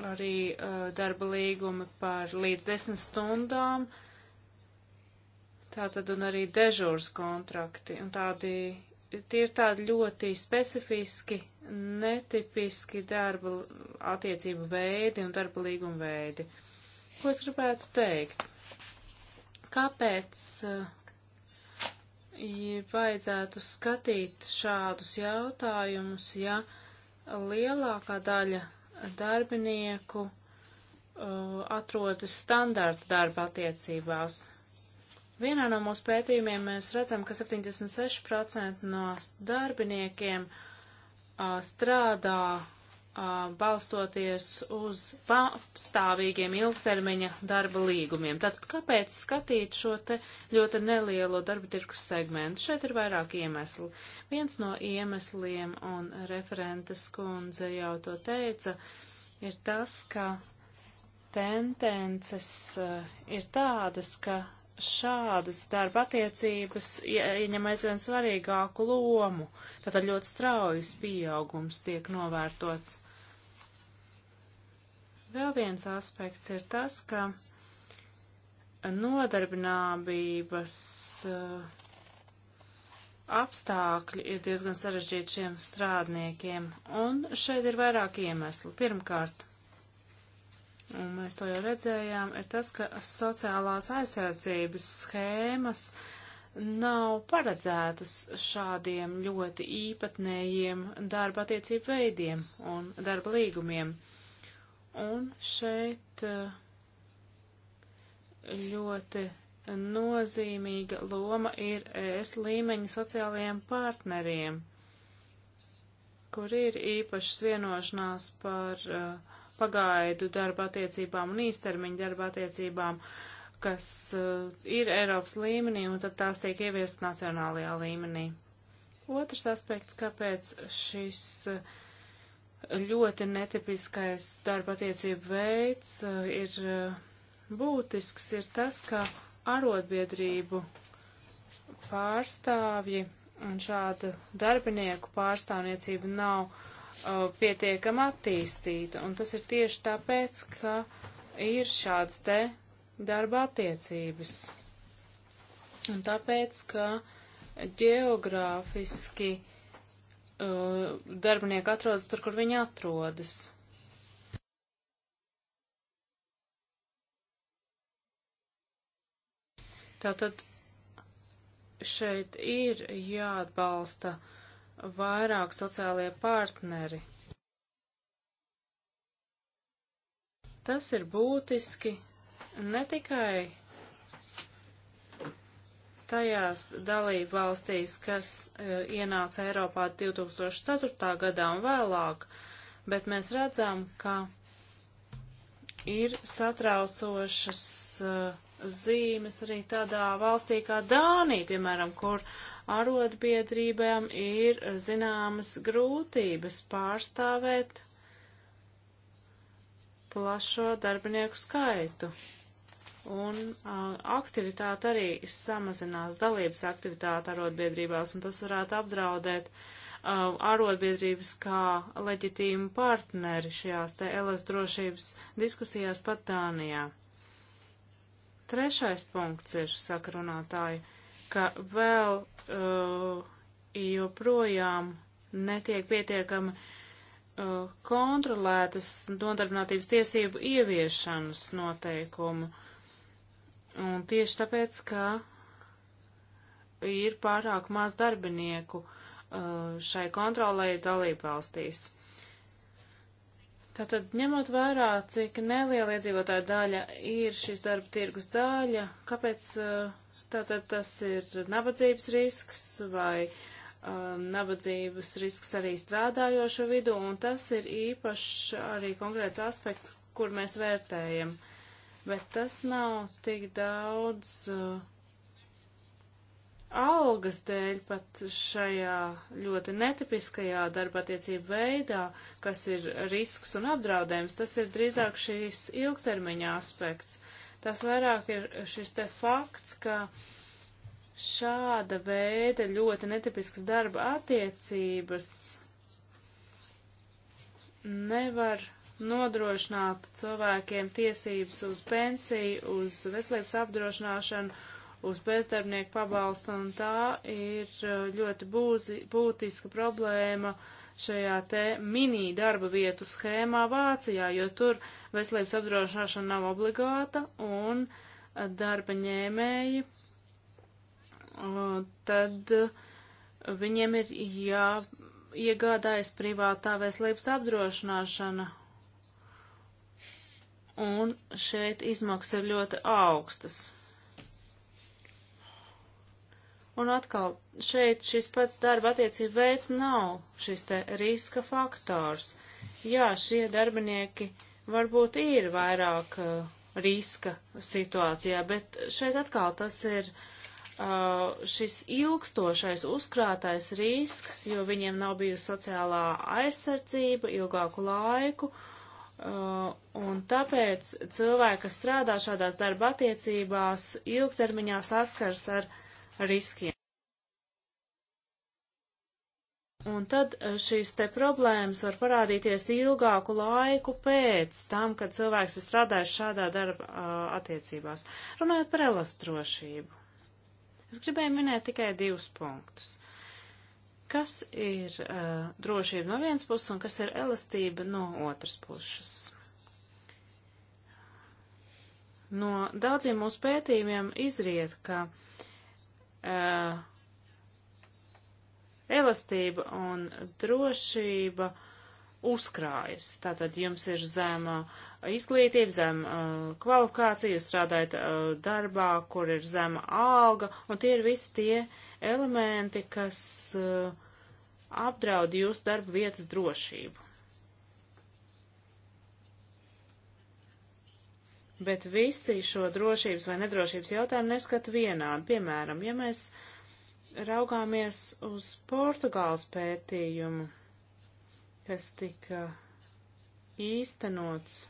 arī uh, darba līgumi par līdz desmit stundām, tātad un arī dežūras kontrakti. Un tādi, tie ir tādi ļoti specifiski, netipiski darba attiecību veidi un darba līguma veidi. Ko es gribētu teikt? Kāpēc uh, vajadzētu skatīt šādus jautājumus, ja lielākā daļa darbinieku uh, atrodas standarta darba attiecībās. Vienā no mūsu pētījumiem mēs redzam, ka 76% no darbiniekiem uh, strādā balstoties uz pastāvīgiem ilgtermiņa darba līgumiem. Tātad kāpēc skatīt šo te ļoti nelielo darba tirkus segmentu? Šeit ir vairāk iemesli. Viens no iemesliem, un referentes kundze jau to teica, ir tas, ka tendences ir tādas, ka šādas darba attiecības ieņem aizvien svarīgāku lomu, tātad ļoti straujas pieaugums tiek novērtots. Vēl viens aspekts ir tas, ka nodarbinābības eh, apstākļi ir diezgan sarežģīti šiem strādniekiem, un šeit ir vairāk iemeslu. Pirmkārt, un mēs to jau redzējām, ir tas, ka sociālās aizsardzības schēmas nav paredzētas šādiem ļoti īpatnējiem darba attiecību veidiem un darba līgumiem. Uh, Un šeit eh, ļoti nozīmīga loma ir ES līmeņa sociālajiem partneriem, kur ir īpašas vienošanās par uh, pagaidu darba attiecībām un īstermiņa darba attiecībām, kas uh, ir Eiropas līmenī, un tad tās tiek ieviestas nacionālajā līmenī. Otrs aspekts, kāpēc šis uh, ļoti netipiskais darba attiecību veids eh, ir eh, būtisks, ir tas, ka arotbiedrību pārstāvji un šādu darbinieku pārstāvniecība nav uh, eh, pietiekama attīstīta. Un tas ir tieši tāpēc, ka ir šāds te darba attiecības. Un tāpēc, ka geogrāfiski uh, Uh, darbinieki atrodas tur, kur viņi atrodas. Tātad šeit ir jāatbalsta vairāk sociālie partneri. Tas ir būtiski ne tikai tajās dalību valstīs, kas uh, ienāca Eiropā 2004. gadā un vēlāk, bet mēs redzam, ka ir satraucošas uh, zīmes arī tādā valstī kā Dānija, piemēram, kur arotbiedrībām ir zināmas grūtības pārstāvēt plašo darbinieku skaitu un a, aktivitāte arī samazinās dalības aktivitāte arotbiedrībās, un tas varētu apdraudēt arotbiedrības kā leģitīmu partneri šajās te LS drošības diskusijās pat Dānijā. Trešais punkts ir, saka runātāji, ka vēl uh, joprojām netiek pietiekami uh, kontrolētas nodarbinātības tiesību ieviešanas noteikumu. Un tieši tāpēc, ka ir pārāk maz darbinieku uh, šai kontrolē dalību valstīs. Tātad, ņemot vērā, cik neliela iedzīvotāja daļa ir šīs darba tirgus daļa, kāpēc uh, tātad tas ir nabadzības risks vai um, nabadzības risks arī strādājošo vidu, un tas ir īpašs arī konkrēts aspekts, kur mēs vērtējam uh, bet tas nav tik daudz uh, algas dēļ pat šajā ļoti netipiskajā darbatiecību veidā, kas ir risks un apdraudējums, tas ir drīzāk šīs ilgtermiņa aspekts. Tas vairāk ir šis te fakts, ka šāda veida ļoti netipiskas darba attiecības nevar nodrošinātu cilvēkiem tiesības uz pensiju, uz veselības apdrošināšanu, uz bezdarbnieku pabalstu, un tā ir uh, ļoti būzi, būtiska problēma šajā te mini darba vietu schēmā Vācijā, jo tur veselības apdrošināšana nav obligāta, un uh, darba ņēmēji uh, tad viņiem ir jāiegādājas privātā veselības apdrošināšana, un šeit izmaksas ir ļoti augstas. Un atkal, šeit šis pats darba attiecība veids nav šis te riska faktors. Jā, šie darbinieki varbūt ir vairāk uh, riska situācijā, bet šeit atkal tas ir uh, šis ilgstošais uzkrātais risks, jo viņiem nav bijusi sociālā aizsardzība ilgāku laiku, uh, Uh, un tāpēc cilvēki, kas strādā šādās darba attiecībās, ilgtermiņā saskars ar riskiem. Un tad uh, šīs te problēmas var parādīties ilgāku laiku pēc tam, kad cilvēks ir strādājis šādā darba uh, attiecībās. Runājot par elastrošību. Es gribēju minēt tikai divus punktus. Kas ir uh, drošība no vienas puses un kas ir elastība no otras puses? No daudziem mūsu pētījumiem izriet, ka uh, elastība un drošība uzkrājas. Tātad jums ir zema izglītība, zema uh, kvalifikācija, jūs strādājat uh, darbā, kur ir zema alga, un tie ir visi tie elementi, kas uh, apdraud jūsu darba vietas drošību. Bet visi šo drošības vai nedrošības jautājumu neskat vienādi. Piemēram, ja mēs raugāmies uz Portugāles pētījumu, kas tika īstenots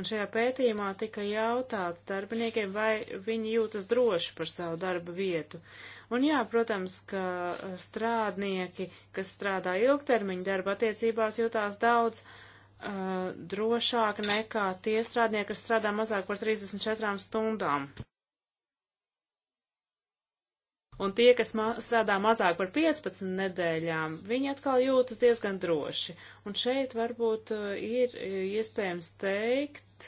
Un šajā pētījumā tika jautāts darbiniekiem, vai viņi jūtas droši par savu darba vietu. Un jā, protams, ka e, strādnieki, kas strādā ilgtermiņa darba attiecībās, jūtās daudz uh, drošāk nekā tie strādnieki, kas strādā mazāk par 34 stundām. Un tie, kas ma strādā mazāk par 15 nedēļām, viņi atkal jūtas diezgan droši. Un šeit varbūt eh, ir eh, iespējams teikt,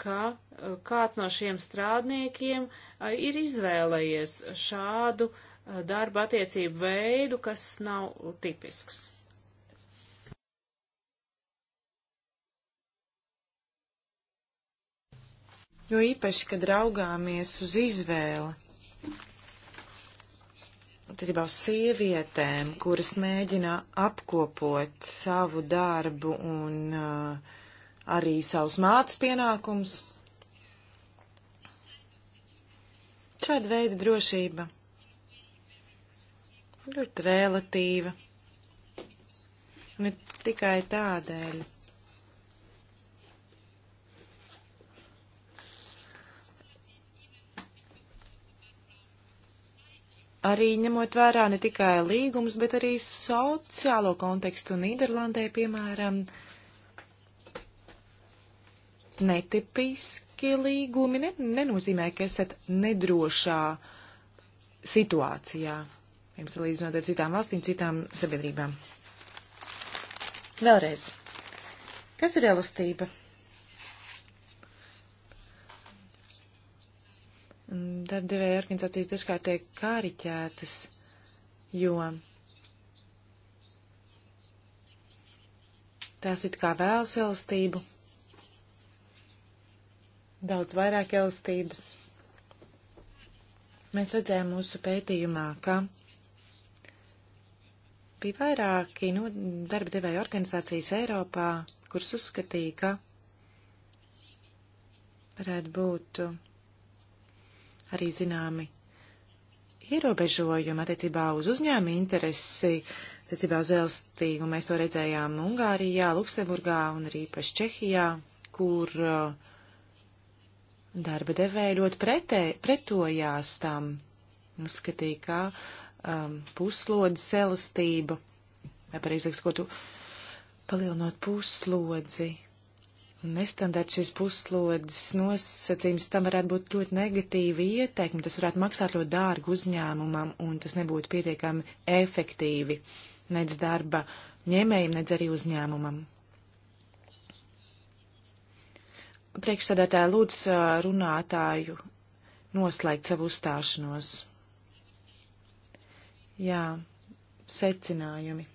ka eh, kāds no šiem strādniekiem ir izvēlējies šādu darba attiecību veidu, kas nav tipisks. Jo īpaši, kad raugāmies uz izvēli, attiecībā uz sievietēm, kuras mēģina apkopot savu darbu un uh, arī savus mātes pienākumus. Šāda veida drošība ļoti relatīva. Un ne tikai tādēļ, arī ņemot vērā ne tikai līgumus, bet arī sociālo kontekstu Nīderlandē, piemēram, netipiski līgumi ne, nenozīmē, ka esat nedrošā situācijā, jums salīdzinot ar citām valstīm, citām sabiedrībām. Vēlreiz, kas ir elastība? Mm, darbdevēja organizācijas dažkārt tiek kāriķētas, jo tās it kā vēlas elastību, daudz vairāk elastības. Mēs redzējām mūsu pētījumā, ka bija vairāki no darba devēja organizācijas Eiropā, kuras uzskatīja, ka varētu būt arī zināmi ierobežojumi attiecībā uz uzņēmu interesi, attiecībā uz elstīgu. Mēs to redzējām Ungārijā, Luksemburgā un arī paši Čehijā, kur uh, darba devēja ļoti pretē, pretojās tam, uzskatīja, ka um, puslodes elastība, vai pareizāk skotu, palielinot puslodzi, nestandarta šīs puslodes nosacījums, tam varētu būt ļoti negatīva ieteikuma. Tas varētu maksāt ļoti dārgu uzņēmumam, un tas nebūtu pietiekami efektīvi nec darba ņēmējiem, nec arī uzņēmumam. Priekšsēdētāja lūdzu runātāju noslēgt savu uzstāšanos. Jā, secinājumi.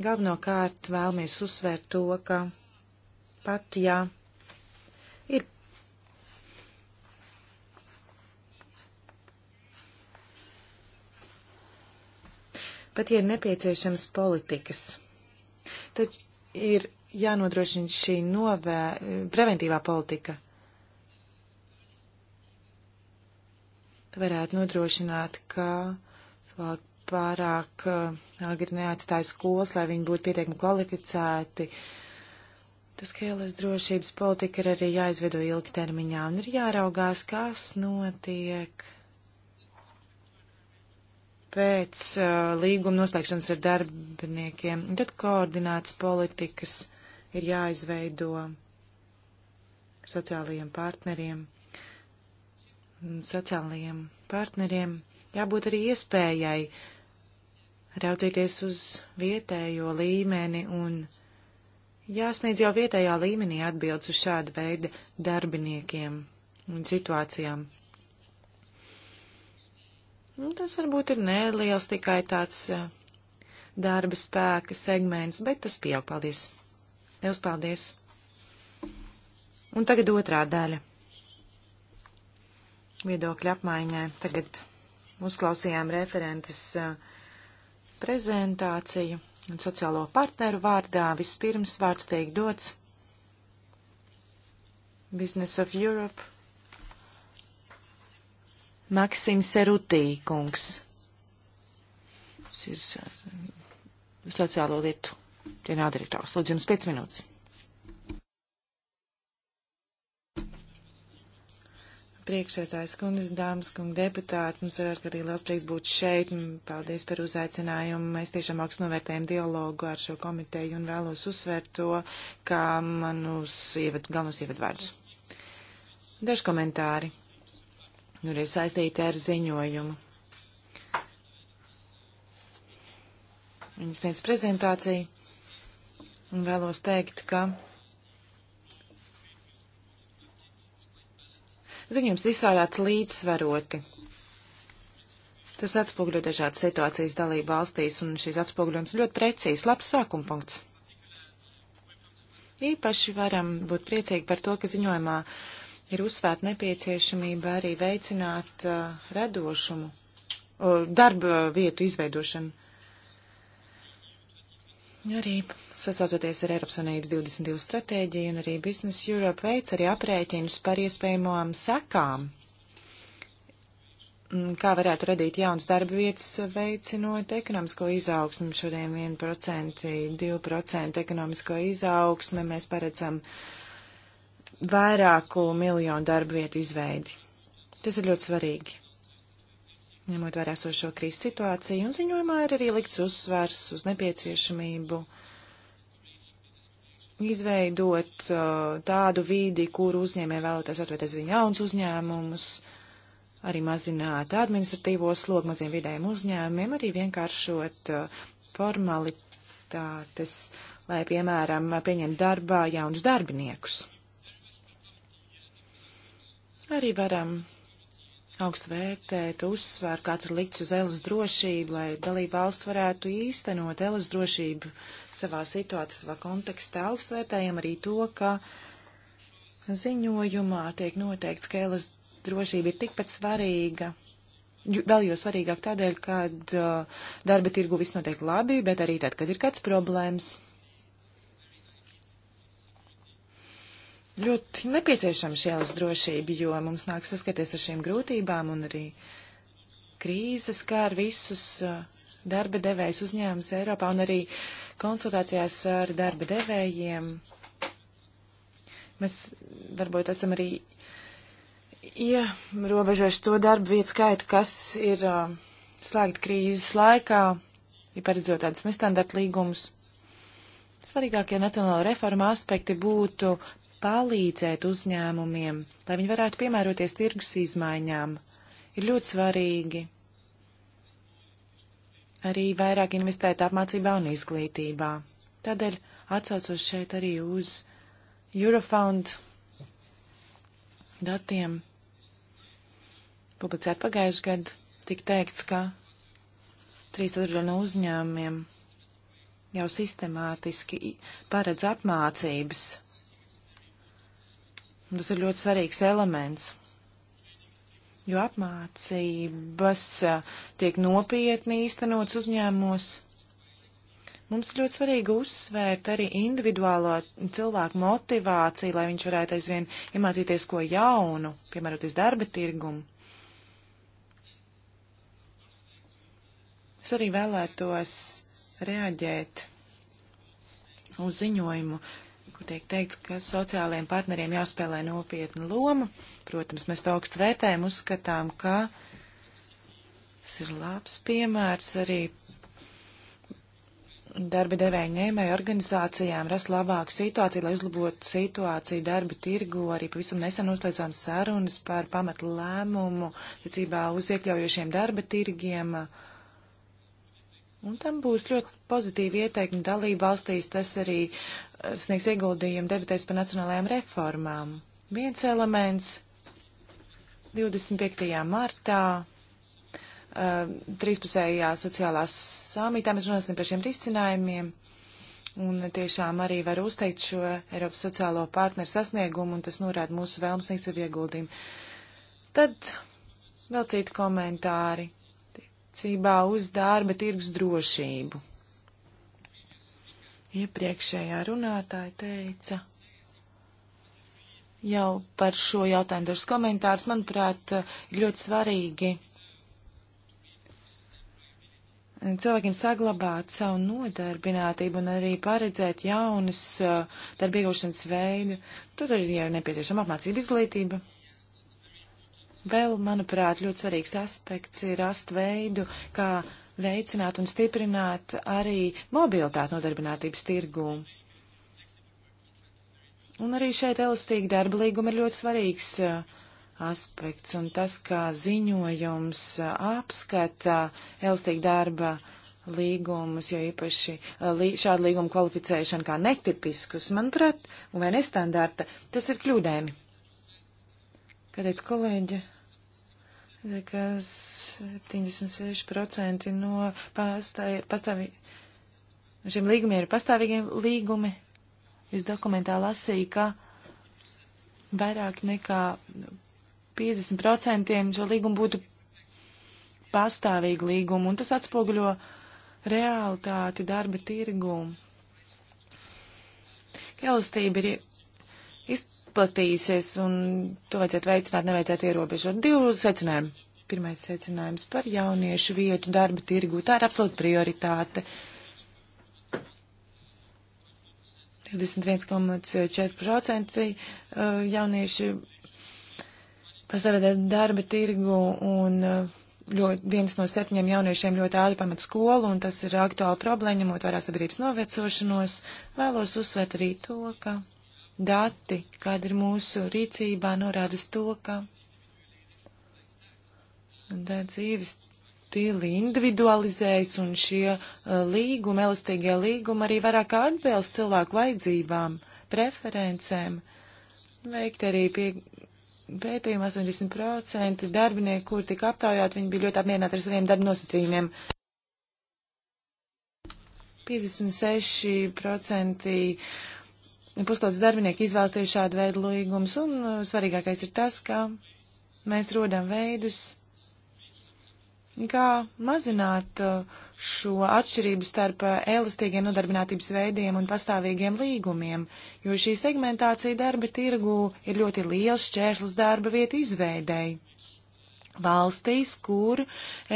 Galvenokārt vēlamies uzsvērt to, ka Pat, jā, ir. Pat, ja ir nepieciešams politikas, tad ir jānodrošina šī novē, preventīvā politika. Varētu nodrošināt, ka cilvēki pārāk uh, agri neatstāja skolas, lai viņi būtu pietiekami kvalificēti, uh, Tas Kēles drošības politika ir arī jāizvedo ilgtermiņā un ir jāraugās, kas notiek pēc uh, līguma noslēgšanas ar darbiniekiem. Un tad koordinētas politikas ir jāizveido sociālajiem partneriem. Sociālajiem partneriem jābūt arī iespējai raudzīties uz vietējo līmeni un Jāsniedz jau vietējā līmenī atbildes uz šādu veidu darbiniekiem un situācijām. Nu, tas varbūt ir neliels tikai tāds eh, darba spēka segments, bet tas pieaug. Paldies! Liels paldies! Un tagad otrā daļa viedokļa apmaiņai. Tagad uzklausījām referentes eh, prezentāciju un sociālo partneru vārdā vispirms vārds tiek dots Business of Europe Maksim Serutī kungs. Tas ir uh, sociālo lietu ģenerāldirektors. Lūdzu, jums 5 minūtes. priekšsētājs kundas, dāmas kungi deputāti. Mums ir arī liels prieks būt šeit. Paldies par uzaicinājumu. Mēs tiešām augstu novērtējam dialogu ar šo komiteju un vēlos uzsvērt to, kā manus ievad, galvenos ievadvārdus. Daži komentāri. Nu, ir saistīti ar ziņojumu. Viņas sniedz prezentāciju. Un vēlos teikt, ka Ziņojums izsārāts līdzsvaroti. Tas atspoguļo dažādas situācijas dalību valstīs, un šis atspoguļojums ļoti precīzs, labs sākuma punkts. Īpaši varam būt priecīgi par to, ka ziņojumā ir uzsvērta nepieciešamība arī veicināt uh, radošumu, uh, darba vietu izveidošanu. Nu, arī sasaucoties ar Eiropas Savienības 22 stratēģiju un arī Business Europe veids arī aprēķinus par iespējamām sekām, mm, kā varētu radīt jaunas darba vietas, veicinot ekonomisko izaugsmu. Šodien 1%, 2% ekonomisko izaugsme mēs paredzam vairāku miljonu darba vietu izveidi. Tas ir ļoti svarīgi ņemot vērā sošo krīzes situāciju, un ziņojumā ir arī likts uzsvars uz nepieciešamību izveidot uh, tādu vīdi, kur uzņēmē vēlētos atvērt aizvien jauns uzņēmumus, arī mazināt administratīvo slogu maziem vidējiem uzņēmumiem, arī vienkāršot uh, formalitātes, lai, piemēram, pieņemt darbā jaunus darbiniekus. Arī varam augstu vērtēt uzsvēru, kāds ir likts uz elas drošību, lai dalība valsts varētu īstenot elas drošību savā situācijā, savā kontekstā. Augstu vērtējam arī to, ka ziņojumā tiek noteikts, ka elas drošība ir tikpat svarīga. Vēl jo svarīgāk tādēļ, kad uh, darba tirgu viss notiek labi, bet arī tad, kad ir kāds problēmas. ļoti nepieciešama šī ielas drošība, jo mums nāk saskaties ar šīm grūtībām un arī krīzes, kā ar visus uh, darba devējs uzņēmums Eiropā un arī konsultācijās ar darba devējiem. Mēs varbūt esam arī ierobežojuši to darbu vietu skaitu, kas ir uh, slēgt krīzes laikā, ja paredzot tādus nestandarta līgumus. Svarīgākie nacionālo reformu aspekti būtu palīdzēt uzņēmumiem, lai viņi varētu piemēroties tirgus izmaiņām, ir ļoti svarīgi. Arī vairāk investēt apmācībā un izglītībā. Tādēļ atsaucos šeit arī uz Eurofound datiem. Publicēt pagājušajā gadā tika teikts, ka trīs ceturto no uzņēmumiem jau sistemātiski paredz apmācības Tas ir ļoti svarīgs elements, jo apmācības tiek nopietni īstenots uzņēmumos. Mums ļoti svarīgi uzsvērt arī individuālo cilvēku motivāciju, lai viņš varētu aizvien iemācīties ko jaunu, piemēroties darba tirgumu. Es arī vēlētos reaģēt uz ziņojumu kur tiek teikts, ka sociālajiem partneriem jāspēlē nopietna loma. Protams, mēs to augstu vērtējam, uzskatām, ka tas ir labs piemērs arī darba devēja ņēmēja organizācijām rast labāku situāciju, lai uzlabotu situāciju darba tirgu. Arī pavisam nesen noslēdzām sarunas par pamatu lēmumu, ticībā uz iekļaujošiem darba tirgiem. Un tam būs ļoti pozitīva ieteikuma dalība valstīs. Tas arī uh, sniegs ieguldījumu debatēs par nacionālajām reformām. Viens elements 25. martā Uh, trīspusējā sociālā samitā mēs runāsim par šiem risinājumiem. Un tiešām arī var uzteikt šo Eiropas sociālo partneru sasniegumu, un tas norāda mūsu vēlmes sniegt savu ieguldījumu. Tad vēl citi komentāri cībā uz darba tirgus drošību. Iepriekšējā runātāja teica jau par šo jautājumu dažus komentārus. Manuprāt, ir ļoti svarīgi cilvēkiem saglabāt savu nodarbinātību un arī paredzēt jaunas uh, darbiegošanas veidu. Tur arī ir nepieciešama apmācība izglītība. Vēl, manuprāt, ļoti svarīgs aspekts ir rast veidu, kā veicināt un stiprināt arī mobilitāti nodarbinātības tirgū. Un arī šeit elastīgi darba līguma ir ļoti svarīgs uh, aspekts, un tas, kā ziņojums uh, apskata elastīgi darba līgumus, jo īpaši uh, lī, šādu līgumu kvalificēšanu kā netipiskus, manuprāt, vai nestandarta, tas ir kļūdaini. Kā teica kolēģi, ka 76% no pastāv, pastāv, šiem līgumiem ir pastāvīgiem līgumi. Es dokumentā lasīju, ka vairāk nekā 50% šo līgumu būtu pastāvīgi līgumi, un tas atspoguļo realitāti darba tirgumu. Elastība ir izplatījusies, un to vajadzētu veicināt, nevajadzētu ierobežot. Divu secinājumu. Pirmais secinājums par jauniešu vietu darba tirgu. Tā ir absolūta prioritāte. 21,4% uh, jaunieši pastāvēt darba tirgu un uh, ļoti, viens no septiņiem jauniešiem ļoti ātri pamet skolu, un tas ir aktuāla problēma, ņemot vērā sabiedrības novecošanos. Vēlos uzsvērt arī to, ka dati, kāda ir mūsu rīcībā, norāda uz to, ka tā dzīves stili individualizējas un šie e, līgumi, elastīgie līgumi arī vairāk atbilst cilvēku vajadzībām, preferencēm. Veikt arī pie pētījuma 80% darbinieku, kur tika aptaujāt, viņi bija ļoti apmierināti ar saviem darba nosacījumiem. 56% pustots darbinieki izvēlas tieši šādu veidu līgumus, un uh, svarīgākais ir tas, ka mēs rodam veidus, kā mazināt uh, šo atšķirību starp uh, elastīgiem nodarbinātības veidiem un pastāvīgiem līgumiem, jo šī segmentācija darba tirgu ir ļoti liels šķērslis darba vietu izveidēji. Valstīs, kur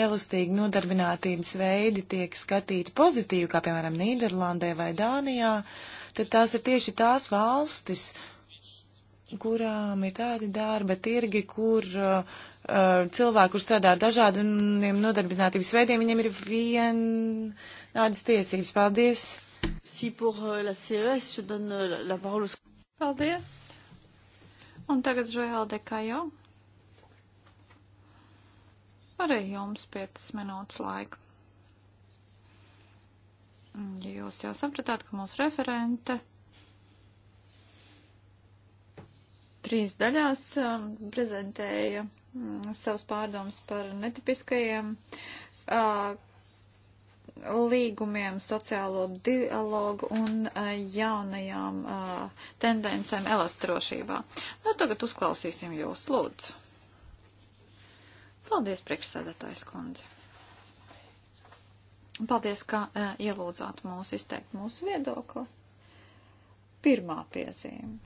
elastīgi nodarbinātības veidi tiek skatīti pozitīvi, kā piemēram Nīderlandē vai Dānijā, uh, tad tās ir tieši tās valstis, kurām ir tādi darba tirgi, kur uh, uh, cilvēki, kur strādā ar dažādiem nodarbinātības veidiem, viņiem ir vienādas tiesības. Paldies! Si pour uh, la CES, je donne uh, la parole au... Paldies! Un tagad Žēl Dekajo. Arī jums 5 minūtes laika. Ja jūs jau sapratāt, ka mūsu referente trīs daļās um, prezentēja um, savus pārdomus par netipiskajiem uh, līgumiem, sociālo dialogu un uh, jaunajām uh, tendencēm elastrošībā. Nu, tagad uzklausīsim jūs, lūdzu. Paldies, priekšsēdētājs kundze. Paldies, ka uh, ielūdzāt mūs izteikt mūsu viedokli. Pirmā piezīme.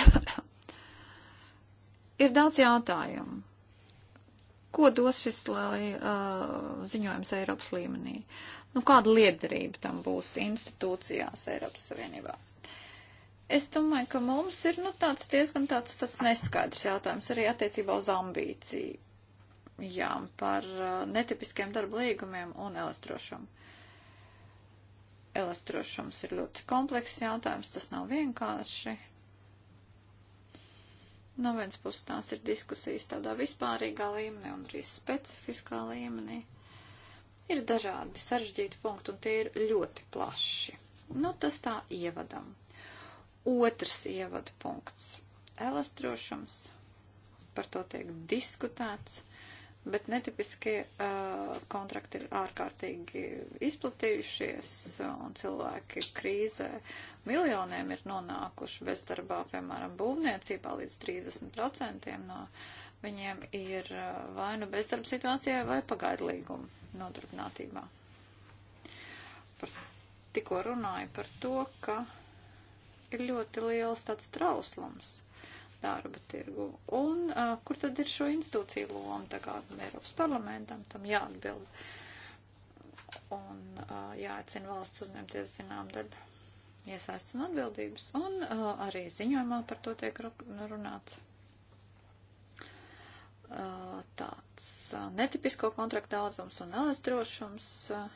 Ir daudz jautājumu. Ko dos šis lai, uh, ziņojums Eiropas līmenī? Nu, kāda liederība tam būs institūcijās Eiropas Savienībā? Es domāju, ka mums ir nu, tāds diezgan tāds, tāds neskaidrs jautājums arī attiecībā uz ambīciju jām par uh, netipiskiem darba līgumiem un elastrošumu. Elastrošums ir ļoti komplekss jautājums, tas nav vienkārši. No vienas puses tās ir diskusijas tādā vispārīgā līmenī un arī specifiskā līmenī. Ir dažādi sarežģīti punkti un tie ir ļoti plaši. Nu, tas tā ievadam. Otrs ievada punkts - elastrošums. Par to tiek diskutēts bet netipiskie uh, kontrakti ir ārkārtīgi izplatījušies, un cilvēki krīzē miljoniem ir nonākuši bezdarbā, piemēram, būvniecībā līdz 30% no viņiem ir uh, vai nu bezdarba situācijā, vai pagaidu līguma nodarbinātībā. Par, tikko runāju par to, ka ir ļoti liels tāds trauslums darba tirgu. Un uh, kur tad ir šo institūciju loma? Tā kā Eiropas parlamentam tam jāatbild. Un uh, jāatcina valsts uzņemties zinām daļu iesaistas un atbildības. Un uh, arī ziņojumā par to tiek runāts. Uh, tāds uh, netipisko kontraktu daudzums un elastrošums. Uh,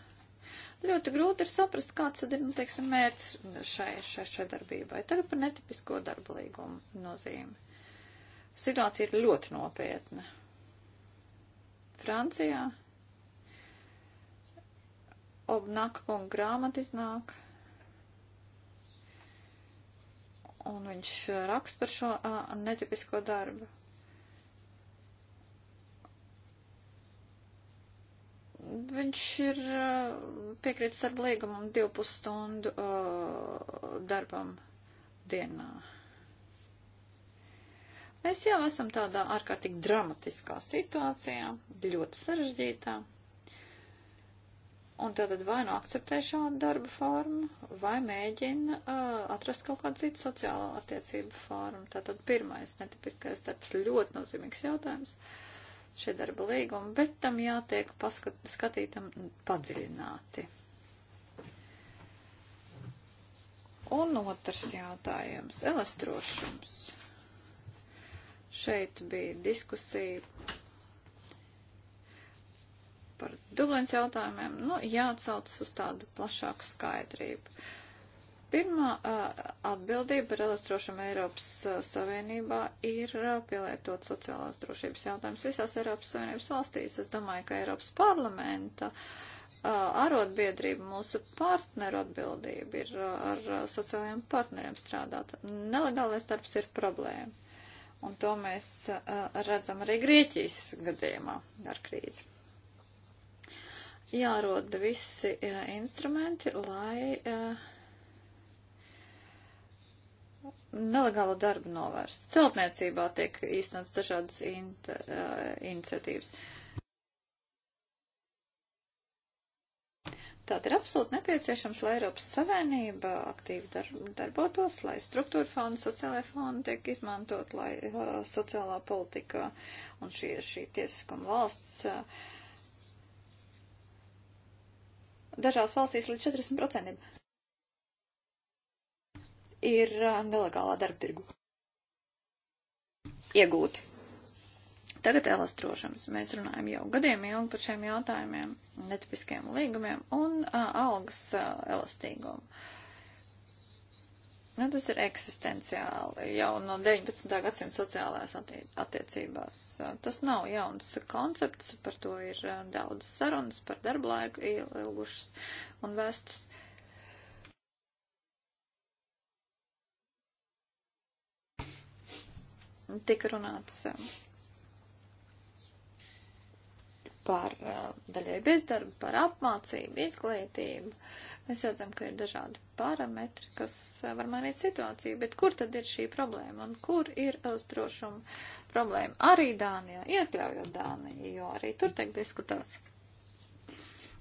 Ļoti grūti ir saprast, kāds tad ir, nu, teiksim, mērķis šai, šai, šai darbībai. Tagad par netipisko darba līgumu nozīmi. Situācija ir ļoti nopietna. Francijā obnaka kunga grāmata iznāk un viņš raksta par šo a, netipisko darbu. viņš ir eh, piekritis ar līgumam divpus stundu uh, eh, darbam dienā. Mēs jau esam tādā ārkārtīgi dramatiskā situācijā, ļoti sarežģītā. Un tātad vai nu akceptē šādu darba formu, vai mēģina uh, atrast kaut kādu citu sociālo attiecību formu. Tātad pirmais netipiskais darbs ļoti nozīmīgs jautājums. Uh, šie darba līgumi, bet tam jātiek paskatītam padziļināti. Un otrs jautājums - elastrošums. Šeit bija diskusija par Dublins jautājumiem. Nu, jāatsaucas uz tādu plašāku skaidrību. Uh, Pirmā atbildība par elastrošumu Eiropas Savienībā ir pielietot sociālās drošības jautājumus visās Eiropas Savienības valstīs. Es domāju, ka Eiropas parlamenta arotbiedrība, mūsu partneru atbildība ir ar sociālajiem partneriem strādāt. Nelegālais darbs ir problēma. Un to mēs redzam arī Grieķijas gadījumā ar krīzi jāroda visi jā, instrumenti, lai uh, nelegālo darbu novērst. Celtniecībā tiek īstenots dažādas in, uh, eh, iniciatīvas. Tātad ir absolūti nepieciešams, lai Eiropas Savienība aktīvi dar darbotos, lai struktūra fonda, sociālajā fonda tiek izmantot, lai uh, sociālā politika un šie, šī tiesiskuma valsts. Uh, dažās valstīs līdz 40% ir um, nelegālā darba tirgu iegūti. Tagad elastrošums. Mēs runājam jau gadiem ilgi par šiem jautājumiem, netipiskiem līgumiem un uh, algas uh, elastīgumu. Nu, tas ir eksistenciāli jau no 19. gadsimta sociālajās attie attiecībās. Uh, tas nav jauns koncepts, par to ir uh, daudz sarunas par darba laiku ilgušas un vestas. Uh, tika runāts eh, par eh, daļai bezdarbu, par apmācību, izglītību. Mēs redzam, ka ir dažādi parametri, kas eh, var mainīt situāciju, bet kur tad ir šī problēma un kur ir uz drošumu problēma? Arī Dānijā, iekļaujot Dāniju, jo arī tur tiek diskutēts.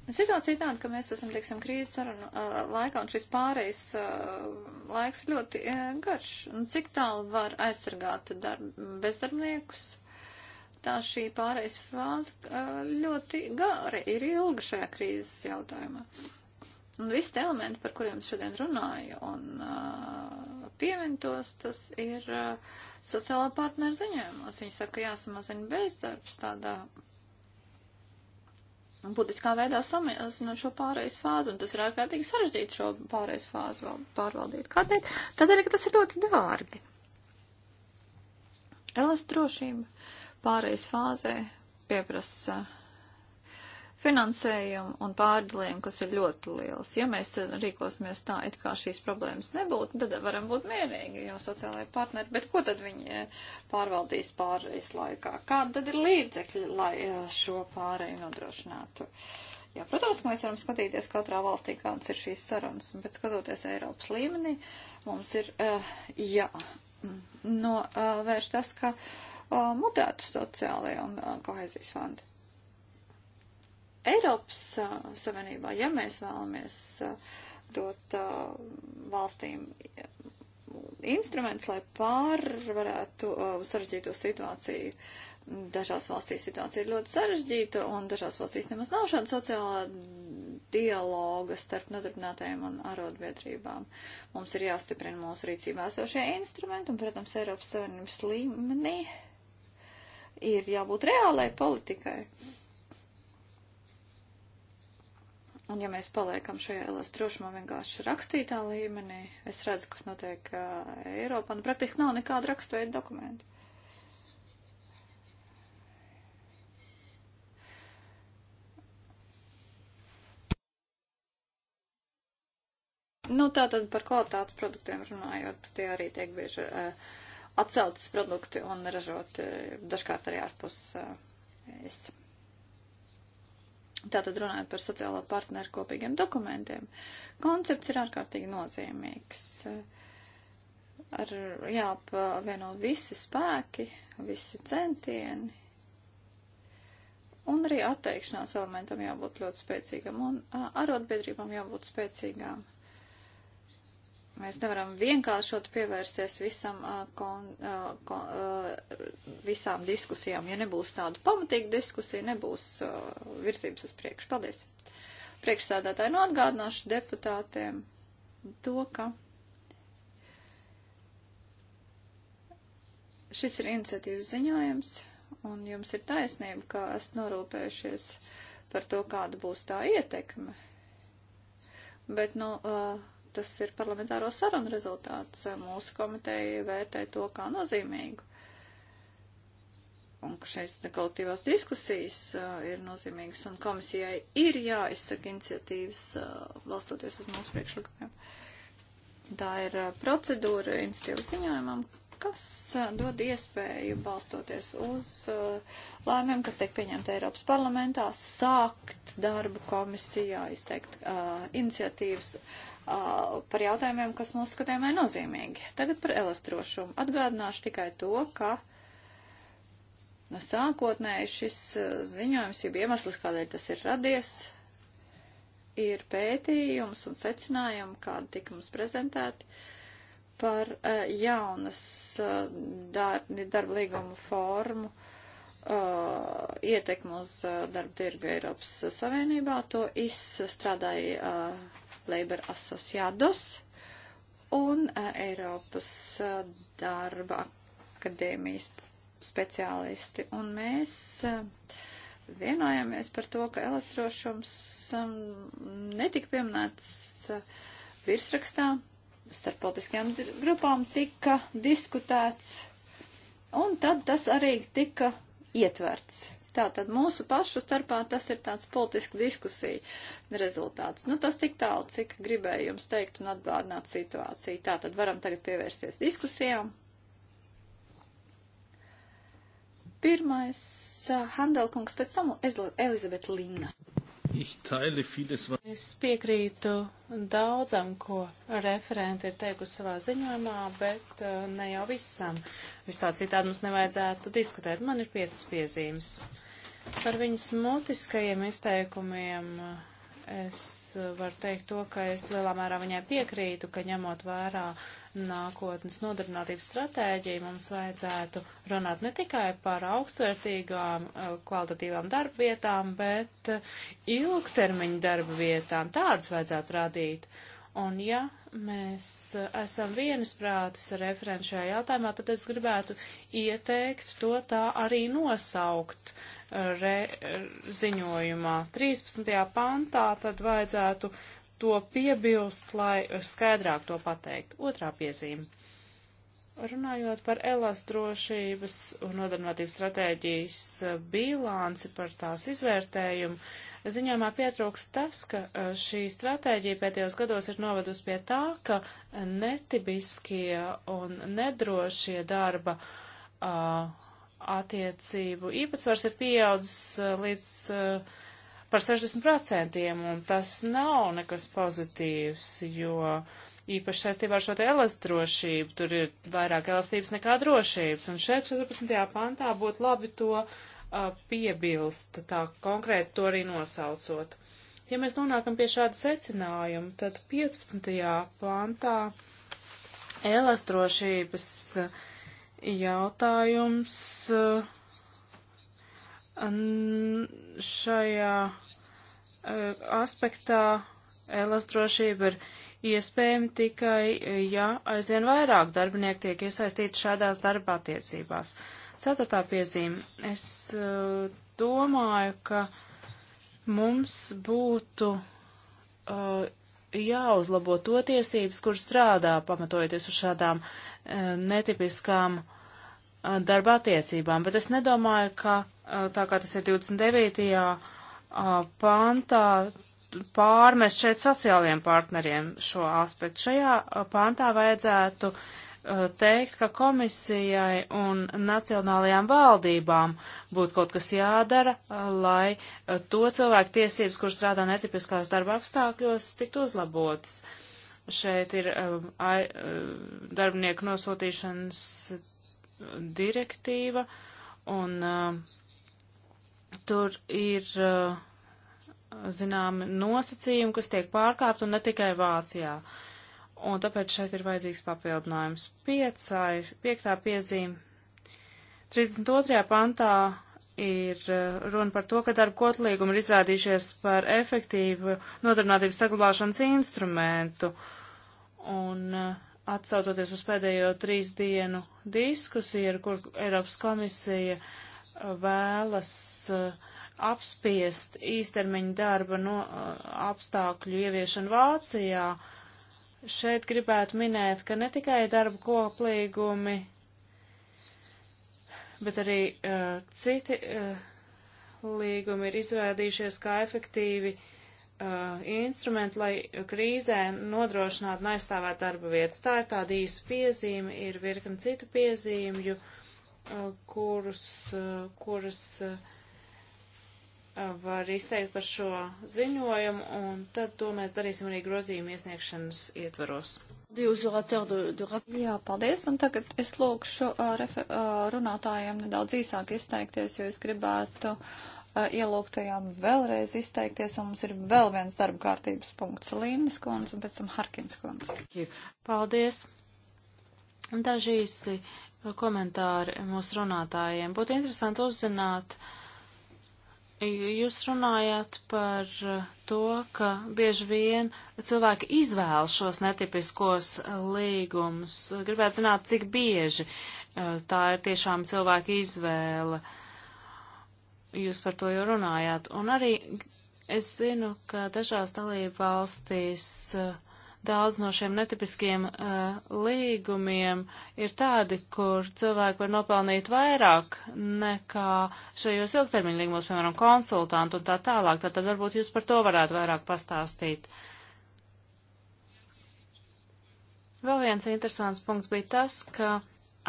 Situācija tāda, ka mēs esam, teiksim, krīzes sarunu uh, laikā, un šis pārejas uh, laiks ļoti uh, garš. Un cik tālu var aizsargāt darb, bezdarbniekus? Tā šī pārejas fāze uh, ļoti gara ir ilga šajā krīzes jautājumā. Un visi elementi, par kuriem es šodien runāju un uh, piemintos, tas ir uh, sociālā partneru ziņojumos. Viņi saka, jāsamazina bezdarbs tādā būtiskā veidā samazinot šo pārējais fāzi, un tas ir ārkārtīgi sarežģīti šo pārējais fāzi vēl pārvaldīt. Kādēļ? Tādēļ, ka tas ir ļoti dārgi. Elas drošība pārējais fāzē pieprasa uh, finansējumu un pārdalījumu, kas ir ļoti liels. Ja mēs rīkosimies tā, it kā šīs problēmas nebūtu, tad varam būt mierīgi, jo sociālajie partneri, bet ko tad viņi eh, pārvaldīs pārējais laikā? Kāda tad ir līdzekļi, lai eh, šo pārēju nodrošinātu? Jā, protams, mēs varam skatīties katrā valstī, kādas ir šīs sarunas, bet skatoties Eiropas līmenī, mums ir uh, jā, mm, novērš uh, tas, ka uh, mutētu sociālajie un uh, kohēzijas fondi. Eiropas uh, Savienībā, ja mēs vēlamies uh, dot uh, valstīm instruments, lai pārvarētu uh, sarežģīto situāciju. Dažās valstīs situācija ir ļoti sarežģīta, un dažās valstīs nemaz nav šāda sociālā dialoga starp nodarbinātajiem un arotbiedrībām. Mums ir jāstiprina mūsu rīcībā esošie instrumenti, un, protams, Eiropas Savienības līmenī ir jābūt reālai politikai. Uh, Un ja mēs paliekam šajā LS drošumā vienkārši rakstītā līmenī, es redzu, kas notiek uh, Eiropā, nu praktiski nav nekāda rakstveida dokumenta. Nu, tā tad par kvalitātes produktiem runājot, tie arī tiek bieži uh, atsaucas produkti un ražot uh, dažkārt arī ārpus uh, es. Tātad runājot par sociālo partneru kopīgiem dokumentiem, koncepts ir ārkārtīgi nozīmīgs. Ar jāapvieno visi spēki, visi centieni, un arī atteikšanās elementam jābūt ļoti spēcīgam, un arotbiedrībām jābūt spēcīgām. Mēs nevaram vienkāršot pievērsties visam, kon, kon, visām diskusijām. Ja nebūs tāda pamatīga diskusija, nebūs virzības uz priekšu. Paldies! Priekšsādātāji nu atgādināšu deputātiem to, ka šis ir iniciatīvas ziņojums, un jums ir taisnība, ka esat norūpējušies par to, kāda būs tā ietekme. Bet, nu, uh, tas ir parlamentāro sarunu rezultāts. Mūsu komiteja vērtē to kā nozīmīgu. Un ka šīs kolektīvās diskusijas uh, ir nozīmīgas, un komisijai ir jāizsaka iniciatīvas uh, valstoties uz mūsu priekšlikumiem. Tā ir uh, procedūra iniciatīvas ziņojumam, kas uh, dod iespēju balstoties uz uh, lēmēm, kas tiek pieņemta Eiropas parlamentā, sākt darbu komisijā, izteikt uh, iniciatīvas. Uh, par jautājumiem, kas mūsu skatījumā ir nozīmīgi. Tagad par elastrošumu. Atgādināšu tikai to, ka no sākotnēji šis ziņojums, jeb iemesls, kādēļ tas ir radies, ir pētījums un secinājumi, kādi tika mums prezentēti par uh, jaunas uh, dar, darba līguma formu uh, ietekmu uz uh, darba tirgu Eiropas Savienībā. To izstrādāja uh, Labor Asociados un eh, Eiropas eh, darba akadēmijas speciālisti. Un mēs eh, vienojāmies par to, ka elektrošums netika pieminēts virsrakstā. Starp politiskajām grupām tika diskutēts, un tad tas arī tika ietverts Tātad mūsu pašu starpā tas ir tāds politiski diskusija rezultāts. Nu, tas tik tālu, cik gribēju jums teikt un atgādināt situāciju. Tātad varam tagad pievērsties diskusijām. Pirmais, eh, Handelkungs, pēc tam Elizabete Linna. Es piekrītu daudzam, ko referenti ir teikusi savā ziņojumā, bet eh, ne jau visam. Visā citādi mums nevajadzētu diskutēt. Man ir piecas piezīmes. Par viņas mutiskajiem izteikumiem eh, es eh, varu teikt to, ka es lielā mērā viņai piekrītu, ka ņemot vērā nākotnes nodarbinātības stratēģiju, mums vajadzētu runāt ne tikai par augstvērtīgām, eh, kvalitatīvām darbvietām, bet ilgtermiņu darbvietām. Tādas vajadzētu radīt. Uh, Un ja mēs esam vienisprātis ar referentu šajā jautājumā, tad es gribētu ieteikt to tā arī nosaukt uh, re, ziņojumā. 13. pantā tad vajadzētu to piebilst, lai skaidrāk to pateikt. Otrā piezīme. Runājot par elas drošības un nodarbinātības stratēģijas eh, bilanci par tās izvērtējumu, ziņojumā pietrūkst tas, ka eh, šī stratēģija pēdējos gados ir novedusi pie tā, ka netibiskie un nedrošie darba eh, attiecību īpatsvars ir pieaudzis līdz par 60%, un tas nav nekas pozitīvs, jo īpaši saistībā ar šo te elastrošību. Tur ir vairāk elastības nekā drošības. Un šeit 14. pantā būtu labi to uh, piebilst, tā konkrēti to arī nosaucot. Ja mēs nonākam pie šāda secinājuma, tad 15. pantā elastrošības jautājums šajā aspektā elastrošība ir iespējami tikai, ja aizvien vairāk darbinieku tiek iesaistīti šādās darba attiecībās. Ceturtā piezīme. Es uh, domāju, ka mums būtu uh, jāuzlabo to tiesības, kur strādā, pamatojoties uz šādām uh, netipiskām darba attiecībām, bet es nedomāju, ka tā kā tas ir 29. pantā, pārmest šeit sociālajiem partneriem šo aspektu. Šajā uh, pāntā vajadzētu uh, teikt, ka komisijai un nacionālajām valdībām būtu kaut kas jādara, uh, lai to cilvēku tiesības, kur strādā netipiskās darba apstākļos, tiktu uzlabotas. Šeit ir um, ai, darbinieku nosūtīšanas direktīva, un tur ir uh, zināmi nosacījumi, kas tiek pārkāpt un ne tikai Vācijā. Un tāpēc šeit ir vajadzīgs papildinājums. Piecai, piektā piezīme. 32. pantā ir eh, runa par to, ka darba kotlīguma ir izrādījušies par efektīvu nodarbinātības saglabāšanas instrumentu. Un eh, atsaucoties uz pēdējo trīs dienu diskusiju, ar kur Eiropas komisija eh, vēlas uh, apspiest īstermiņa darba no, apstākļu ieviešanu Vācijā. Šeit gribētu minēt, ka ne tikai darba koplīgumi, bet arī uh, citi uh, līgumi ir izvēdījušies kā efektīvi uh, instrumenti, lai krīzē nodrošinātu un aizstāvētu darba vietas. Tā ir tāda īsa piezīme, ir virkni citu piezīmju, uh, kurus, uh, kuras. Uh, var izteikt par šo ziņojumu, un tad to mēs darīsim arī grozījuma iesniegšanas ietvaros. Jā, paldies, un tagad es lūkšu uh, uh, runātājiem nedaudz īsāk izteikties, jo es gribētu uh, ielūgtajām vēlreiz izteikties, un mums ir vēl viens darba kārtības punkts - Līnas kundze, un pēc tam Harkins kundze. Paldies! Daži īsi komentāri mūsu runātājiem. Būtu interesanti uzzināt, uh, Jūs runājāt par eh, to, ka bieži vien cilvēki izvēl šos netipiskos līgumus. Gribētu zināt, cik bieži eh, tā ir tiešām cilvēka izvēle. Jūs par to jau runājāt. Un arī es zinu, ka dažās dalību valstīs uh, Daudz no šiem netipiskiem uh, līgumiem ir tādi, kur cilvēki var nopelnīt vairāk nekā šajos ilgtermiņa līgumos, piemēram, konsultantu un tā tālāk. Tad, tad varbūt jūs par to varētu vairāk pastāstīt. Vēl viens interesants punkts bija tas, ka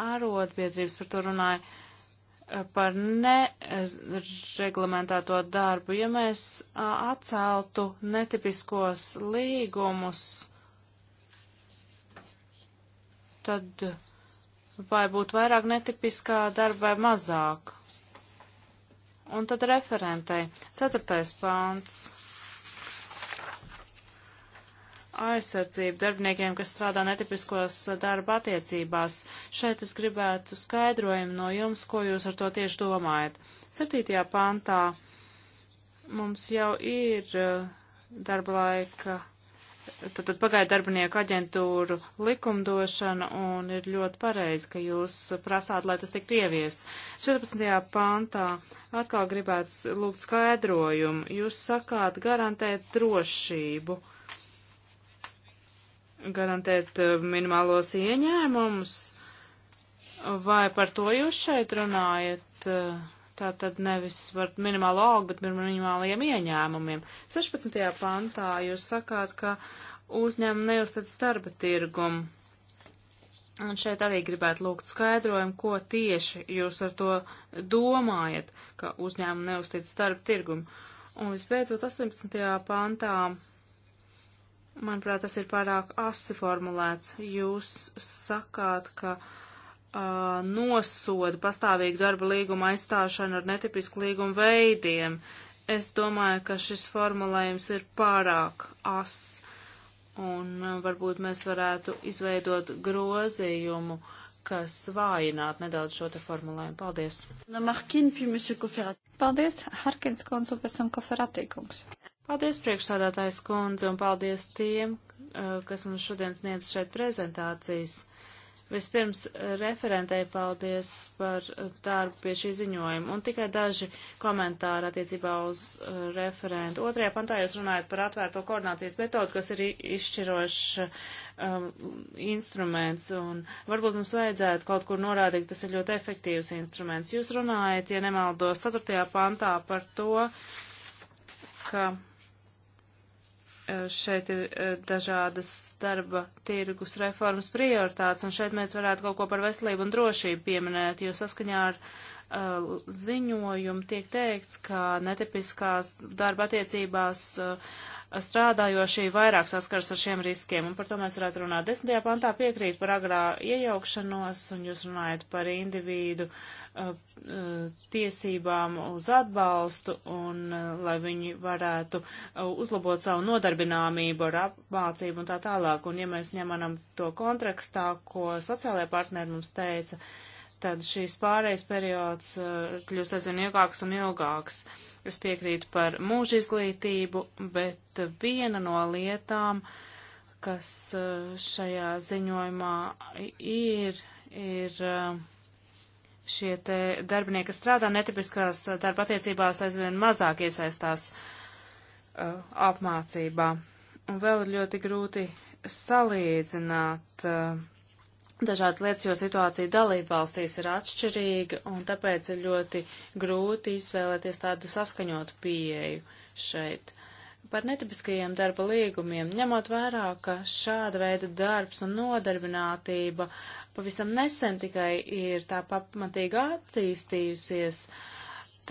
arotbiedrības par to runāja. Uh, par nereglamentēto darbu. Ja mēs eh, atceltu netipiskos līgumus, tad vai būtu vairāk netipiskā darba vai mazāk? Un tad referentei. Ceturtais pāns. Aizsardzība darbiniekiem, kas strādā netipiskos darba attiecībās. Šeit es gribētu skaidrojumu no jums, ko jūs ar to tieši domājat. Septītajā pāntā mums jau ir eh, darba laika Tātad pagāja darbinieku aģentūru likumdošana un ir ļoti pareizi, ka jūs prasāt, lai tas tiktu ieviests. 14. pāntā atkal gribētu lūgt skaidrojumu. Jūs sakāt garantēt drošību, garantēt eh, minimālos ieņēmumus, vai par to jūs šeit runājat? Eh, Tātad nevis par minimālo algu, bet par minimālajiem ieņēmumiem. 16. pantā jūs sakāt, ka uh, uzņēmumi neuztic darba tirgumu. Un šeit arī gribētu lūgt skaidrojumu, ko tieši jūs ar to domājat, ka uzņēmumi neuztic starp tirgumu. Un visbeidzot, 18. pantā, manuprāt, tas ir pārāk asi formulēts. Jūs sakāt, ka uh, nosoda pastāvīgu darba līguma aizstāšanu ar netipisku līguma veidiem. Es domāju, ka šis formulējums ir pārāk asi un uh, varbūt mēs varētu izveidot grozījumu, kas vājinātu nedaudz šo te formulējumu. Paldies! Paldies, Harkins kundze, pēc tam Koferatī kungs. Paldies, priekšsādātājs kundze, un paldies tiem, uh, kas mums šodien sniedz šeit prezentācijas. Vispirms eh, referentei paldies par eh, darbu pie šī ziņojuma un tikai daži komentāri attiecībā uz uh, referentu. Otrajā pantā jūs runājat par atvērto koordinācijas metodu, kas ir izšķirošs um, instruments un varbūt mums vajadzētu kaut kur norādīt, ka tas ir ļoti efektīvs instruments. Jūs runājat, ja nemaldos, 4. pantā par to, ka Eh, šeit ir eh, dažādas darba tirgus reformas prioritātes, un šeit mēs varētu kaut ko par veselību un drošību pieminēt, jo saskaņā ar uh, ziņojumu tiek teikts, ka netipiskās darba attiecībās uh, strādājošie vairāk saskars ar šiem riskiem, un par to mēs varētu runāt. Desmitajā pantā piekrīt par agrā iejaukšanos, un jūs runājat par individu uh, uh tiesībām uz atbalstu, un uh, lai viņi varētu uh, uzlabot savu nodarbināmību ar apmācību un tā tālāk. Un ja mēs ņemam to kontekstā, ko sociālajie partneri mums teica, uh, tad šīs pārējais periods uh, kļūst aizvien ilgāks un ilgāks. Es piekrītu par mūža izglītību, bet viena no lietām, kas uh, šajā ziņojumā ir, ir uh, šie te darbinieki, kas strādā netipiskās darba attiecībās, aizvien mazāk iesaistās apmācībā. Un vēl ir ļoti grūti salīdzināt uh, Dažādas lietas, jo situācija dalība valstīs ir atšķirīga, un tāpēc ir ļoti grūti izvēlēties tādu saskaņotu pieeju šeit. Par netipiskajiem darba līgumiem, ņemot vērā, ka šāda veida darbs un nodarbinātība pavisam nesen tikai ir tā pamatīgi attīstījusies,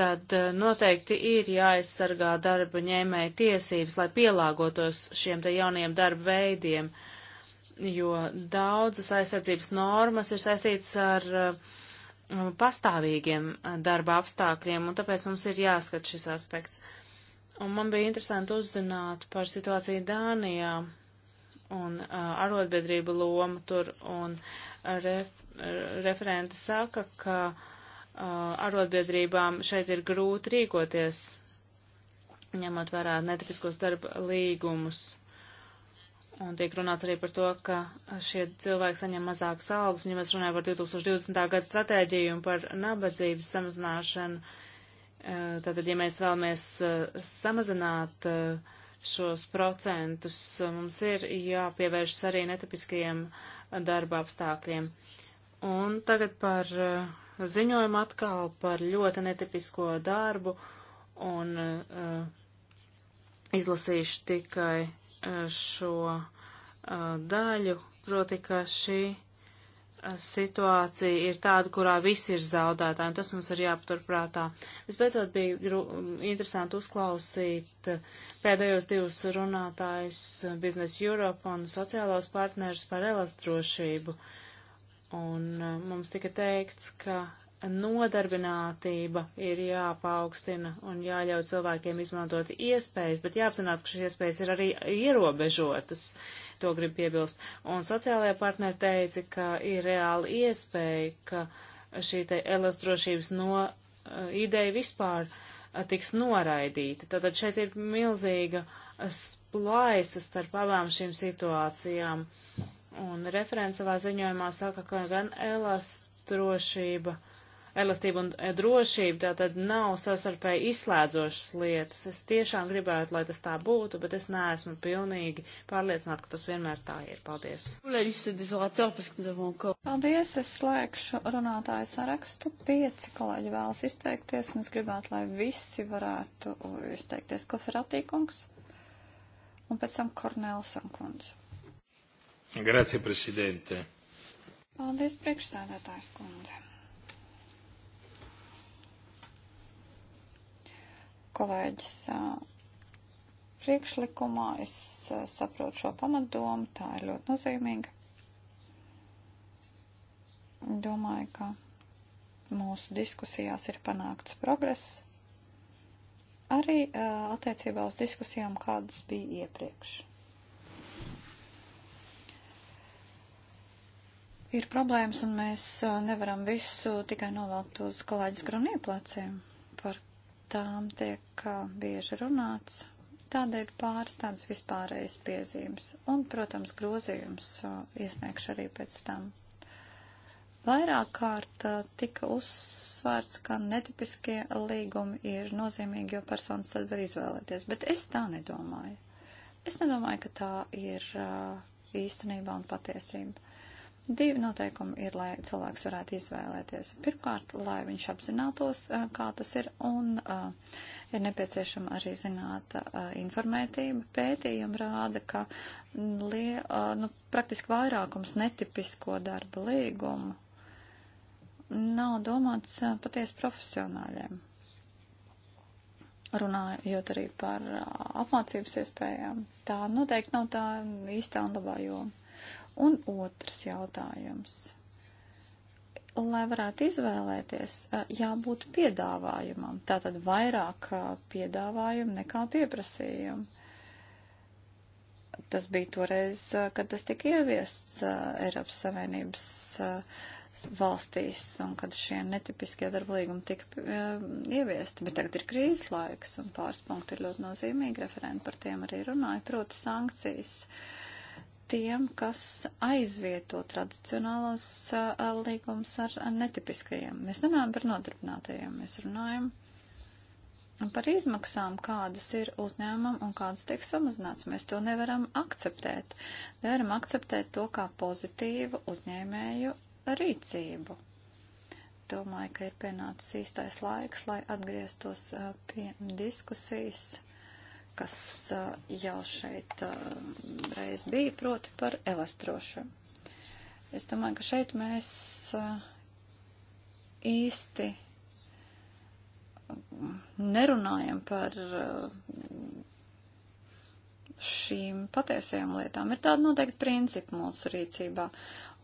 tad eh, noteikti ir jāaizsargā darba ņēmēja tiesības, lai pielāgotos šiem te jaunajiem darba veidiem. Uh, jo daudzas aizsardzības normas ir saistītas ar uh, pastāvīgiem uh, darba apstākļiem, un tāpēc mums ir jāskat šis aspekts. Un man bija interesanti uzzināt par situāciju Dānijā un uh, arotbiedrību lomu tur, un ref, referenta saka, ka arotbiedrībām šeit ir grūti rīkoties, ņemot vērā netipiskos darba līgumus Un tiek runāts arī par to, ka šie cilvēki saņem mazākas algas, un ja mēs runājam par 2020. gada stratēģiju un par nabadzības samazināšanu, eh, tātad, ja mēs vēlamies eh, samazināt eh, šos procentus, mums ir jāpievēršas arī netipiskajiem darba apstākļiem. Un tagad par ziņojumu atkal par ļoti netipisko darbu, un uh, izlasīšu tikai šo daļu, proti, ka šī situācija ir tāda, kurā visi ir zaudētāji, un tas mums ir jāpaturprātā. Vispēcot bija interesanti uzklausīt pēdējos divus runātājus Business Europe un sociālos partnerus par elastrošību. Un mums tika teikts, ka nodarbinātība ir jāpaukstina un jāļauj cilvēkiem izmantot iespējas, bet jāapzinās, ka šīs iespējas ir arī ierobežotas. To grib piebilst. Un sociālajā partneri teica, ka ir reāli iespēja, ka šī te elastdrošības no eh, ideja vispār eh, tiks noraidīta. Tātad šeit ir milzīga plaisa starp abām šīm situācijām. Un referents savā ziņojumā saka, ka gan elastdrošība, uh, elastība un e, drošība, tā tad nav sastarpēji izslēdzošas lietas. Es tiešām gribētu, lai tas tā būtu, bet es neesmu pilnīgi pārliecināta, ka tas vienmēr tā ir. Paldies! Paldies! Es slēgšu runātāju sarakstu. Pieci kolēģi vēlas izteikties, un es gribētu, lai visi varētu izteikties. Koferatīkungs un pēc tam Kornelson kundze. Grazie, prezidente! Paldies, priekšsēdētājs kundze! kolēģis priekšlikumā. Es saprotu šo pamatdomu, tā ir ļoti nozīmīga. Domāju, ka mūsu diskusijās ir panākts progress. Arī attiecībā uz diskusijām, kādas bija iepriekš. ir problēmas, un mēs nevaram visu tikai novelt uz kolēģis grunī pleciem tām tiek bieži runāts. Tādēļ pāris tādas vispārējas piezīmes. Un, protams, grozījums iesniegšu arī pēc tam. Vairāk kārt tika uzsvērts, ka netipiskie līgumi ir nozīmīgi, jo personas tad var izvēlēties, bet es tā nedomāju. Es nedomāju, ka tā ir īstenībā un patiesība. Divi noteikumi ir, lai cilvēks varētu izvēlēties. Pirmkārt, lai viņš apzinātos, kā tas ir, un uh, ir nepieciešama arī zināta uh, informētība. Pētījumi rāda, ka lie, uh, nu, praktiski vairākums netipisko darba līgumu nav domāts patiesi profesionāļiem. Runājot arī par apmācības iespējām, tā noteikti nav tā īstā un labā joma. Un otrs jautājums. Lai varētu izvēlēties, jābūt piedāvājumam. Tātad vairāk piedāvājumu nekā pieprasījumu. Tas bija toreiz, kad tas tika ieviests Eiropas Savienības valstīs un kad šie netipiskie darba līgumi tika ieviesti. Bet tagad ir krīzes laiks un pāris punkti ir ļoti nozīmīgi. Referenti par tiem arī runāja, proti sankcijas. Uh, tiem, kas aizvieto tradicionālos līgumus ar netipiskajiem. Mēs runājam par nodarbinātajiem, mēs runājam par izmaksām, kādas ir uzņēmumam un kādas tiek samazināts. Mēs to nevaram akceptēt. Nevaram akceptēt to kā pozitīvu uzņēmēju rīcību. Domāju, ka ir pienācis īstais laiks, lai atgrieztos pie diskusijas kas jau šeit reiz bija, proti par elastrošumu. Es domāju, ka šeit mēs īsti nerunājam par šīm patiesajām lietām. Ir tāda noteikti principa mūsu rīcībā.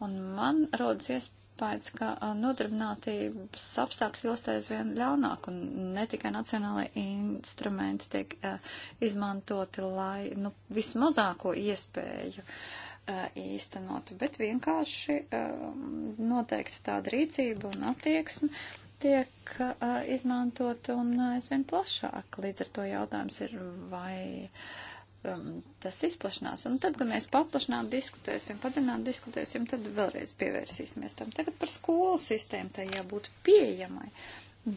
Un man rodas iespēja iespējas, ka nodarbinātības apstākļi kļūst aizvien ļaunāk un ne tikai nacionālai instrumenti tiek uh, izmantoti, lai nu, vismazāko iespēju uh, īstenot, bet vienkārši uh, noteikti tāda rīcība un attieksme tiek izmantot un aizvien plašāk. Līdz ar to jautājums ir, vai uh, um, tas izplašinās. Un tad, kad mēs paplašināt diskutēsim, padzināt diskutēsim, tad vēlreiz pievērsīsimies tam. Tagad par skolu sistēmu tai jābūt pieejamai.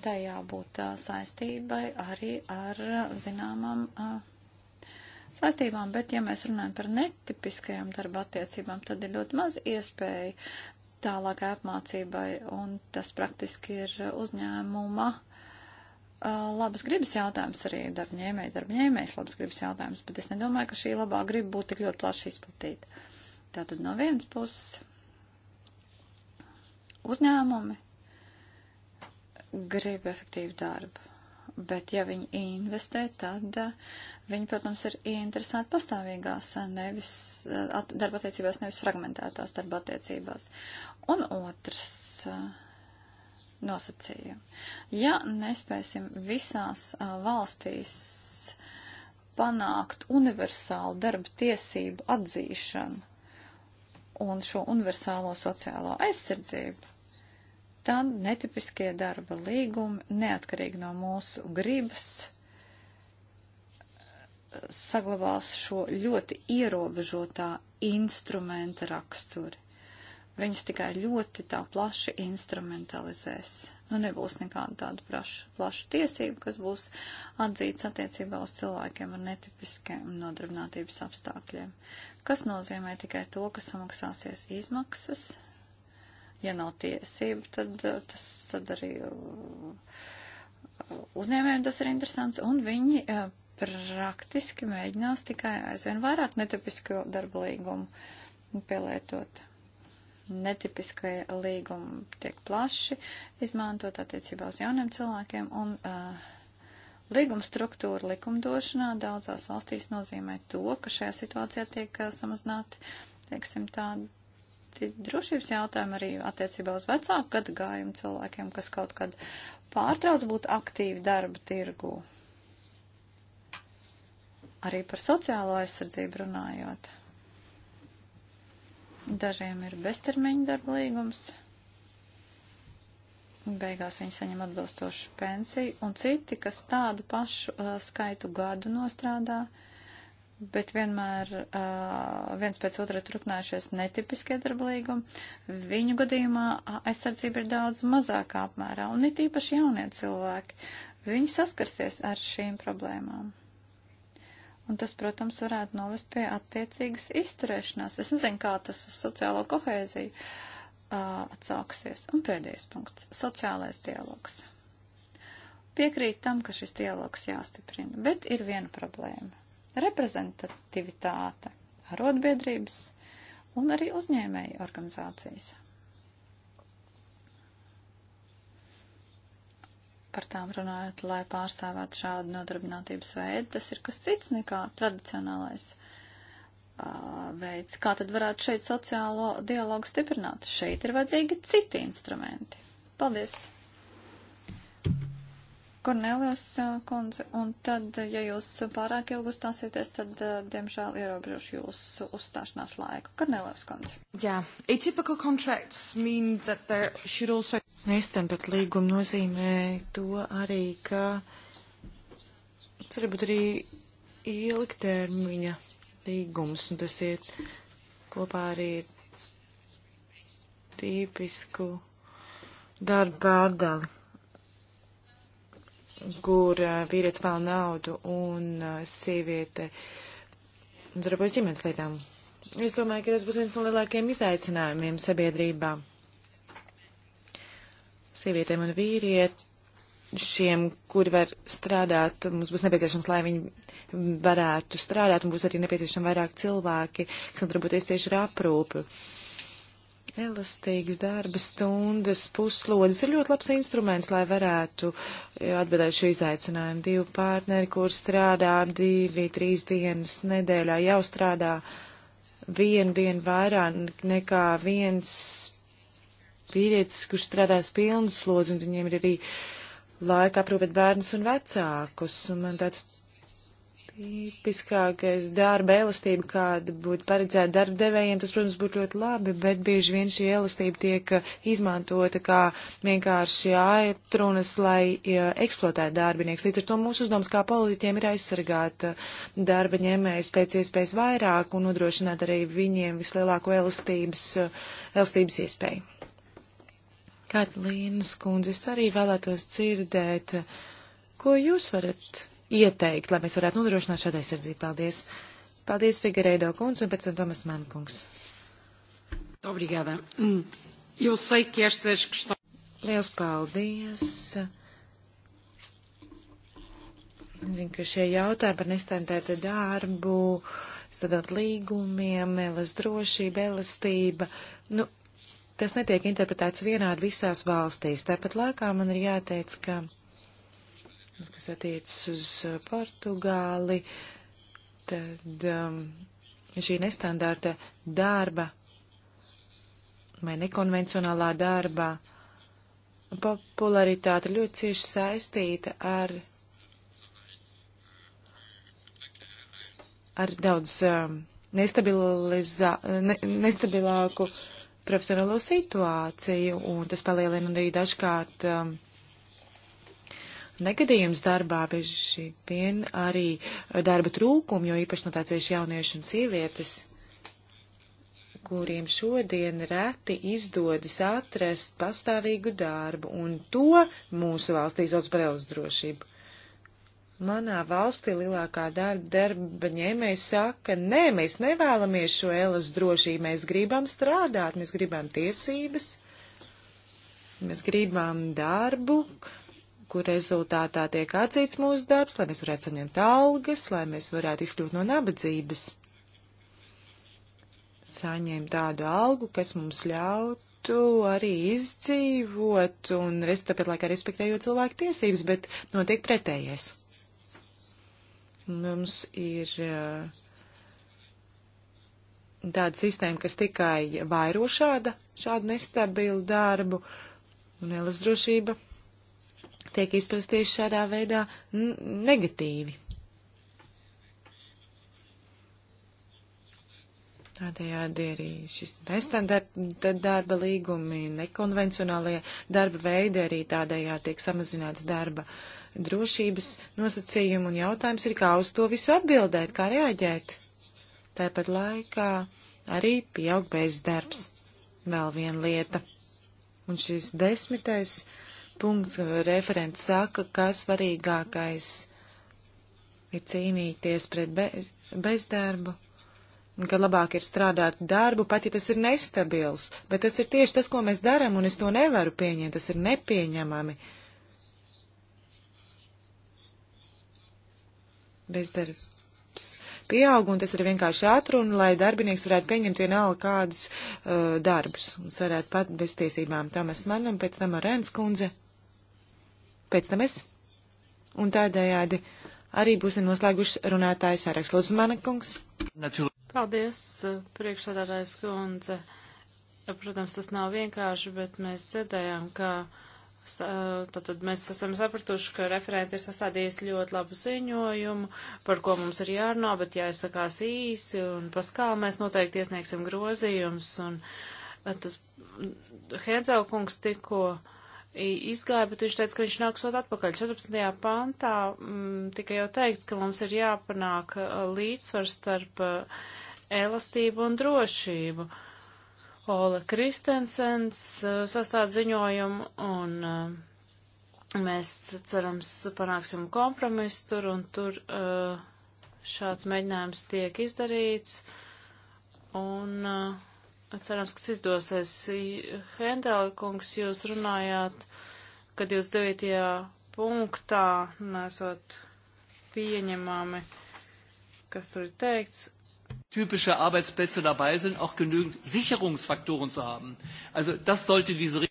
Tā jābūt uh, saistībai arī ar uh, zināmām uh, saistībām, bet ja mēs runājam par netipiskajām darba attiecībām, tad ir ļoti maz iespēja tālākai apmācībai, un tas praktiski ir uzņēmuma uh, labas gribas jautājums arī darbņēmēji, darbņēmējs labas gribas jautājums, bet es nedomāju, ka šī labā griba būtu tik ļoti plaši izplatīta. Tātad no vienas puses uzņēmumi grib efektīvu darbu, bet ja viņi investē, tad viņi, protams, ir ieinteresēti pastāvīgās, nevis at, darba attiecībās, nevis fragmentētās darba attiecībās. Un otrs. Uh, nosacījumi. Ja nespēsim visās uh, valstīs panākt universālu darba tiesību atzīšanu un šo universālo sociālo aizsardzību, tad netipiskie darba līgumi, neatkarīgi no mūsu gribas, saglabās šo ļoti ierobežotā instrumenta raksturi viņus tikai ļoti tā plaši instrumentalizēs. Nu, nebūs nekāda tāda praša, plaša tiesība, kas būs atzīts attiecībā uz cilvēkiem ar netipiskiem nodarbinātības apstākļiem, kas nozīmē tikai to, ka samaksāsies izmaksas. Ja nav tiesība, tad eh, tas tad arī eh, uzņēmējiem tas ir interesants, un viņi eh, praktiski mēģinās tikai aizvien vairāk netipisku darba līgumu pielietot netipiskie līgumi tiek plaši izmantot attiecībā uz jauniem cilvēkiem, un uh, līguma struktūra likumdošanā daudzās valstīs nozīmē to, ka šajā situācijā tiek uh, samazināti, teiksim, tādi drošības jautājumi arī attiecībā uz vecāku gadu gājumu cilvēkiem, kas kaut kad pārtrauc būt aktīvi darba tirgū. Arī par sociālo aizsardzību runājot Dažiem ir beztermiņa darba līgums. Beigās viņi saņem atbilstošu pensiju, un citi, kas tādu pašu uh, skaitu gadu nostrādā, bet vienmēr uh, viens pēc otra turpinājušies netipiskie darba līgumi, viņu gadījumā uh, aizsardzība ir daudz mazākā apmērā, un it īpaši jaunie cilvēki. Viņi saskarsies ar šīm problēmām. Un tas, protams, varētu novest pie attiecīgas izturēšanās. Es nezinu, kā tas uz sociālo kohēziju uh, atsauksies. Un pēdējais punkts - sociālais dialogs. Piekrīt tam, ka šis dialogs jāstiprina, bet ir viena problēma - reprezentativitāte, arotbiedrības un arī uzņēmēju organizācijas. par tām runājot, lai pārstāvētu šādu nodarbinātības veidu, tas ir kas cits nekā tradicionālais uh, veids. Kā tad varētu šeit sociālo dialogu stiprināt? Šeit ir vajadzīgi citi instrumenti. Paldies! Kornelijos kundze, un tad, ja jūs pārāk ilgi uzstāsieties, tad, diemžēl, ierobežošu jūsu uzstāšanās laiku. Kornelijos kundze. Yeah. Atypical contracts mean that there should also Nestanpat līguma nozīmē to arī, ka varbūt arī ilgtermiņa līgums, un tas iet kopā arī ar tipisku darbu pārdali, kur uh, vīrietis pelna naudu un uh, sieviete darbojas ģimenes lietām. Es domāju, ka tas būs viens no lielākajiem izaicinājumiem sabiedrībām sievietēm un vīriešiem, kuri var strādāt. Mums būs nepieciešams, lai viņi varētu strādāt, un būs arī nepieciešami vairāk cilvēki, kas nodarboties tieši ar aprūpi. Elastīgs darba stundas, puslodes ir ļoti labs instruments, lai varētu atbildēt šo izaicinājumu. Divi partneri, kur strādā divi, trīs dienas nedēļā, jau strādā vienu dienu vairāk nekā viens vīrietis, kurš strādās pilnu slodzi, un viņiem ir arī laika aprūpēt bērnus un vecākus. Un man tāds tipiskākais darba elastība, kāda būtu paredzēta darba devējiem, tas, protams, būtu ļoti labi, bet bieži vien šī elastība tiek eh, izmantota kā vienkārši aitrunas, lai eh, eksploatētu darbinieks. Līdz ar to mūsu uzdevums kā politiķiem ir aizsargāt eh, darba ņēmējus pēc iespējas vairāk un nodrošināt arī viņiem vislielāko elastības, elastības iespēju. Katlīnas kundze, es arī vēlētos dzirdēt, ko jūs varat ieteikt, lai mēs varētu nodrošināt šādai sardzību. Paldies! Paldies, Figueiredo kundze, un pēc tam Tomas Mankungs. Obrigada. Eu sei que estas questões. Liels paldies! Zinu, ka šie jautājumi par nestandārta darbu, stādot līgumiem, elas drošība, elastība, nu, tas netiek interpretēts vienādi visās valstīs. Tāpat laikā man ir jāteic, ka, kas attiecas uz uh, Portugāli, tad um, šī nestandarta darba vai nekonvencionālā darba popularitāte ļoti cieši saistīta ar, ar daudz um, nestabilizā, ne, nestabilāku uh, profesionālo situāciju, un tas palielina arī dažkārt um, negadījums darbā, bieži vien arī darba trūkumu, jo īpaši no tāds ir jaunieši un sievietes, kuriem šodien reti izdodas atrast pastāvīgu darbu, un to mūsu valstī sauc par elas drošību. Manā valstī lielākā darba, darba ņēmēja saka, nē, mēs nevēlamies šo elas drošību, mēs gribam strādāt, mēs gribam tiesības, mēs gribam darbu, kur rezultātā tiek atzīts mūsu darbs, lai mēs varētu saņemt algas, lai mēs varētu izkļūt no nabadzības. Saņemt tādu algu, kas mums ļautu arī izdzīvot un tāpēc laikā respektējot cilvēku tiesības, bet notiek pretējais. Mums ir eh, tāda sistēma, kas tikai vairo šāda, šādu nestabilu darbu, un elas drošība tiek izprast tieši šādā veidā negatīvi. Tādējādi arī šis nestandarta darba līgumi, nekonvencionālie darba veidi arī tādējādi tiek samazināts darba uh, drošības nosacījumu, un jautājums ir, kā uz to visu atbildēt, kā reaģēt. Tāpat laikā arī pieaug bezdarbs. Vēl viena lieta. Un šis desmitais punkts referents saka, ka svarīgākais ir cīnīties pret be bezdarbu, ka labāk ir strādāt darbu, pat ja tas ir nestabils, bet tas ir tieši tas, ko mēs darām, un es to nevaru pieņemt, tas ir nepieņemami. Uh, bezdarbs pieaug, un tas ir vienkārši atruna, lai darbinieks varētu pieņemt vienalga kādas uh, darbus. Mums varētu pat bez tiesībām Tomas Manam, pēc tam Arēns kundze, pēc tam es. Un tādējādi arī būsim noslēguši runātāju sarakstu. Lūdzu, mana kungs. Paldies, uh, priekšsādātājs kundze. Protams, tas nav vienkārši, bet mēs dzirdējām, ka. Kā Tātad mēs esam sapratuši, ka referenti ir sastādījis ļoti labu ziņojumu, par ko mums ir jārunā, bet jāizsakās īsi, un paskāl mēs noteikti iesniegsim grozījums, un tas Hedvēl kungs tikko izgāja, bet viņš teica, ka viņš nāks sot atpakaļ. 14. pantā m, mm, tika jau teikts, ka mums ir jāpanāk līdzsvars starp elastību un drošību. Uh, Ola Kristensens uh, sastāv ziņojumu un uh, mēs cerams panāksim kompromisu tur un tur uh, šāds mēģinājums tiek izdarīts un cerams, ka tas izdosies. Hendēla kungs, jūs runājāt, ka 29. punktā nesot pieņemami, kas tur ir teikts, typische Arbeitsplätze dabei sind, auch genügend Sicherungsfaktoren zu haben. Also das sollte diese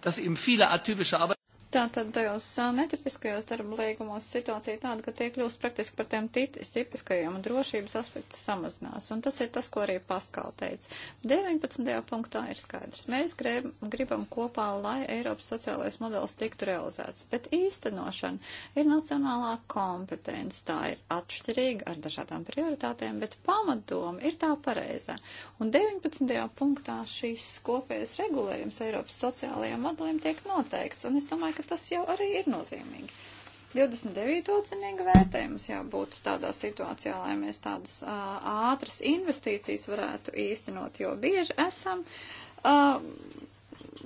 dass eben viele atypische Arbeitsplätze Tātad tajos netipiskajos darba līgumos situācija tāda, ka tie kļūst praktiski par tiem titis, tipiskajiem un drošības aspekts samazinās. Un tas ir tas, ko arī Paskal teica. 19. punktā ir skaidrs. Mēs grib, gribam kopā, lai Eiropas sociālais modelis tiktu realizēts, bet īstenošana ir nacionālā kompetence. Tā ir atšķirīga ar dažādām prioritātēm, bet pamatdoma ir tā pareizā. Un 19. punktā šīs kopējas regulējums Eiropas sociālajiem modeliem tiek noteikts. Un es domāju, ka tas jau arī ir nozīmīgi. 29. atzinīga vērtējums jābūt tādā situācijā, lai mēs tādas uh, ātras investīcijas varētu īstenot, jo bieži esam uh,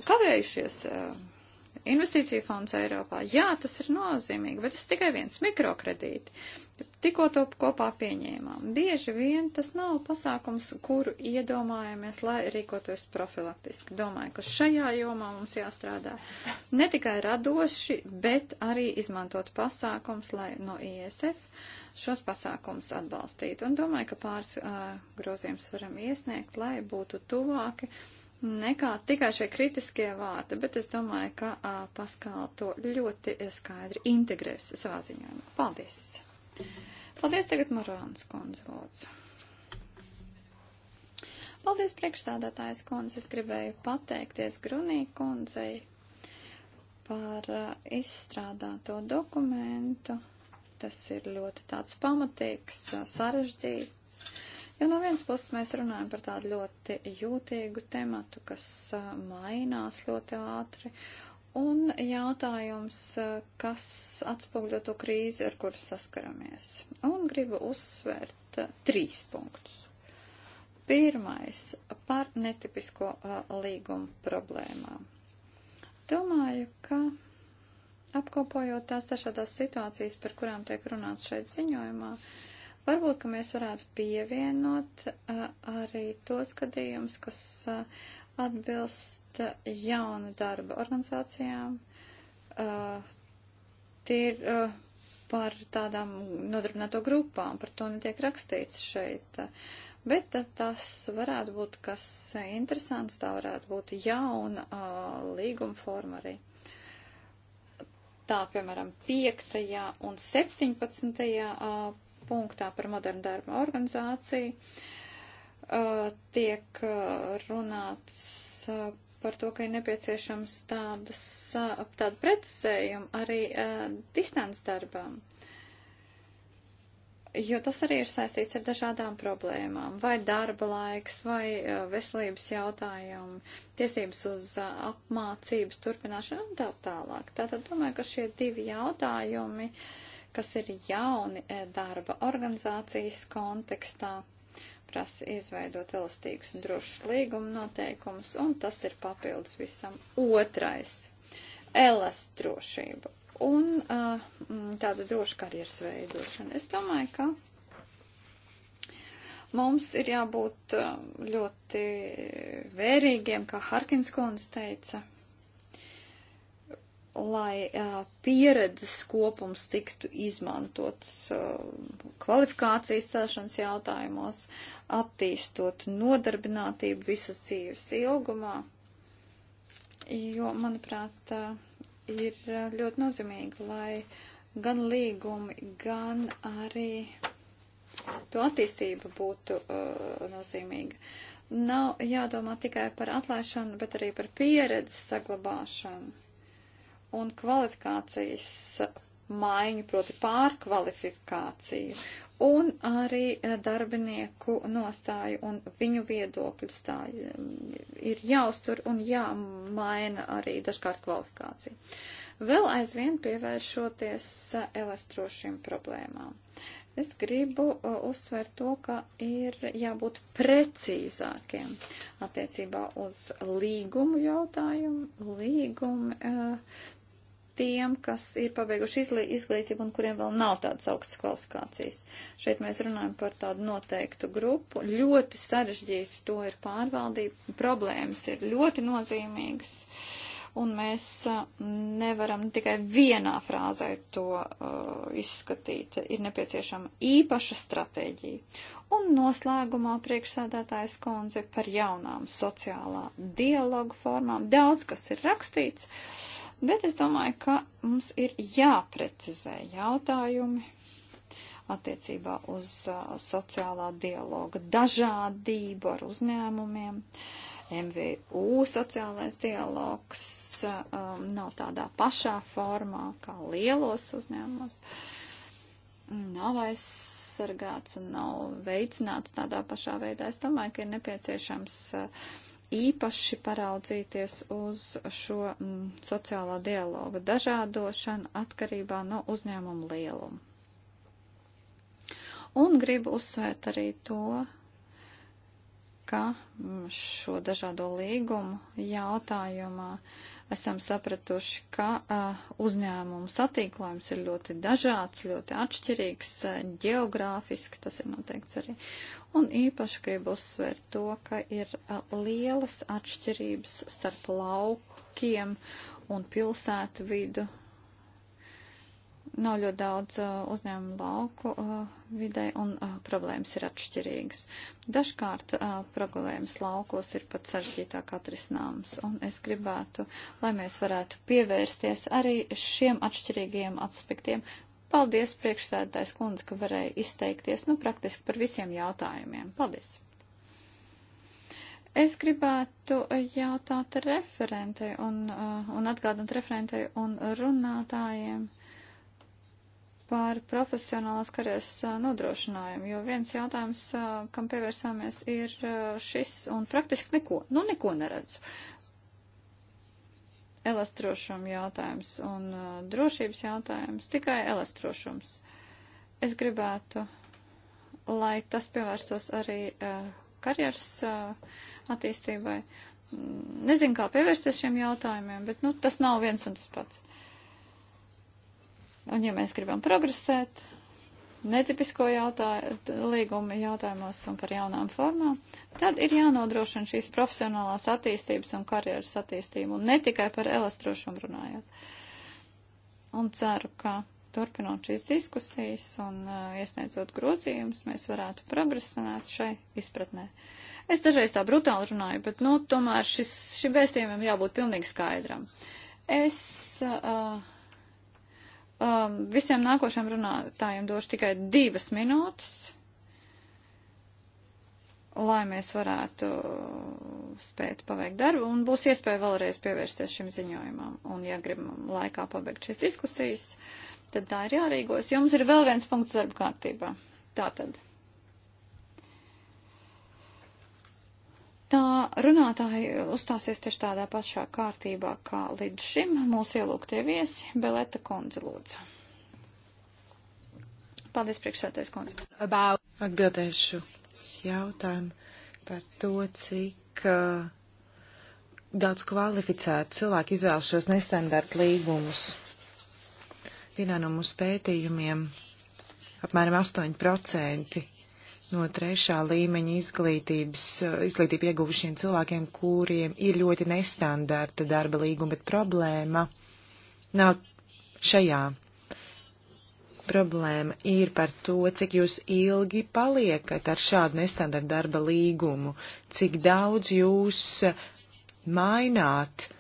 kavējušies. Uh, investīcija fonds Eiropā, jā, tas ir nozīmīgi, bet tas tikai viens mikrokredīti. Tikko to kopā pieņēmām. Bieži vien tas nav pasākums, kuru iedomājamies, lai rīkotos profilaktiski. Domāju, ka šajā jomā mums jāstrādā ne tikai radoši, bet arī izmantot pasākums, lai no ISF šos pasākums atbalstītu. Un domāju, ka pāris uh, grozījums varam iesniegt, lai būtu tuvāki nekā tikai šie kritiskie vārdi, bet es domāju, ka uh, Paskāla to ļoti skaidri integrēs savā ziņojumā. Paldies! Paldies tagad Morānas kundze, lūdzu. Paldies priekšsādātājs kundze. Es gribēju pateikties Grunī kundzei par uh, izstrādāto dokumentu. Tas ir ļoti tāds pamatīgs, uh, sarežģīts. Jo no vienas puses mēs runājam par tādu ļoti jūtīgu tematu, kas uh, mainās ļoti ātri, Un jautājums, kas atspoguļo to krīzi, ar kuru saskaramies. Un gribu uzsvērt uh, trīs punktus. Pirmais par netipisko uh, eh, līgumu problēmām. Domāju, ka apkopojot tās dažādās situācijas, par kurām tiek runāts šeit ziņojumā, varbūt, ka mēs varētu pievienot uh, arī tos gadījumus, kas uh, atbilst jaunu darba organizācijām. Uh, tie ir uh, par tādām nodarbināto grupām, par to netiek rakstīts šeit. Bet tas varētu būt kas interesants, tā varētu būt jauna uh, līguma forma arī. Tā, piemēram, 5. un 17. Uh, punktā par modernu darba organizāciju. Uh, Uh, tiek uh, runāts uh, par to, ka ir nepieciešams tādas, tādu precizējumu arī distants darbām. Jo tas arī ir saistīts ar dažādām problēmām, vai darba laiks, vai veselības jautājumi, tiesības uz apmācības turpināšanu un tā tālāk. Tātad domāju, ka šie divi jautājumi, kas ir jauni darba organizācijas kontekstā, prasa izveidot elastīgus un drošus līguma noteikumus, un tas ir papildus visam. Otrais - elastrošība un uh, tāda droša karjeras veidošana. Es domāju, ka mums ir jābūt uh, ļoti vērīgiem, kā Harkins kundze teica, lai uh, pieredzes kopums tiktu izmantots uh, kvalifikācijas celšanas jautājumos, attīstot nodarbinātību visas dzīves ilgumā, jo, manuprāt, ir ļoti nozīmīgi, lai gan līgumi, gan arī to attīstība būtu uh, nozīmīga. Nav jādomā tikai par atlaišanu, bet arī par pieredzes saglabāšanu un kvalifikācijas maiņu, proti pārkvalifikāciju, un arī eh, darbinieku nostāju un viņu viedokļu stāju ir jāuztur un jāmaina arī dažkārt kvalifikācija. Vēl aizvien pievēršoties eh, elastrošiem problēmām. Es gribu eh, uzsvērt to, ka ir jābūt precīzākiem attiecībā uz līgumu jautājumu. Līgumi tiem, kas ir pabeiguši izglītību un kuriem vēl nav tādas augstas kvalifikācijas. Šeit mēs runājam par tādu noteiktu grupu. Ļoti sarežģīti to ir pārvaldība. Problēmas ir ļoti nozīmīgas. Un mēs nevaram tikai vienā frāzē to uh, izskatīt. Ir nepieciešama īpaša stratēģija. Un noslēgumā priekšsēdētājs kundze par jaunām sociālā dialogu formām. Daudz kas ir rakstīts. Uh, Bet es domāju, ka mums ir jāprecizē jautājumi attiecībā uz uh, sociālā dialoga dažādību ar uzņēmumiem. MVU sociālais dialogs uh, um, nav tādā pašā formā kā lielos uzņēmumos. Nav aizsargāts un nav veicināts tādā pašā veidā. Es domāju, ka ir nepieciešams uh, īpaši paraudzīties uz šo mm, sociālā dialoga dažādošanu atkarībā no uzņēmuma lieluma. Un gribu uzsvērt arī to, ka mm, šo dažādo līgumu jautājumā uh, esam sapratuši, ka uh, uzņēmumu satīklājums ir ļoti dažāds, ļoti atšķirīgs, uh, geogrāfiski tas ir noteikts arī. Un īpaši gribu uzsvērt to, ka ir uh, lielas atšķirības starp laukiem un pilsētu vidu nav ļoti daudz uh, uzņēmumu lauku uh, vidē un uh, problēmas ir atšķirīgas. Dažkārt uh, problēmas laukos ir pat sarežģītāk atrisināmas, un es gribētu, lai mēs varētu pievērsties arī šiem atšķirīgiem aspektiem. Paldies, priekšsēdētājs kundze, ka varēja izteikties, nu, praktiski par visiem jautājumiem. Paldies! Es gribētu jautāt referentei un, uh, un atgādināt referentei un runātājiem par profesionālās karjeras nodrošinājumu, jo viens jautājums, kam pievērsāmies, ir šis, un praktiski neko, nu neko neredzu. Elastrošuma jautājums un drošības jautājums, tikai elastrošums. Es gribētu, lai tas pievērstos arī karjeras attīstībai. Nezinu, kā pievērsties šiem jautājumiem, bet nu, tas nav viens un tas pats. Un ja mēs gribam progresēt, netipisko jautāju, līgumu jautājumos un par jaunām formām, tad ir jānodrošina šīs profesionālās attīstības un karjeras attīstību, un ne tikai par elastrošumu runājot. Un ceru, ka turpinot šīs diskusijas un uh, iesniedzot grozījumus, mēs varētu progresināt šai izpratnē. Es dažreiz tā brutāli runāju, bet, nu, tomēr šis, šim vēstījumam jābūt pilnīgi skaidram. Es uh, Um, visiem nākošiem runātājiem došu tikai divas minūtes, lai mēs varētu spēt paveikt darbu, un būs iespēja vēlreiz pievērsties šim ziņojumam. Un, ja gribam laikā pabeigt šīs diskusijas, tad tā ir jārīkojas. Jums ir vēl viens punkts darba kārtībā. Tātad. tā runātāji uzstāsies tieši tādā pašā kārtībā kā līdz šim mūsu ielūgtie viesi. Beleta Kondze, lūdzu. Paldies, priekšsētais Kondze. About... Atbildēšu jautājumu par to, cik uh, daudz kvalificētu cilvēku izvēlšos nestandarta līgumus. Vienā no mūsu pētījumiem apmēram 8% no trešā līmeņa izglītības, eh, izglītību ieguvušiem cilvēkiem, kuriem ir ļoti nestandarta darba līguma, bet problēma nav šajā. Problēma ir par to, cik jūs ilgi paliekat ar šādu nestandarta darba līgumu, cik daudz jūs maināt uh,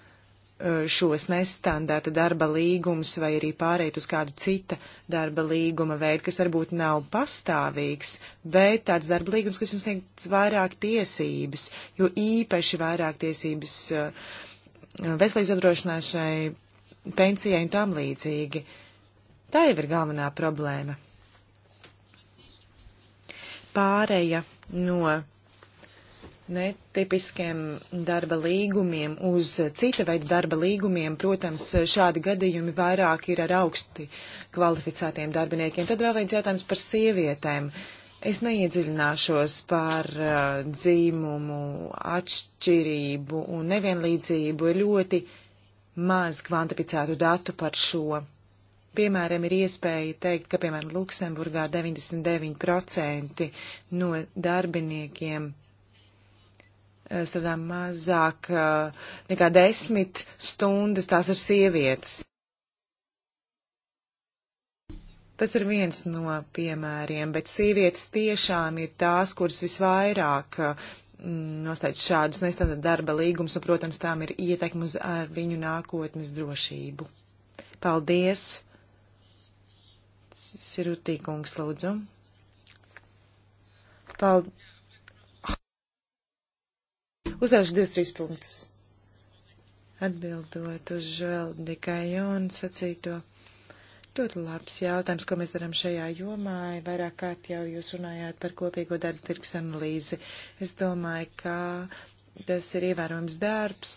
Eh, šos nestandarta darba līgumus vai arī pārēt uz kādu cita darba līguma veidu, kas varbūt nav pastāvīgs, bet tāds darba līgums, kas jums sniedz vairāk tiesības, jo īpaši vairāk tiesības eh, veselības apdrošināšanai, pensijai un tam līdzīgi. Tā jau ir galvenā problēma. Pāreja no netipiskiem darba līgumiem uz cita veida darba līgumiem. Protams, šādi gadījumi vairāk ir ar augsti kvalificētiem darbiniekiem. Tad vēl viens jautājums par sievietēm. Es neiedziļināšos par uh, dzīmumu, atšķirību un nevienlīdzību. Ir ļoti maz kvantificētu datu par šo. Piemēram, ir iespēja teikt, ka, piemēram, Luksemburgā 99% no darbiniekiem Eh, strādā mazāk eh, nekā desmit stundas, tās ir sievietes. Tas ir viens no piemēriem, bet sievietes tiešām ir tās, kuras visvairāk eh, noslēdz šādus nestandarta darba līgumus, un, protams, tām ir ietekme uz viņu nākotnes drošību. Paldies! Sirutī kungs, lūdzu. Paldies! Uzrašu divus, trīs punktus. Atbildot uz Želdikai Jona sacīto. Ļoti labs jautājums, ko mēs darām šajā jomā. Vairāk kārt jau jūs runājāt par kopīgo darbu tirgus analīzi. Es domāju, ka tas ir ievērojams darbs,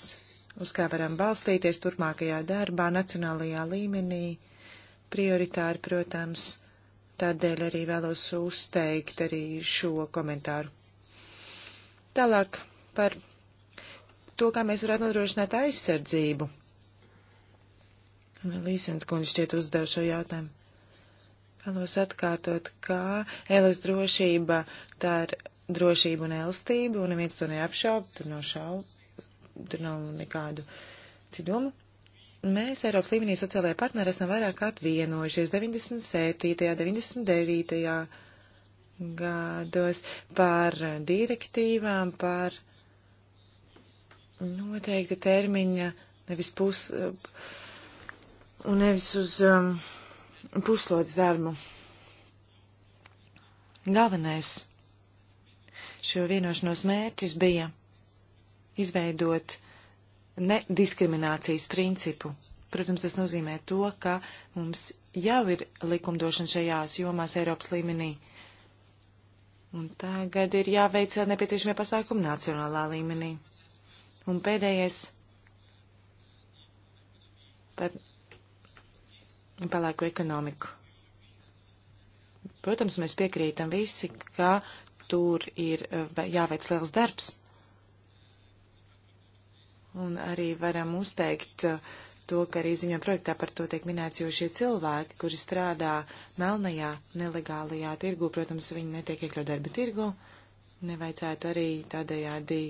uz kā varam balstīties turpmākajā darbā, nacionālajā līmenī. Prioritāri, protams, tādēļ arī vēlos uzteikt arī šo komentāru. Tālāk par to, kā mēs varētu nodrošināt aizsardzību. Līsens kundze šķiet uzdev šo jautājumu. Vēlos atkārtot, kā Elas drošība, tā ir drošība un elstība, un neviens to neapšauba, tur nav šau, tur nav nekādu cidumu. Mēs Eiropas līmenī sociālajā partneri esam vairāk kārt vienojušies 97., 99. gados par direktīvām, par noteikta termiņa, nevis pus, eh, un nevis uz um, puslodes darbu. Galvenais šo vienošanos mērķis bija izveidot nediskriminācijas principu. Protams, tas nozīmē to, ka mums jau ir likumdošana šajās jomās Eiropas līmenī. Un tagad ir jāveic nepieciešamie pasākumi nacionālā līmenī. Un pēdējais par pelēku ekonomiku. Protams, mēs piekrītam visi, ka tur ir eh, jāveic liels darbs. Un arī varam uzteikt eh, to, ka arī ziņo projektā par to tiek minēts, jo šie cilvēki, kuri strādā melnajā, nelegālajā tirgu, protams, viņi netiek iekļaut darba tirgu. Nevajadzētu arī tādējādi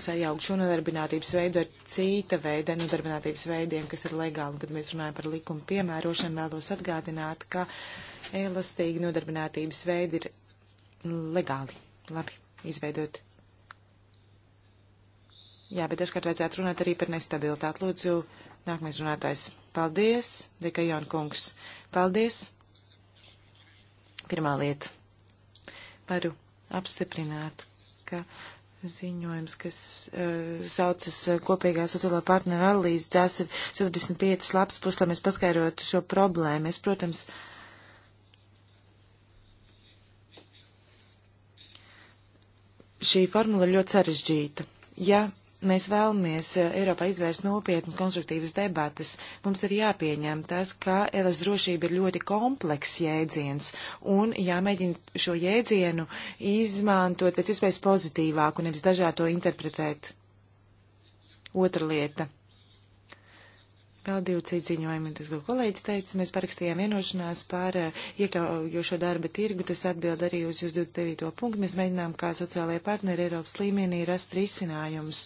sajaukt šo nodarbinātības veidu ar cita veida nodarbinātības veidiem, kas ir legāli. Kad mēs runājam par likumu piemērošanu, vēlos atgādināt, ka elastīgi nodarbinātības veidi ir legāli, labi izveidot. Jā, bet dažkārt vajadzētu runāt arī par nestabilitāti. Lūdzu, nākamais runātājs. Paldies, Dika Jonkungs. Paldies. Pirmā lieta. Varu apstiprināt, ka ziņojums, kas uh, saucas eh, kopīgā sociālo partneru analīze, tās ir 45 labs puses, lai mēs paskairotu šo problēmu. Es, protams, šī formula ir ļoti sarežģīta. Ja Mēs vēlamies eh, Eiropā izvērst nopietnas konstruktīvas debatas. Mums ir jāpieņem tas, ka elas drošība ir ļoti komplekss jēdziens un jāmēģina šo jēdzienu izmantot pēc iespējas pozitīvāk un nevis dažādo interpretēt. Otra lieta Vēl divi citi ziņojumi, tas, ko kolēģis teica, mēs parakstījām vienošanās par eh, iekļaujošo darba tirgu, tas atbild arī uz jūsu 29. punktu. Mēs mēģinām kā sociālajie partneri Eiropas līmenī rast risinājumus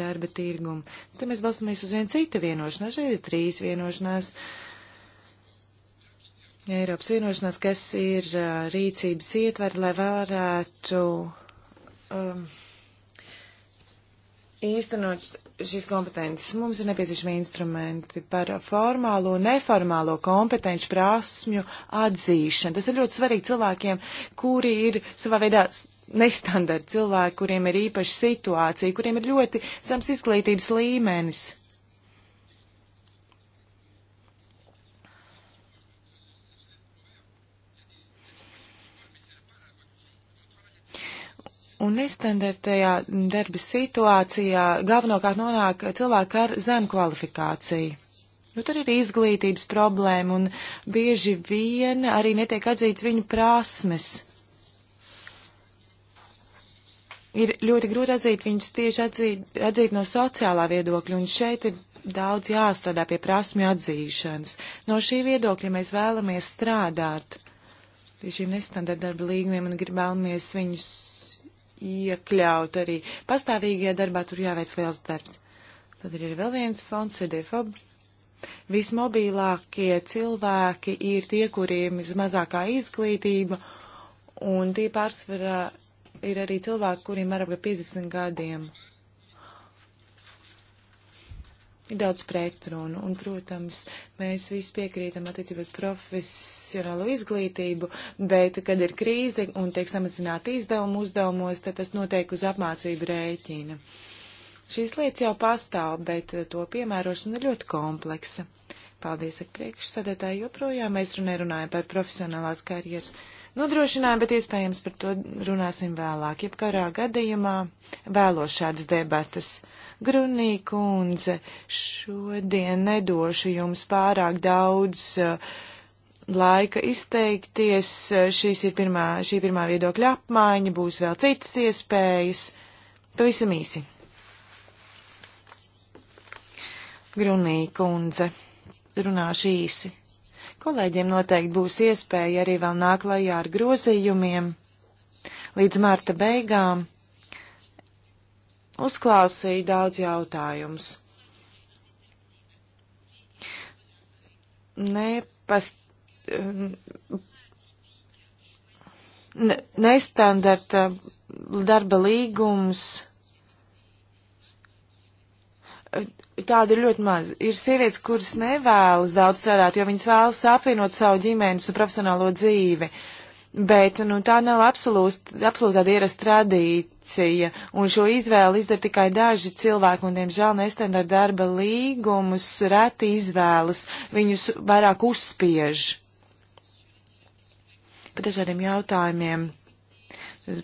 darba tirgumu. Te mēs balstamies uz vienu citu vienošanās, šeit ir trīs vienošanās. Eiropas vienošanās, kas ir uh, rīcības ietver, lai varētu um, īstenot šīs kompetences. Mums ir nepieciešami instrumenti par formālo un neformālo kompetenci prasmju atzīšanu. Tas ir ļoti svarīgi cilvēkiem, kuri ir savā veidā nestandarta cilvēki, kuriem ir īpaša situācija, kuriem ir ļoti zems izglītības līmenis. un nestandartajā darba situācijā galvenokārt nonāk cilvēki ar zem kvalifikāciju. Jo nu, tur ir izglītības problēma un bieži vien arī netiek atzīts viņu prasmes. Ir ļoti grūti atzīt viņus tieši atzīt, atzīt no sociālā viedokļa, un šeit ir daudz jāstrādā pie prasmju atzīšanas. No šī viedokļa ja mēs vēlamies strādāt pie šiem nestandarta darba līgumiem un gribēlamies viņus iekļaut arī pastāvīgajā darbā, tur jāveic liels darbs. Tad ir vēl viens fonds, CDFOB. Vismobīlākie cilvēki ir tie, kuriem ir mazākā izglītība, un tie pārsvarā ir arī cilvēki, kuriem ir apmēram 50 gadiem ir daudz pretrunu, un, protams, mēs visi piekrītam attiecībās profesionālo izglītību, bet, kad ir krīze un tiek samazināti izdevumu uzdevumos, tad tas notiek uz apmācību rēķina. Šīs lietas jau pastāv, bet to piemērošana ir ļoti kompleksa. Paldies, ak, priekšsēdētāji, joprojām mēs runājam par profesionālās karjeras nodrošinājumu, bet iespējams par to runāsim vēlāk. Jebkurā gadījumā vēlos šādas debatas. Grunī kundze, šodien nedošu jums pārāk daudz uh, laika izteikties. Šīs ir pirmā, šī pirmā viedokļa apmaiņa, būs vēl citas iespējas. Pavisam īsi. Grunī kundze, runāšu īsi. Kolēģiem noteikti būs iespēja arī vēl nāklajā ar grozījumiem līdz marta beigām uzklausīju daudz jautājumus. Nepast, um, ne, nestandarta darba līgums. Tāda ir ļoti maz. Ir sievietes, kuras nevēlas daudz strādāt, jo viņas vēlas apvienot savu ģimenes un profesionālo dzīvi. Bet nu, tā nav absolūta ierasta tradī, policija, un šo izvēli izdara tikai daži cilvēki, un, diemžēl, nestandarta darba līgumus reti izvēlas, viņus vairāk uzspiež. Par dažādiem jautājumiem,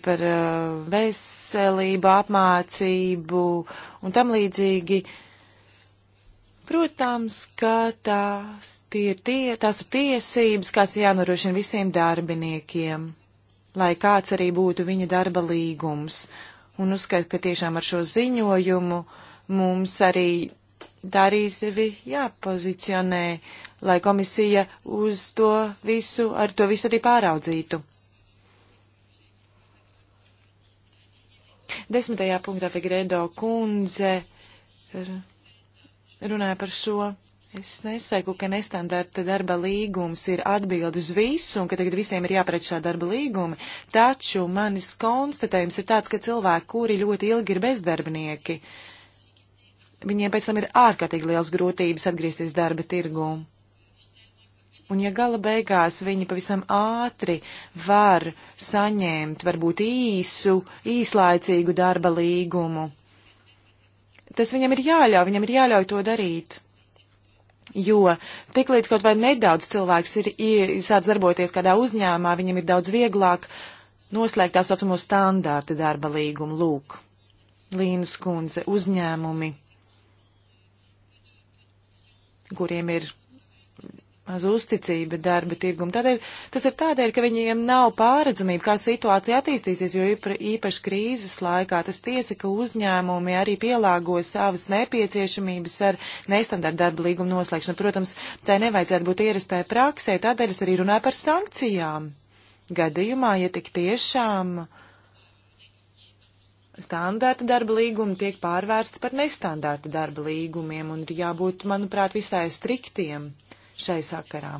par uh, veselību, apmācību un tam līdzīgi. Protams, ka tās, tie, tie, tās ir tiesības, kas jānorošina visiem darbiniekiem lai kāds arī būtu viņa darba līgums. Un uzskatu, ka tiešām ar šo ziņojumu mums arī tā arī sevi jāpozicionē, lai komisija uz to visu, ar to visu arī pāraudzītu. Desmitajā punktā Figredo kundze runāja par šo Es nesaku, ka nestandarta darba līgums ir atbildi uz visu un ka tagad visiem ir jāpret šā darba līgumi, taču manis konstatējums ir tāds, ka cilvēki, kuri ļoti ilgi ir bezdarbnieki, viņiem pēc tam ir ārkārtīgi liels grūtības atgriezties darba tirgū. Un ja gala beigās viņi pavisam ātri var saņemt varbūt īsu, īslaicīgu darba līgumu, tas viņam ir jāļauj, viņam ir jāļauj to darīt. Jo tiklīdz kaut vai nedaudz cilvēks ir sācis darboties kādā uzņēmumā, viņam ir daudz vieglāk noslēgt tā saucamo standārta darba līgumu. Lūk, Līnas kundze, uzņēmumi, kuriem ir maza uzticība darba tirgumu. Tādēļ, tas ir tādēļ, ka viņiem nav pāredzamība, kā situācija attīstīsies, jo īpaši krīzes laikā tas tiesa, ka uzņēmumi arī pielāgo savas nepieciešamības ar nestandarta darba līgumu noslēgšanu. Protams, tai nevajadzētu būt ierastai praksē, tādēļ es arī runāju par sankcijām. Gadījumā, ja tik tiešām standarta darba līgumi tiek pārvērsti par nestandarta darba līgumiem un ir jābūt, manuprāt, visai striktiem. Uh, šai sakarā.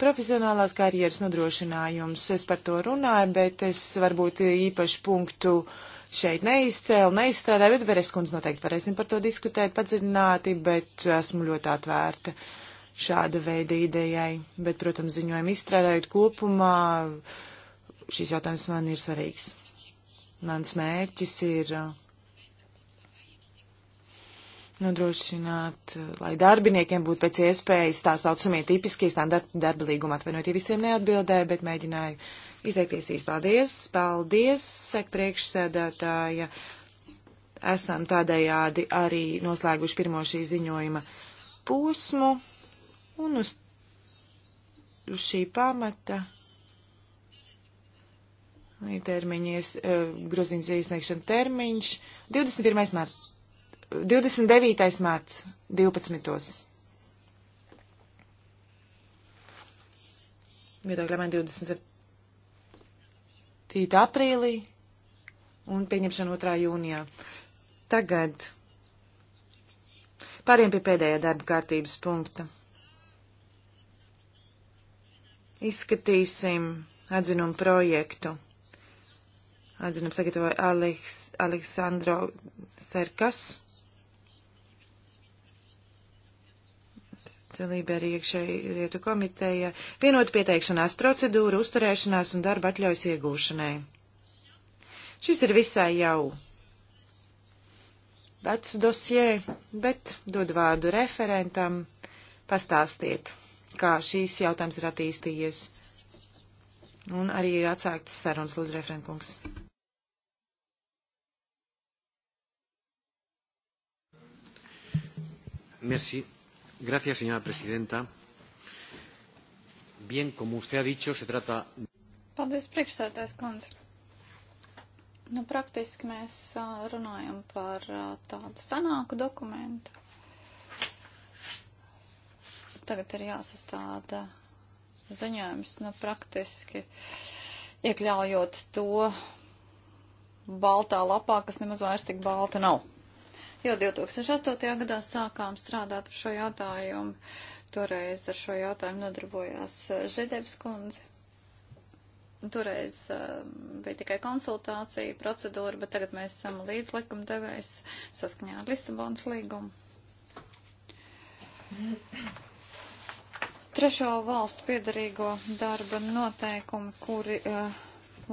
Profesionālās karjeras nodrošinājums, es par to runāju, bet es varbūt īpašu punktu šeit neizcēlu, neizstrādāju, bet Bereskundze noteikti varēsim par to diskutēt padziļināti, bet esmu ļoti atvērta šāda veida idejai. Bet, protams, ziņojumu izstrādājot kopumā, šis jautājums man ir svarīgs. Mans mērķis ir uh, nodrošināt, eh, lai darbiniekiem būtu pēc iespējas tā saucamie tipiskie standarta darba līguma. Atvainojiet, ja visiem neatbildēju, bet mēģināju izteikties īsti. Paldies, paldies, sek priekšsēdētāja. Esam tādējādi arī noslēguši pirmo šī ziņojuma posmu un uz, uz šī pamata. Termiņies, eh, grozījums iesniegšana termiņš 21. martā 29. mārts 12. Viedokļa man 27. aprīlī un pieņemšana 2. jūnijā. Tagad pāriem pie pēdējā darba kārtības punkta. Izskatīsim atzinumu projektu. Atzinumu sagatavoja Aleks, Aleksandro Serkas. Veselība arī iekšēji lietu komiteja vienot pieteikšanās procedūru, uzturēšanās un darba atļaujas iegūšanai. Šis ir visai jau vecs dosie, bet dod vārdu referentam. Pastāstiet, kā šīs jautājums ir attīstījies. Un arī ir atsāktas sarunas, lūdzu, referentkungs. Merci. Gracias, señora presidenta. Bien, como usted ha dicho, se trata. Paldies, priekšsētājs kundze. Nu, praktiski mēs runājam par tādu senāku dokumentu. Tagad ir jāsastāda ziņojums, nu, praktiski iekļaujot to baltā lapā, kas nemaz vairs tik balta nav. Jau 2008. gadā sākām strādāt ar šo jautājumu. Toreiz ar šo jautājumu nodarbojās Žedevs kundze. Toreiz uh, bija tikai konsultācija, procedūra, bet tagad mēs esam līdz likumdevējs saskaņā ar Lisabonas līgumu. Trešo valstu piedarīgo darba noteikumi, kuri uh,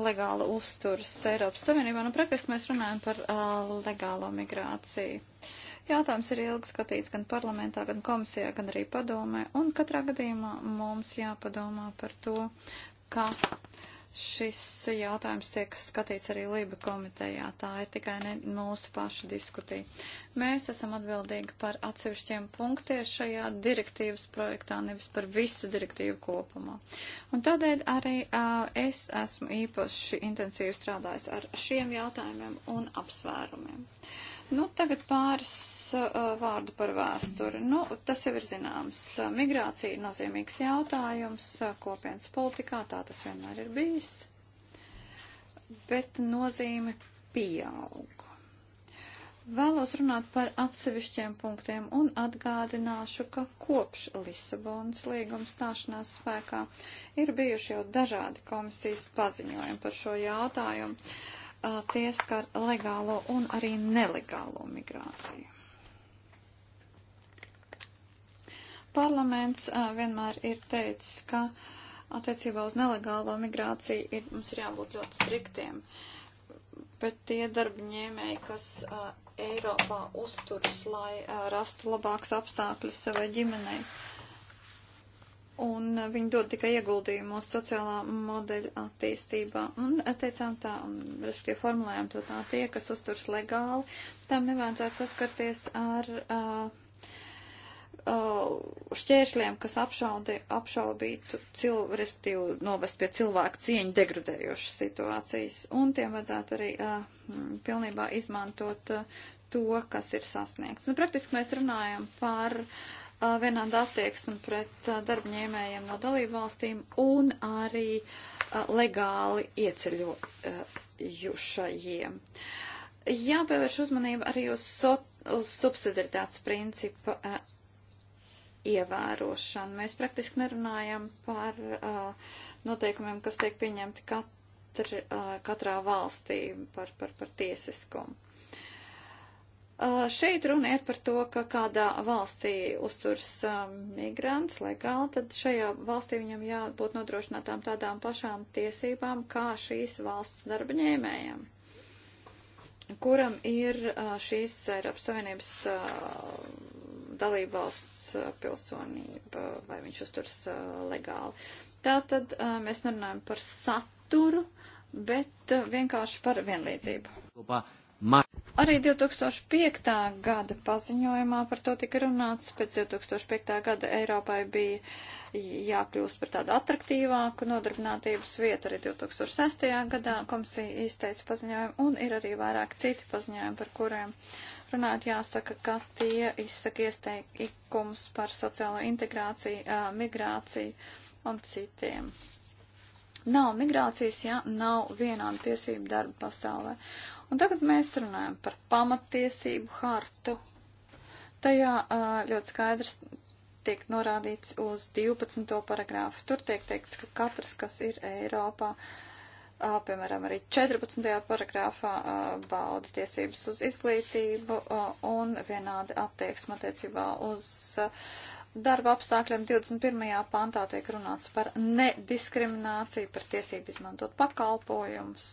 legāla uzturs Eiropas Savienībā. Nu, praktiski mēs runājam par uh, legālo migrāciju. Jautājums ir ilgi skatīts gan parlamentā, gan komisijā, gan arī padomē. Un katrā gadījumā mums jāpadomā par to, ka Šis jautājums tiek skatīts arī Lība komitejā. Tā ir tikai ne mūsu pašu diskutija. Mēs esam atbildīgi par atsevišķiem punktiem šajā direktīvas projektā, nevis par visu direktīvu kopumā. Un tādēļ arī uh, es esmu īpaši intensīvi strādājis ar šiem jautājumiem un apsvērumiem. Uh, Nu, tagad pāris uh, vārdu par vēsturi. Nu, tas jau ir zināms. Uh, migrācija ir nozīmīgs jautājums uh, kopienas politikā, tā tas vienmēr ir bijis. Bet nozīme pieaug. Vēlos runāt par atsevišķiem punktiem un atgādināšu, ka kopš Lisabonas līguma stāšanās spēkā ir bijuši jau dažādi komisijas paziņojumi par šo jautājumu. Uh, tie skar legālo un arī nelegālo migrāciju. Parlaments uh, vienmēr ir teicis, ka attiecībā uz nelegālo migrāciju ir, mums ir jābūt ļoti striktiem, bet tie darbņēmēji, kas uh, Eiropā uzturas, lai rastu labākus apstākļus savai ģimenei, un eh, viņi dod tikai ieguldījumu mūsu sociālā modeļa attīstībā. Un eh, teicām tā, un respektīvi formulējām to tā, tie, kas uzturs legāli, tam nevajadzētu saskarties ar uh, uh, šķēršļiem, kas apšaudi, apšaubītu, cil, respektīvi novest pie cilvēku cieņu degradējošas situācijas. Un tiem vajadzētu arī uh, pilnībā izmantot uh, to, kas ir sasniegts. Nu, praktiski mēs runājam par uh, Uh, vienāda attieksme pret uh, darbņēmējiem no dalību valstīm un arī uh, legāli ieceļojušajiem. Jāpievērš uzmanība arī uz, so, uz subsidiaritātes principa ievērošanu. Mēs praktiski nerunājam par uh, noteikumiem, kas tiek pieņemti katr, uh, katrā valstī par, par, par tiesiskumu. Uh, šeit runa iet par to, ka kādā valstī uzturs um, migrants legāli, tad šajā valstī viņam jābūt nodrošinātām tādām pašām tiesībām kā šīs valsts darbaņēmējiem, kuram ir uh, šīs Eiropas Savienības uh, dalība valsts pilsonība, vai viņš uzturs legāli. Tātad mēs nerunājam par saturu, bet vienkārši par vienlīdzību. Kopā Arī 2005. gada paziņojumā par to tika runāts. Pēc 2005. gada Eiropai bija jākļūst par tādu attraktīvāku nodarbinātības vietu. Arī 2006. gadā komisija izteica paziņojumu un ir arī vairāk citi paziņojumi, par kuriem runāt jāsaka, ka tie izsaka ieteikums par sociālo integrāciju, migrāciju un citiem. Nav migrācijas, ja nav vienāda tiesība darba pasaulē. Un tagad mēs runājam par pamatiesību hartu. Tajā ļoti skaidrs tiek norādīts uz 12. paragrāfu. Tur tiek teikts, ka katrs, kas ir Eiropā, piemēram, arī 14. paragrāfā bauda tiesības uz izglītību un vienādi attieksme attiecībā uz darba apstākļiem. 21. pantā tiek runāts par nediskrimināciju, par tiesību izmantot pakalpojumus.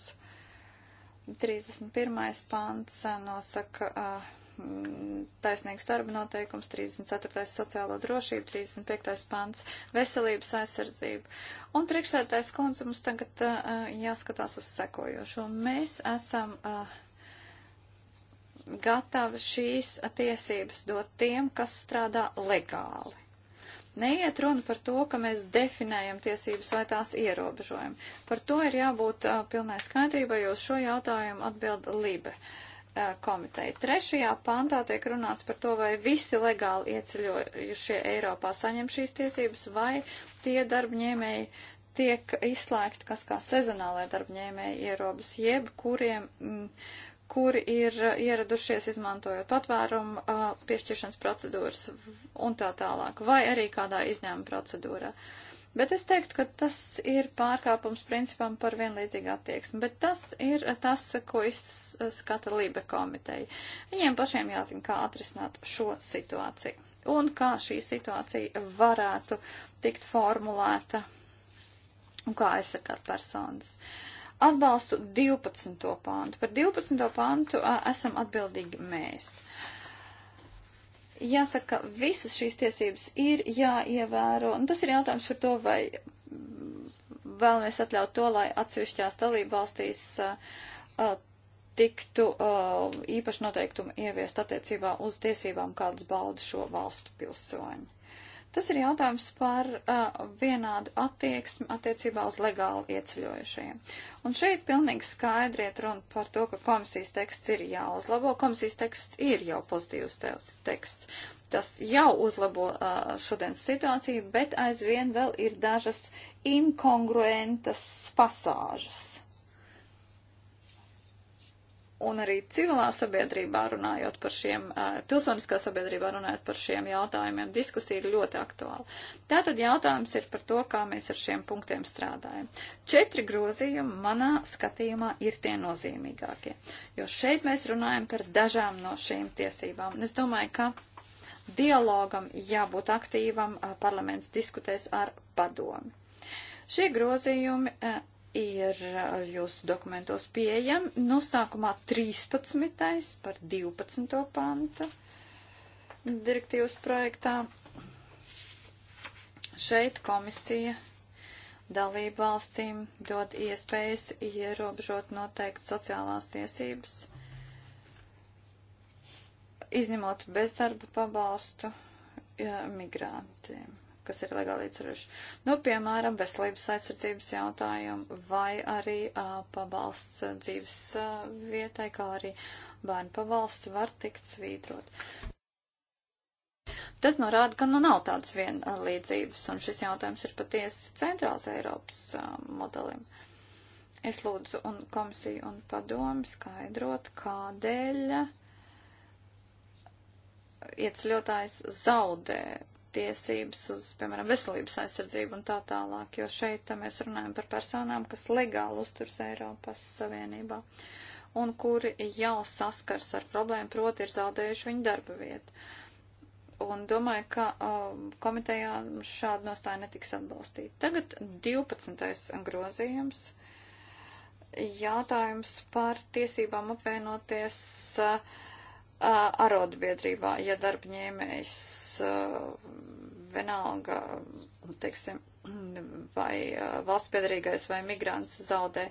31. pants eh, nosaka uh, eh, taisnīgs darba noteikums, 34. sociālo drošību, 35. pants veselības aizsardzību. Un priekšsēdētājs kundze mums tagad uh, jāskatās uz sekojošo. Mēs esam uh, gatavi šīs tiesības dot tiem, kas strādā legāli. Neiet runa par to, ka mēs definējam tiesības vai tās ierobežojam. Par to ir jābūt uh, pilnai skaidrībai, jo šo jautājumu atbild Libe uh, komiteja. Trešajā pantā tiek runāts par to, vai visi legāli ieceļojušie Eiropā saņem šīs tiesības, vai tie darbņēmēji tiek izslēgti, kas kā sezonālai darbņēmēji ierobas, jeb kuriem. Mm, kuri ir eh, ieradušies izmantojot patvērumu eh, piešķiršanas procedūras un tā tālāk, vai arī kādā izņēmuma procedūrā. Bet es teiktu, ka tas ir pārkāpums principam par vienlīdzīgu attieksmi, bet tas ir eh, tas, ko izskata Lībe komiteja. Viņiem pašiem jāzina, kā atrisināt šo situāciju un kā šī situācija varētu tikt formulēta un kā aizsargāt personas. Uh, Atbalstu 12. pāntu. Par 12. pāntu a, esam atbildīgi mēs. Jāsaka, visas šīs tiesības ir jāievēro. Un tas ir jautājums par to, vai vēlamies atļaut to, lai atsevišķās dalība valstīs tiktu īpaši noteikumi ieviest attiecībā uz tiesībām, kādas bauda šo valstu pilsoņi. Tas ir jautājums par uh, vienādu attieksmi attiecībā uz legāli ieceļojušajiem. Un šeit pilnīgi skaidriet runa par to, ka komisijas teksts ir jāuzlabo. Komisijas teksts ir jau pozitīvs teksts. Tas jau uzlabo uh, šodienas situāciju, bet aizvien vēl ir dažas inkongruentas pasāžas un arī civilā sabiedrībā runājot par šiem, pilsoniskā sabiedrībā runājot par šiem jautājumiem, diskusija ir ļoti aktuāla. Tātad jautājums ir par to, kā mēs ar šiem punktiem strādājam. Četri grozījumi manā skatījumā ir tie nozīmīgākie, jo šeit mēs runājam par dažām no šīm tiesībām. Un es domāju, ka dialogam jābūt aktīvam, parlaments diskutēs ar padomi. Šie grozījumi ir jūsu dokumentos pieejam. Nu, sākumā 13. par 12. pantu direktīvas projektā. Šeit komisija dalību valstīm dod iespējas ierobežot noteikti sociālās tiesības, izņemot bezdarba pabalstu migrantiem kas ir legāli izceļoši. Nu, piemēram, veselības aizsardzības jautājumu vai arī uh, pabalsts dzīves uh, vietai, kā arī bērnu pabalstu var tikt svītrot. Tas norāda, ka nu nav tādas vienlīdzības, un šis jautājums ir patiesi centrāls Eiropas uh, modelim. Es lūdzu un komisiju un padomu skaidrot, kādēļ ieceļotājs zaudē tiesības uz, piemēram, veselības aizsardzību un tā tālāk, jo šeit tā mēs runājam par personām, kas legāli uzturs Eiropas Savienībā un kuri jau saskars ar problēmu, proti ir zaudējuši viņu darba vietu. Un domāju, ka um, komitejā šāda nostāja netiks atbalstīta. Tagad 12. grozījums. Jātājums par tiesībām apvienoties uh, arotbiedrībā, ja darbņēmējs Uh, vienalga, teiksim, vai uh, valsts piedarīgais vai migrants zaudē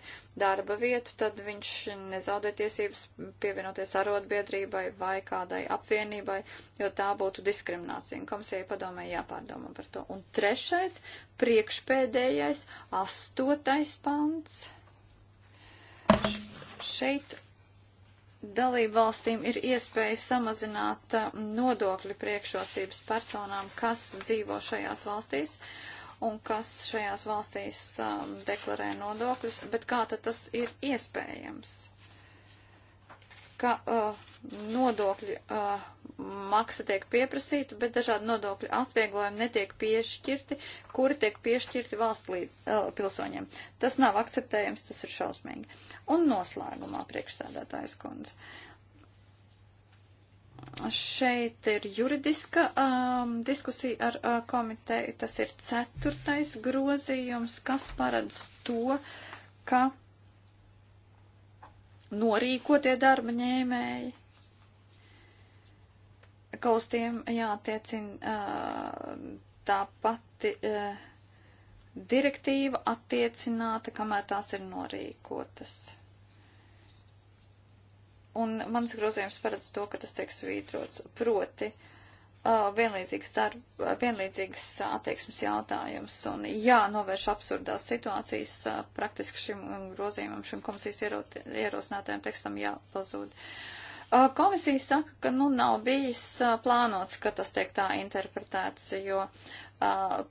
darba vietu, tad viņš nezaudē tiesības pievienoties arotbiedrībai vai kādai apvienībai, jo tā būtu diskriminācija. Un komisijai padomē jāpārdomā par to. Un trešais, priekšpēdējais, astotais pants. Šeit dalību valstīm ir iespēja samazināt uh, nodokļu priekšrocības personām, kas dzīvo šajās valstīs un kas šajās valstīs um, deklarē nodokļus, bet kā tad tas ir iespējams? ka uh, nodokļu uh, maksa tiek pieprasīta, bet dažādi nodokļu atvieglojumi netiek piešķirti, kuri tiek piešķirti valsts līdz, uh, pilsoņiem. Tas nav akceptējams, tas ir šausmīgi. Un noslēgumā priekšsēdētājs kundze. Šeit ir juridiska um, diskusija ar uh, komiteju. Tas ir ceturtais grozījums, kas paredz to, ka norīkotie darba ņēmēji, ka uz tiem jātiecina uh, tā pati uh, direktīva attiecināta, kamēr tās ir norīkotas. Un mans grozījums paredz to, ka tas tiek svītrots. Proti, uh, vienlīdzīgas, darba, vienlīdzīgas attieksmes jautājums. Un jā, novērš absurdās situācijas, uh, praktiski šim um, grozījumam, šim komisijas ierosinātajam tekstam jāpazūd. Uh, komisija saka, ka nu nav bijis uh, plānots, ka tas tiek tā interpretēts, jo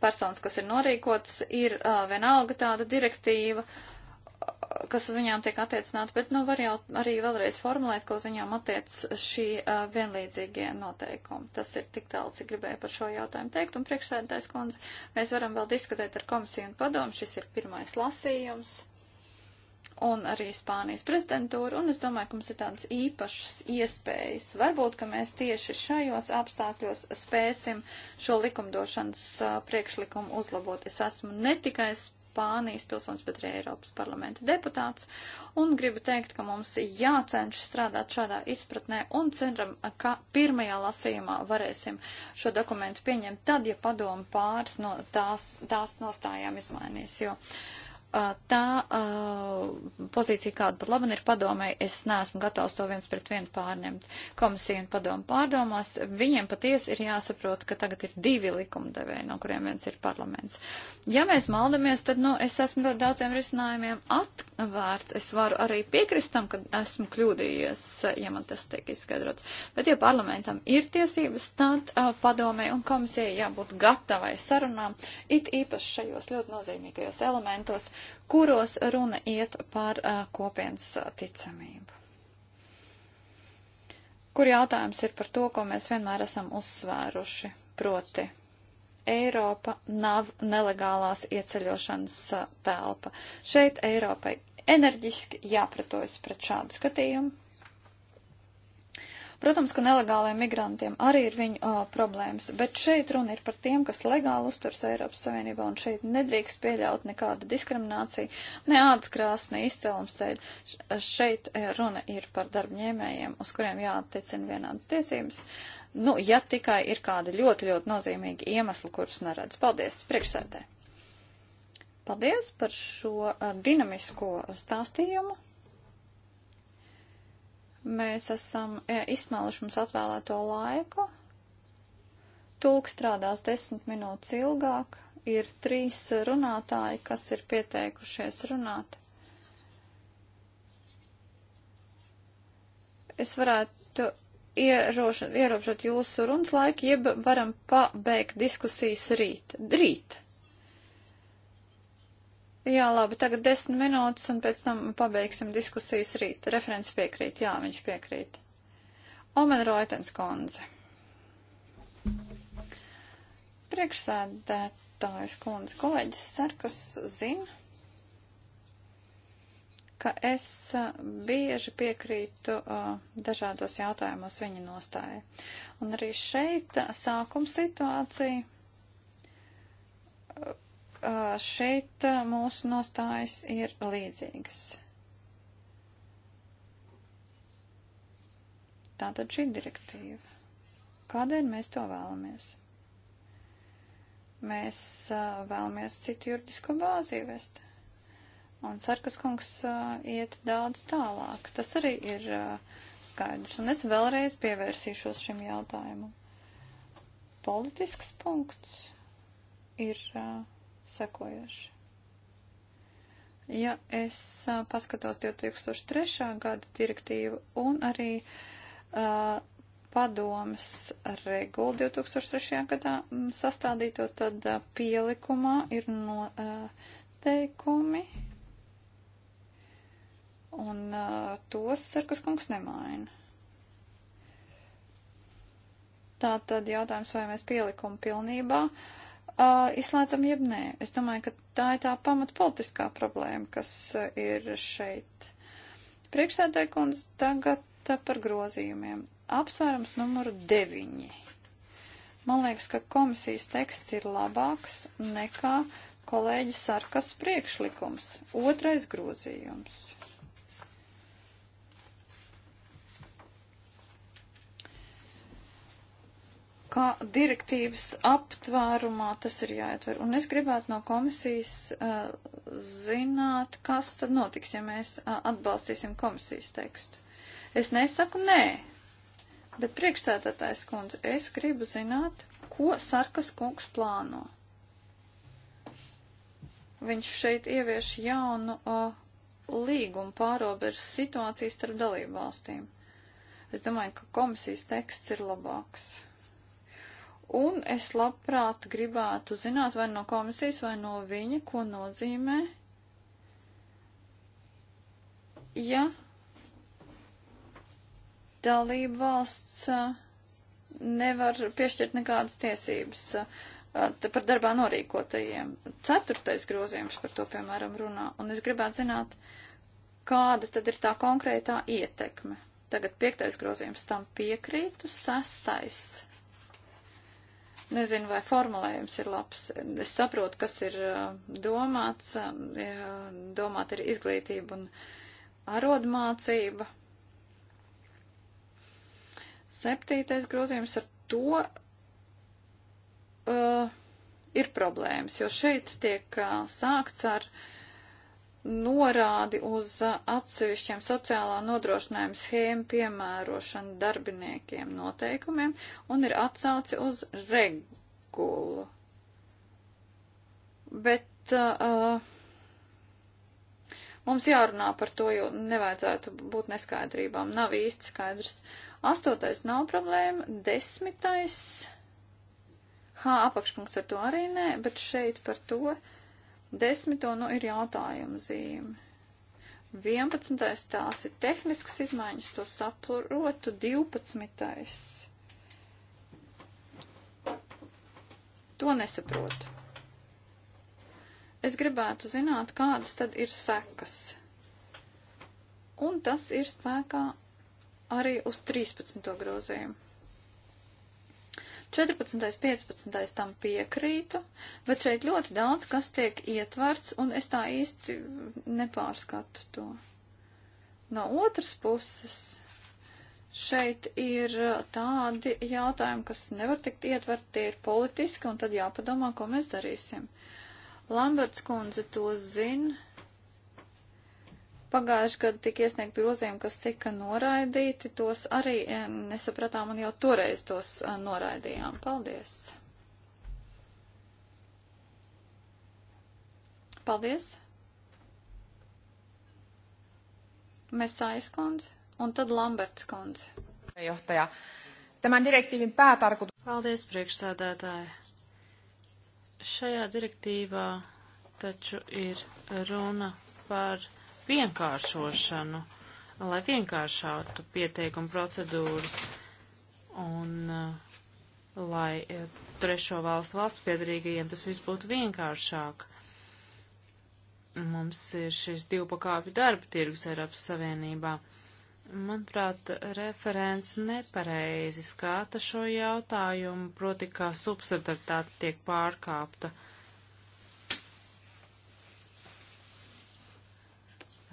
personas, kas ir norīkots, ir vienalga tāda direktīva, uh, kas uz viņām tiek attiecināti, bet nu, var jau arī vēlreiz formulēt, ko uz viņām attiec šī uh, vienlīdzīgie noteikumi. Tas ir tik tālu, cik gribēju par šo jautājumu teikt. Un priekšsēdētājs kundze, mēs varam vēl diskutēt ar komisiju un padomu. Šis ir pirmais lasījums. Un arī Spānijas prezidentūra, un es domāju, ka mums ir tādas īpašas iespējas. Varbūt, ka mēs tieši šajos apstākļos spēsim šo likumdošanas uh, priekšlikumu uzlabot. Es esmu ne tikai spēcīgs Spānijas pilsonis, bet arī Eiropas parlamenta deputāts. Un gribu teikt, ka mums jācenš strādāt šādā izpratnē un ceram, ka pirmajā lasījumā varēsim šo dokumentu pieņemt tad, ja padomu pāris no tās, tās nostājām izmainīs. Jo, uh, tā pozīcija, kāda pat labi ir padomē, es neesmu gatavs to viens pret vienu pārņemt. Komisija un padomu pārdomās, viņiem patiesi ir jāsaprot, ka tagad ir divi likumdevēji, no kuriem viens ir parlaments. Ja mēs maldamies, tad, nu, es esmu ļoti daudziem risinājumiem atvērts. Es varu arī piekrist tam, ka esmu kļūdījies, ja man tas tiek izskaidrots. Bet, ja parlamentam ir tiesības, tad uh, padomē un komisija jābūt gatavai sarunām, it īpaši šajos ļoti nozīmīgajos elementos kuros runa iet par uh, kopienas uh, ticamību. Kur jautājums ir par to, ko mēs vienmēr esam uzsvēruši, proti Eiropa nav nelegālās ieceļošanas telpa. Šeit Eiropai enerģiski jāpratojas pret šādu skatījumu. Protams, ka nelegāliem migrantiem arī ir viņu uh, problēmas, bet šeit runa ir par tiem, kas legāli uzturs Eiropas Savienībā, un šeit nedrīkst pieļaut nekāda diskriminācija, ne ādas krāsa, ne izcēlums dēļ. Šeit runa ir par darbņēmējiem, uz kuriem jāatticina vienādas tiesības. Nu, ja tikai ir kādi ļoti, ļoti nozīmīgi iemesli, kurus neredz. Paldies, priekšsēdē! Paldies par šo uh, dinamisko stāstījumu! Mēs esam izsmēluši mums atvēlēto laiku. Tulk strādās desmit minūtes ilgāk. Ir trīs runātāji, kas ir pieteikušies runāt. Es varētu ierobežot jūsu runas laiku, jeb varam pabeigt diskusijas rīt. Rīt! Jā, labi, tagad desmit minūtes un pēc tam pabeigsim diskusijas rīt. Referents piekrīt, jā, viņš piekrīt. Omen Roitens kundze. Priekšsēdētājs kundze, kolēģis Sarkas zina, ka es bieži piekrītu uh, dažādos jautājumos viņa nostāja. Un arī šeit sākuma situācija Uh, šeit uh, mūsu nostājas ir līdzīgas. Tātad šī direktīva. Kādēļ mēs to vēlamies? Mēs uh, vēlamies citu juridisko bāzi ievest. Un Sarkas kungs iet daudz tālāk. Tas arī ir skaidrs. Un es vēlreiz pievērsīšos šim jautājumam. Politisks punkts ir uh, sekojoši. Ja es a, paskatos 2003. gada direktīvu un arī a, padomas regulu 2003. gadā mm, sastādīto, tad a, pielikumā ir noteikumi, un tos Sarkas kungs nemaina. Tā tad jautājums, vai mēs pielikumu pilnībā uh, uh, izslēdzam jeb nē. Es domāju, ka tā ir tā pamatpolitiskā problēma, kas uh, ir šeit. Priekšsēdētāji kundze tagad uh, par grozījumiem. Apsvērums numuru 9. Man liekas, ka komisijas teksts ir labāks nekā kolēģis Sarkas priekšlikums. Otrais grozījums. kā direktīvas aptvērumā tas ir jāietver. Un es gribētu no komisijas uh, zināt, kas tad notiks, ja mēs uh, atbalstīsim komisijas tekstu. Es nesaku nē, bet priekšstādātājs kundze, es gribu zināt, ko Sarkas kungs plāno. Viņš šeit ievieš jaunu uh, līgumu pārobežu situācijas starp dalību valstīm. Es domāju, ka komisijas teksts ir labāks. Un es labprāt gribētu zināt vai no komisijas, vai no viņa, ko nozīmē, ja dalība valsts nevar piešķirt nekādas tiesības par darbā norīkotajiem. Ceturtais grozījums par to, piemēram, runā. Un es gribētu zināt, kāda tad ir tā konkrētā ietekme. Tagad piektais grozījums tam piekrītu, sastais Nezinu, vai formulējums ir labs. Es saprotu, kas ir eh, domāts. Eh, domāt ir izglītība un arodmācība. Septītais grozījums ar to uh, ir problēmas, jo šeit tiek uh, sākts ar uh, norādi uz uh, atsevišķiem sociālā nodrošinājuma schēmu piemērošanu darbiniekiem noteikumiem un ir atsauci uz regulu. Bet uh, uh, mums jārunā par to, jo nevajadzētu būt neskaidrībām. Nav īsti skaidrs. Astotais nav problēma, desmitais. Hā, apakšpunkts ar to arī nē, bet šeit par to. Uh, Desmito, nu, ir jautājuma zīme. 11. tās ir tehniskas izmaiņas, to saprotu. 12. To nesaprotu. Es gribētu zināt, kādas tad ir sekas. Un tas ir spēkā arī uz 13. grozījumu. 14. 15. tam piekrītu, bet šeit ļoti daudz, kas tiek ietverts, un es tā īsti nepārskatu to. No otras puses, šeit ir uh, tādi jautājumi, kas nevar tikt ietverti, tie ir politiski, un tad jāpadomā, ko mēs darīsim. Lamberts kundze to zina Pagājuši gadu tika iesniegt grozījumi, kas tika noraidīti, tos arī e, nesapratām un jau toreiz tos e, noraidījām. Paldies! Paldies! Messais kundze un tad Lamberts kundze. Johtaja. Tämän direktiivin päätarkoitus... Paldies, priekšsēdētāji. Šajā direktīvā taču ir runa par vienkāršošanu, lai vienkāršātu pieteikumu procedūras un uh, lai eh, trešo valstu valsts piedarīgajiem tas viss būtu vienkāršāk. Mums ir šis divu pakāpju darba tirgus Eiropas Savienībā. Manuprāt, referents nepareizi skata šo jautājumu, proti, kā subsidaritāte tiek pārkāpta. Uh,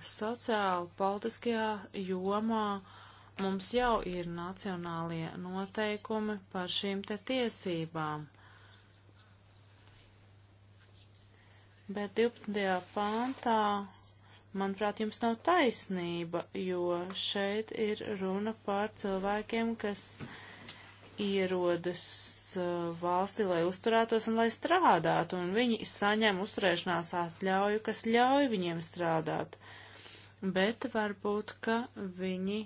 Sociāli politiskajā jomā mums jau ir nacionālie noteikumi par šīm te tiesībām. Bet 12. pāntā, manuprāt, jums nav taisnība, jo šeit ir runa par cilvēkiem, kas ierodas uh, valstī, lai uzturētos un lai strādātu, un viņi saņem uzturēšanās atļauju, kas ļauj viņiem strādāt bet varbūt, ka viņi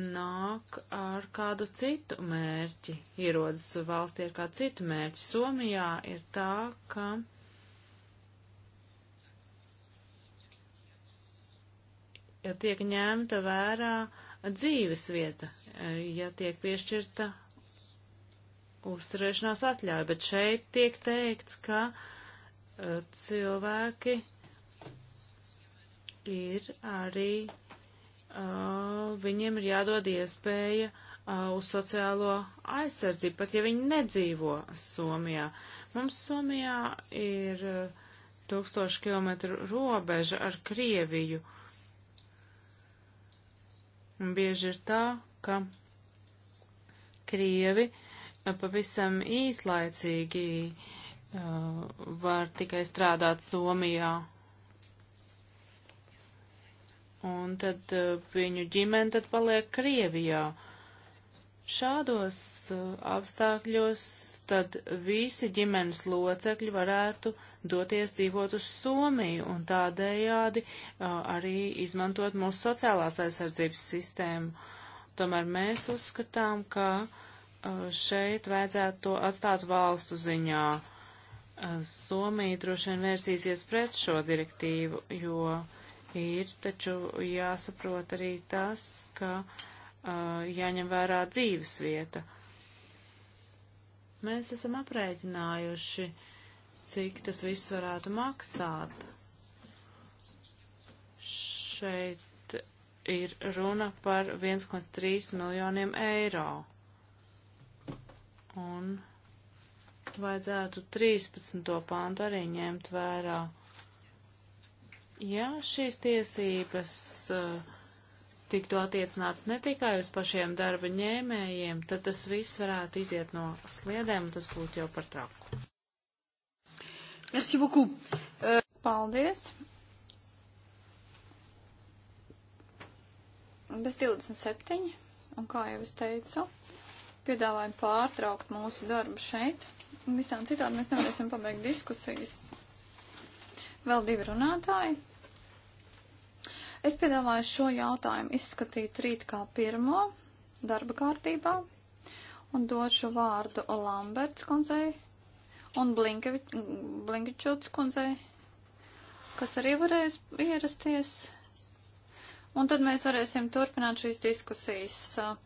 nāk ar kādu citu mērķi, ierodas valstī ar kādu citu mērķi. Somijā ir tā, ka ja tiek ņemta vērā dzīves vieta, ja tiek piešķirta uzturēšanās atļauja, bet šeit tiek teikts, ka eh, cilvēki ir arī uh, viņiem ir jādod iespēja uh, uz sociālo aizsardzību, pat ja viņi nedzīvo Somijā. Mums Somijā ir uh, tūkstoši kilometru robeža ar Krieviju. Un bieži ir tā, ka Krievi uh, pavisam īslaicīgi uh, var tikai strādāt Somijā un tad uh, viņu ģimene tad paliek Krievijā. Šādos uh, apstākļos tad visi ģimenes locekļi varētu doties dzīvot uz Somiju un tādējādi uh, arī izmantot mūsu sociālās aizsardzības sistēmu. Tomēr mēs uzskatām, ka šeit vajadzētu to atstāt valstu ziņā. Somija droši vien vērsīsies pret šo direktīvu, jo uh, Ir taču jāsaprot arī tas, ka uh, jāņem vērā dzīves vieta. Mēs esam aprēķinājuši, cik tas viss varētu maksāt. Šeit ir runa par 1,3 miljoniem eiro. Un vajadzētu 13. pāntu arī ņemt vērā. Ja šīs tiesības uh, tiktu attiecināts ne tikai uz pašiem darba ņēmējiem, tad tas viss varētu iziet no sliedēm, un tas būtu jau par traku. Merci beaucoup. Euh, Paldies. Bez 27, un kā jau es teicu, piedāvājam pārtraukt mūsu darbu šeit. Visām citādi mēs nevarēsim pabeigt diskusijas. Vēl divi runātāji. Es piedāvāju šo jautājumu izskatīt rīt kā pirmo darba kārtībā un došu vārdu Lamberts kundzei un Blinkevi, Blinkevičūts kundzei, kas arī varēs ierasties. Un tad mēs varēsim turpināt šīs diskusijas.